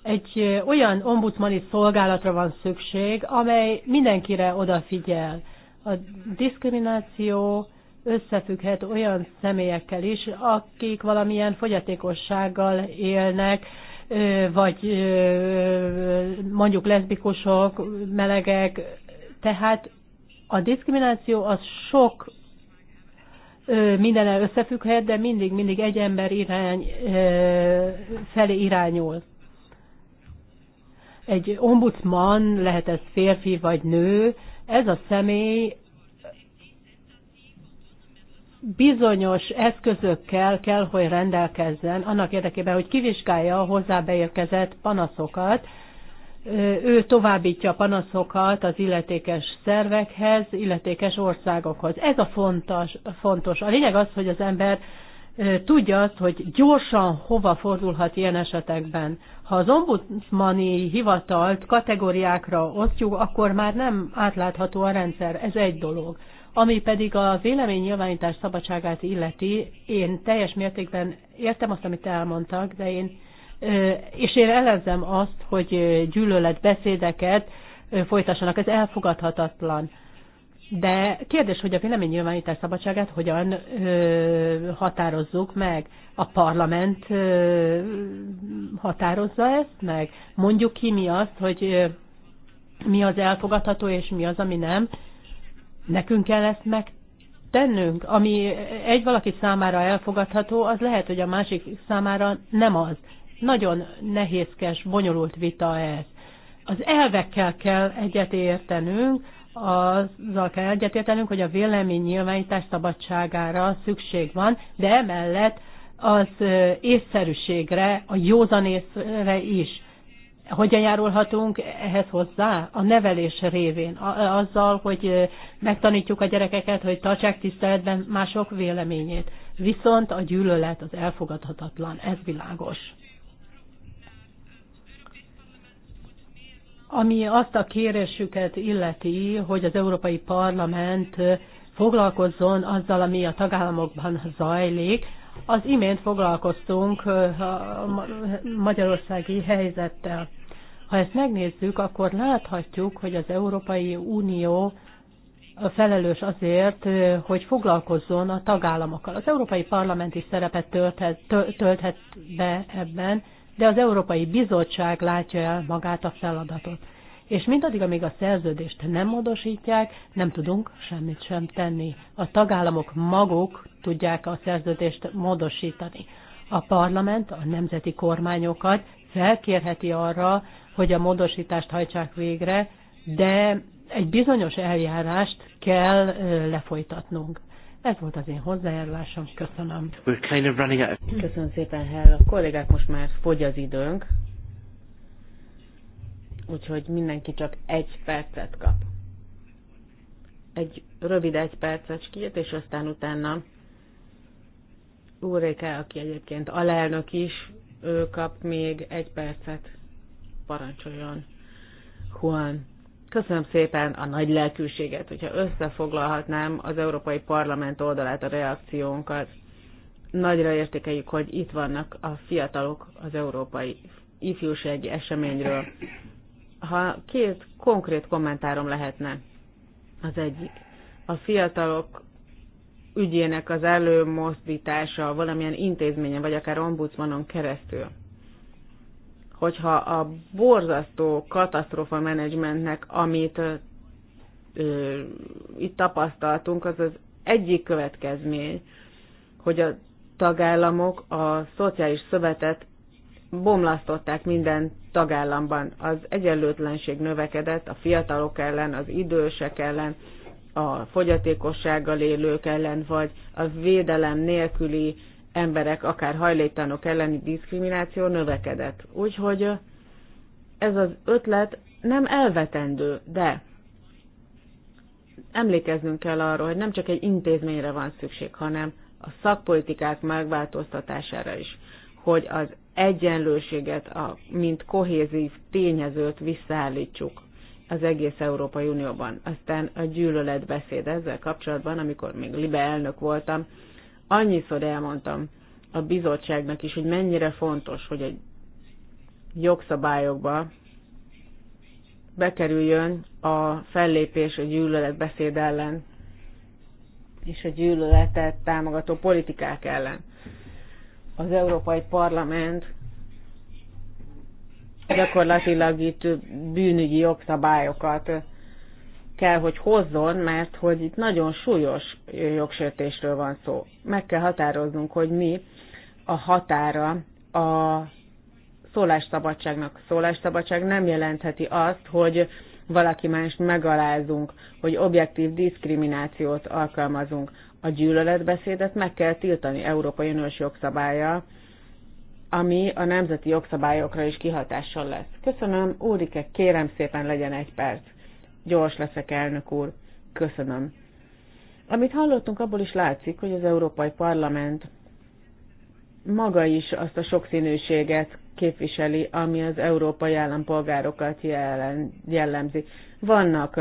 Egy olyan ombudsmani szolgálatra van szükség, amely mindenkire odafigyel. A diszkrimináció összefügghet olyan személyekkel is, akik valamilyen fogyatékossággal élnek, vagy mondjuk leszbikusok, melegek, tehát a diszkrimináció az sok minden összefügghet, de mindig, mindig egy ember irány, felé irányul. Egy ombudsman, lehet ez férfi vagy nő, ez a személy bizonyos eszközökkel kell, hogy rendelkezzen, annak érdekében, hogy kivizsgálja a hozzá beérkezett panaszokat, ő továbbítja a panaszokat az illetékes szervekhez, illetékes országokhoz. Ez a fontos. fontos. A lényeg az, hogy az ember tudja azt, hogy gyorsan hova fordulhat ilyen esetekben. Ha az ombudsmani hivatalt kategóriákra osztjuk, akkor már nem átlátható a rendszer. Ez egy dolog. Ami pedig a nyilvánítás szabadságát illeti, én teljes mértékben értem azt, amit elmondtak, de én, és én ellenzem azt, hogy gyűlöletbeszédeket folytassanak. Ez elfogadhatatlan. De kérdés, hogy a nyilvánítás szabadságát hogyan ö, határozzuk meg? A parlament ö, határozza ezt meg? Mondjuk ki mi azt, hogy ö, mi az elfogadható és mi az, ami nem? Nekünk kell ezt megtennünk, ami egy valaki számára elfogadható, az lehet, hogy a másik számára nem az. Nagyon nehézkes, bonyolult vita ez. Az elvekkel kell egyet értenünk, azzal kell egyetértenünk, hogy a vélemény nyilvánítás szabadságára szükség van, de emellett az észszerűségre, a józan észre is. Hogyan járulhatunk ehhez hozzá? A nevelés révén, azzal, hogy megtanítjuk a gyerekeket, hogy tartsák tiszteletben mások véleményét. Viszont a gyűlölet az elfogadhatatlan, ez világos. Ami azt a kérésüket illeti, hogy az Európai Parlament foglalkozzon azzal, ami a tagállamokban zajlik, az imént foglalkoztunk a magyarországi helyzettel. Ha ezt megnézzük, akkor láthatjuk, hogy az Európai Unió felelős azért, hogy foglalkozzon a tagállamokkal. Az Európai Parlament is szerepet tölthet, tölthet be ebben, de az Európai Bizottság látja el magát a feladatot. És mindaddig, amíg a szerződést nem módosítják, nem tudunk semmit sem tenni. A tagállamok maguk tudják a szerződést módosítani. A parlament a nemzeti kormányokat felkérheti arra, hogy a módosítást hajtsák végre, de egy bizonyos eljárást kell lefolytatnunk. Ez volt az én hozzájárulásom, köszönöm. kind of running out. Köszönöm szépen, Hell. A kollégák most már fogy az időnk, úgyhogy mindenki csak egy percet kap. Egy rövid egy percecskét, és aztán utána Úréke, aki egyébként alelnök is, ő kap még egy percet parancsoljon Juan. Köszönöm szépen a nagy lelkűséget, hogyha összefoglalhatnám az Európai Parlament oldalát a reakciónkat. Nagyra értékeljük, hogy itt vannak a fiatalok az európai ifjúsági eseményről. Ha két konkrét kommentárom lehetne, az egyik. A fiatalok ügyének az előmozdítása valamilyen intézményen, vagy akár ombudsmanon keresztül hogyha a borzasztó katasztrófa menedzsmentnek, amit ö, itt tapasztaltunk, az az egyik következmény, hogy a tagállamok a szociális szövetet bomlasztották minden tagállamban. Az egyenlőtlenség növekedett a fiatalok ellen, az idősek ellen, a fogyatékossággal élők ellen, vagy a védelem nélküli emberek, akár hajléktalanok elleni diszkrimináció növekedett. Úgyhogy ez az ötlet nem elvetendő, de emlékeznünk kell arról, hogy nem csak egy intézményre van szükség, hanem a szakpolitikák megváltoztatására is, hogy az egyenlőséget, a, mint kohézív tényezőt visszaállítsuk az egész Európai Unióban. Aztán a gyűlöletbeszéd ezzel kapcsolatban, amikor még Libe elnök voltam, annyiszor elmondtam a bizottságnak is, hogy mennyire fontos, hogy egy jogszabályokba bekerüljön a fellépés a gyűlöletbeszéd ellen és a gyűlöletet támogató politikák ellen. Az Európai Parlament gyakorlatilag itt bűnügyi jogszabályokat kell, hogy hozzon, mert hogy itt nagyon súlyos jogsértésről van szó. Meg kell határoznunk, hogy mi a határa a szólásszabadságnak. Szólásszabadság nem jelentheti azt, hogy valaki mást megalázunk, hogy objektív diszkriminációt alkalmazunk. A gyűlöletbeszédet meg kell tiltani Európai Uniós jogszabálya, ami a nemzeti jogszabályokra is kihatással lesz. Köszönöm, Úrike, kérem szépen legyen egy perc. Gyors leszek, elnök úr. Köszönöm. Amit hallottunk, abból is látszik, hogy az Európai Parlament maga is azt a sokszínűséget képviseli, ami az európai állampolgárokat jellemzi. Vannak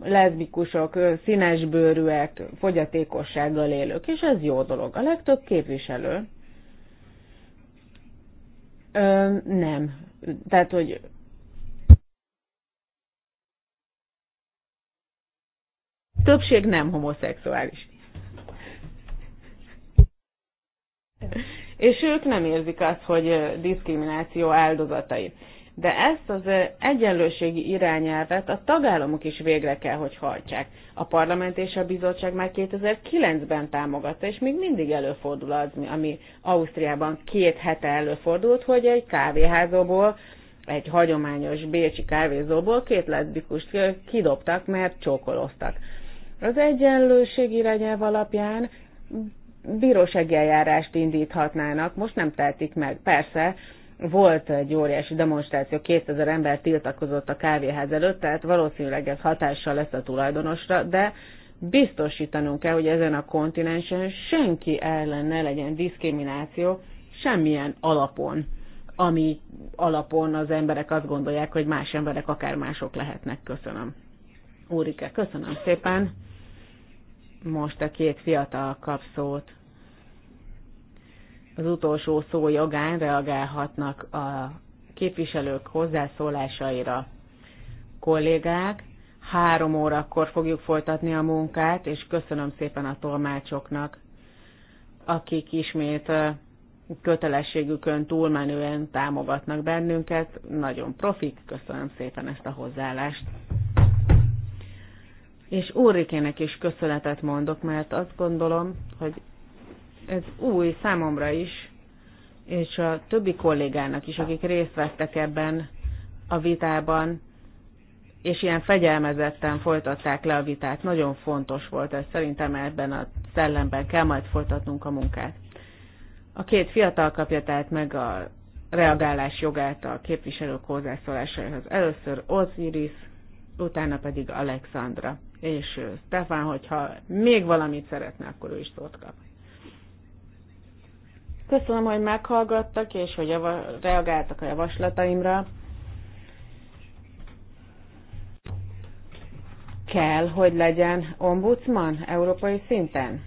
leszbikusok, színesbőrűek, fogyatékossággal élők, és ez jó dolog. A legtöbb képviselő nem. Tehát, hogy többség nem homoszexuális. És ők nem érzik azt, hogy diszkrimináció áldozatai. De ezt az egyenlőségi irányelvet a tagállamok is végre kell, hogy hajtsák. A parlament és a bizottság már 2009-ben támogatta, és még mindig előfordul az, ami Ausztriában két hete előfordult, hogy egy kávéházóból, egy hagyományos bécsi kávézóból két leszbikust kidobtak, mert csókoloztak. Az egyenlőség irányelv alapján bírósági eljárást indíthatnának, most nem tehetik meg. Persze, volt egy óriási demonstráció, 2000 ember tiltakozott a kávéház előtt, tehát valószínűleg ez hatással lesz a tulajdonosra, de biztosítanunk kell, hogy ezen a kontinensen senki ellen ne legyen diszkrimináció semmilyen alapon, ami alapon az emberek azt gondolják, hogy más emberek akár mások lehetnek. Köszönöm. Úrike, köszönöm szépen. Most a két fiatal kap szót. Az utolsó szó jogán reagálhatnak a képviselők hozzászólásaira. Kollégák, három órakor fogjuk folytatni a munkát, és köszönöm szépen a tolmácsoknak, akik ismét kötelességükön túlmenően támogatnak bennünket. Nagyon profik, köszönöm szépen ezt a hozzáállást és Úrikének is köszönetet mondok, mert azt gondolom, hogy ez új számomra is, és a többi kollégának is, akik részt vettek ebben a vitában, és ilyen fegyelmezetten folytatták le a vitát. Nagyon fontos volt ez, szerintem ebben a szellemben kell majd folytatnunk a munkát. A két fiatal kapja tehát meg a reagálás jogát a képviselők hozzászólásaihoz. Először Osiris, utána pedig Alexandra és Stefán, hogyha még valamit szeretne, akkor ő is szót kap. Köszönöm, hogy meghallgattak, és hogy java- reagáltak a javaslataimra. Kell, hogy legyen ombudsman európai szinten?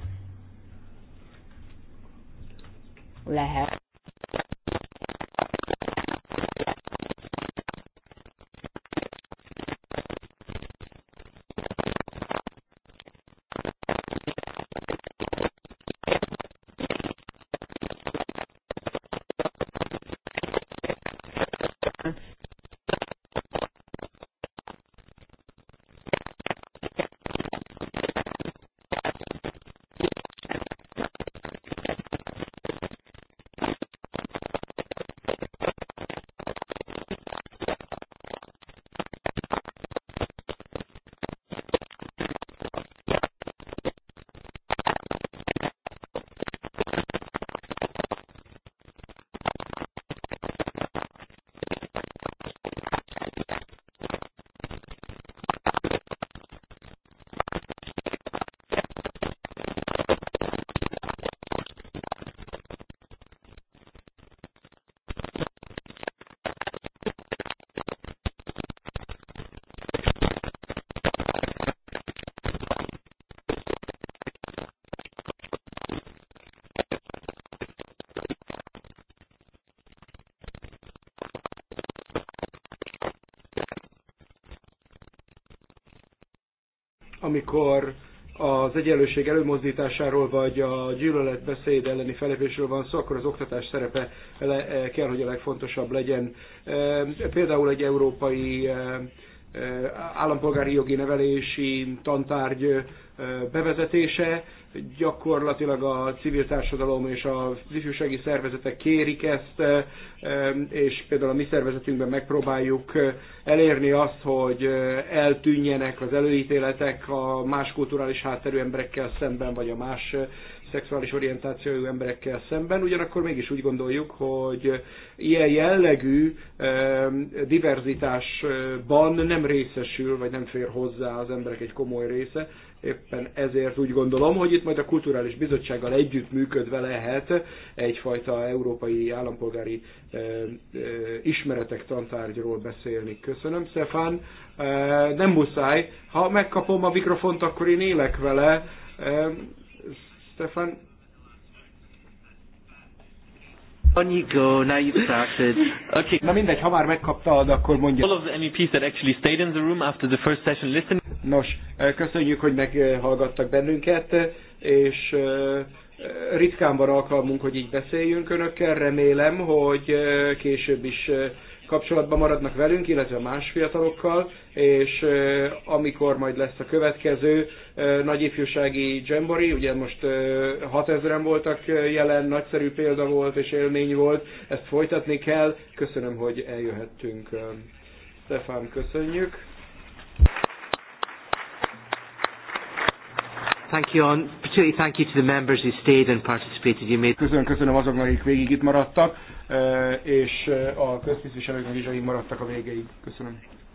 Lehet. amikor az egyenlőség előmozdításáról vagy a gyűlöletbeszéd elleni felépésről van szó, akkor az oktatás szerepe eh, kell, hogy a legfontosabb legyen. Eh, például egy európai eh, állampolgári jogi nevelési tantárgy bevezetése, gyakorlatilag a civil társadalom és a ifjúsági szervezetek kérik ezt, és például a mi szervezetünkben megpróbáljuk elérni azt, hogy eltűnjenek az előítéletek a más kulturális hátterű emberekkel szemben, vagy a más szexuális orientációjú emberekkel szemben, ugyanakkor mégis úgy gondoljuk, hogy ilyen jellegű diverzitásban nem részesül, vagy nem fér hozzá az emberek egy komoly része. Éppen ezért úgy gondolom, hogy itt majd a Kulturális Bizottsággal együttműködve lehet egyfajta európai állampolgári ismeretek tantárgyról beszélni. Köszönöm, Stefan. Nem muszáj. Ha megkapom a mikrofont, akkor én élek vele. Stefan. Nico, now you've started. Okay. Na mindegy, ha már megkaptad, akkor mondja. All of the MEPs that actually stayed in the room after the first session listened. Nos, köszönjük, hogy meghallgattak bennünket, és ritkán van alkalmunk, hogy így beszéljünk önökkel. Remélem, hogy később is kapcsolatban maradnak velünk, illetve más fiatalokkal, és amikor majd lesz a következő nagy ifjúsági Jamboree, ugye most 6000-en voltak jelen, nagyszerű példa volt és élmény volt, ezt folytatni kell. Köszönöm, hogy eljöhettünk. Stefán, köszönjük. Thank you on, particularly thank you to the members who stayed and participated. You made... Köszönöm, köszönöm azoknak, akik végig itt maradtak, eh, és eh, a köztisztviselőknek is, akik maradtak a végéig. Köszönöm.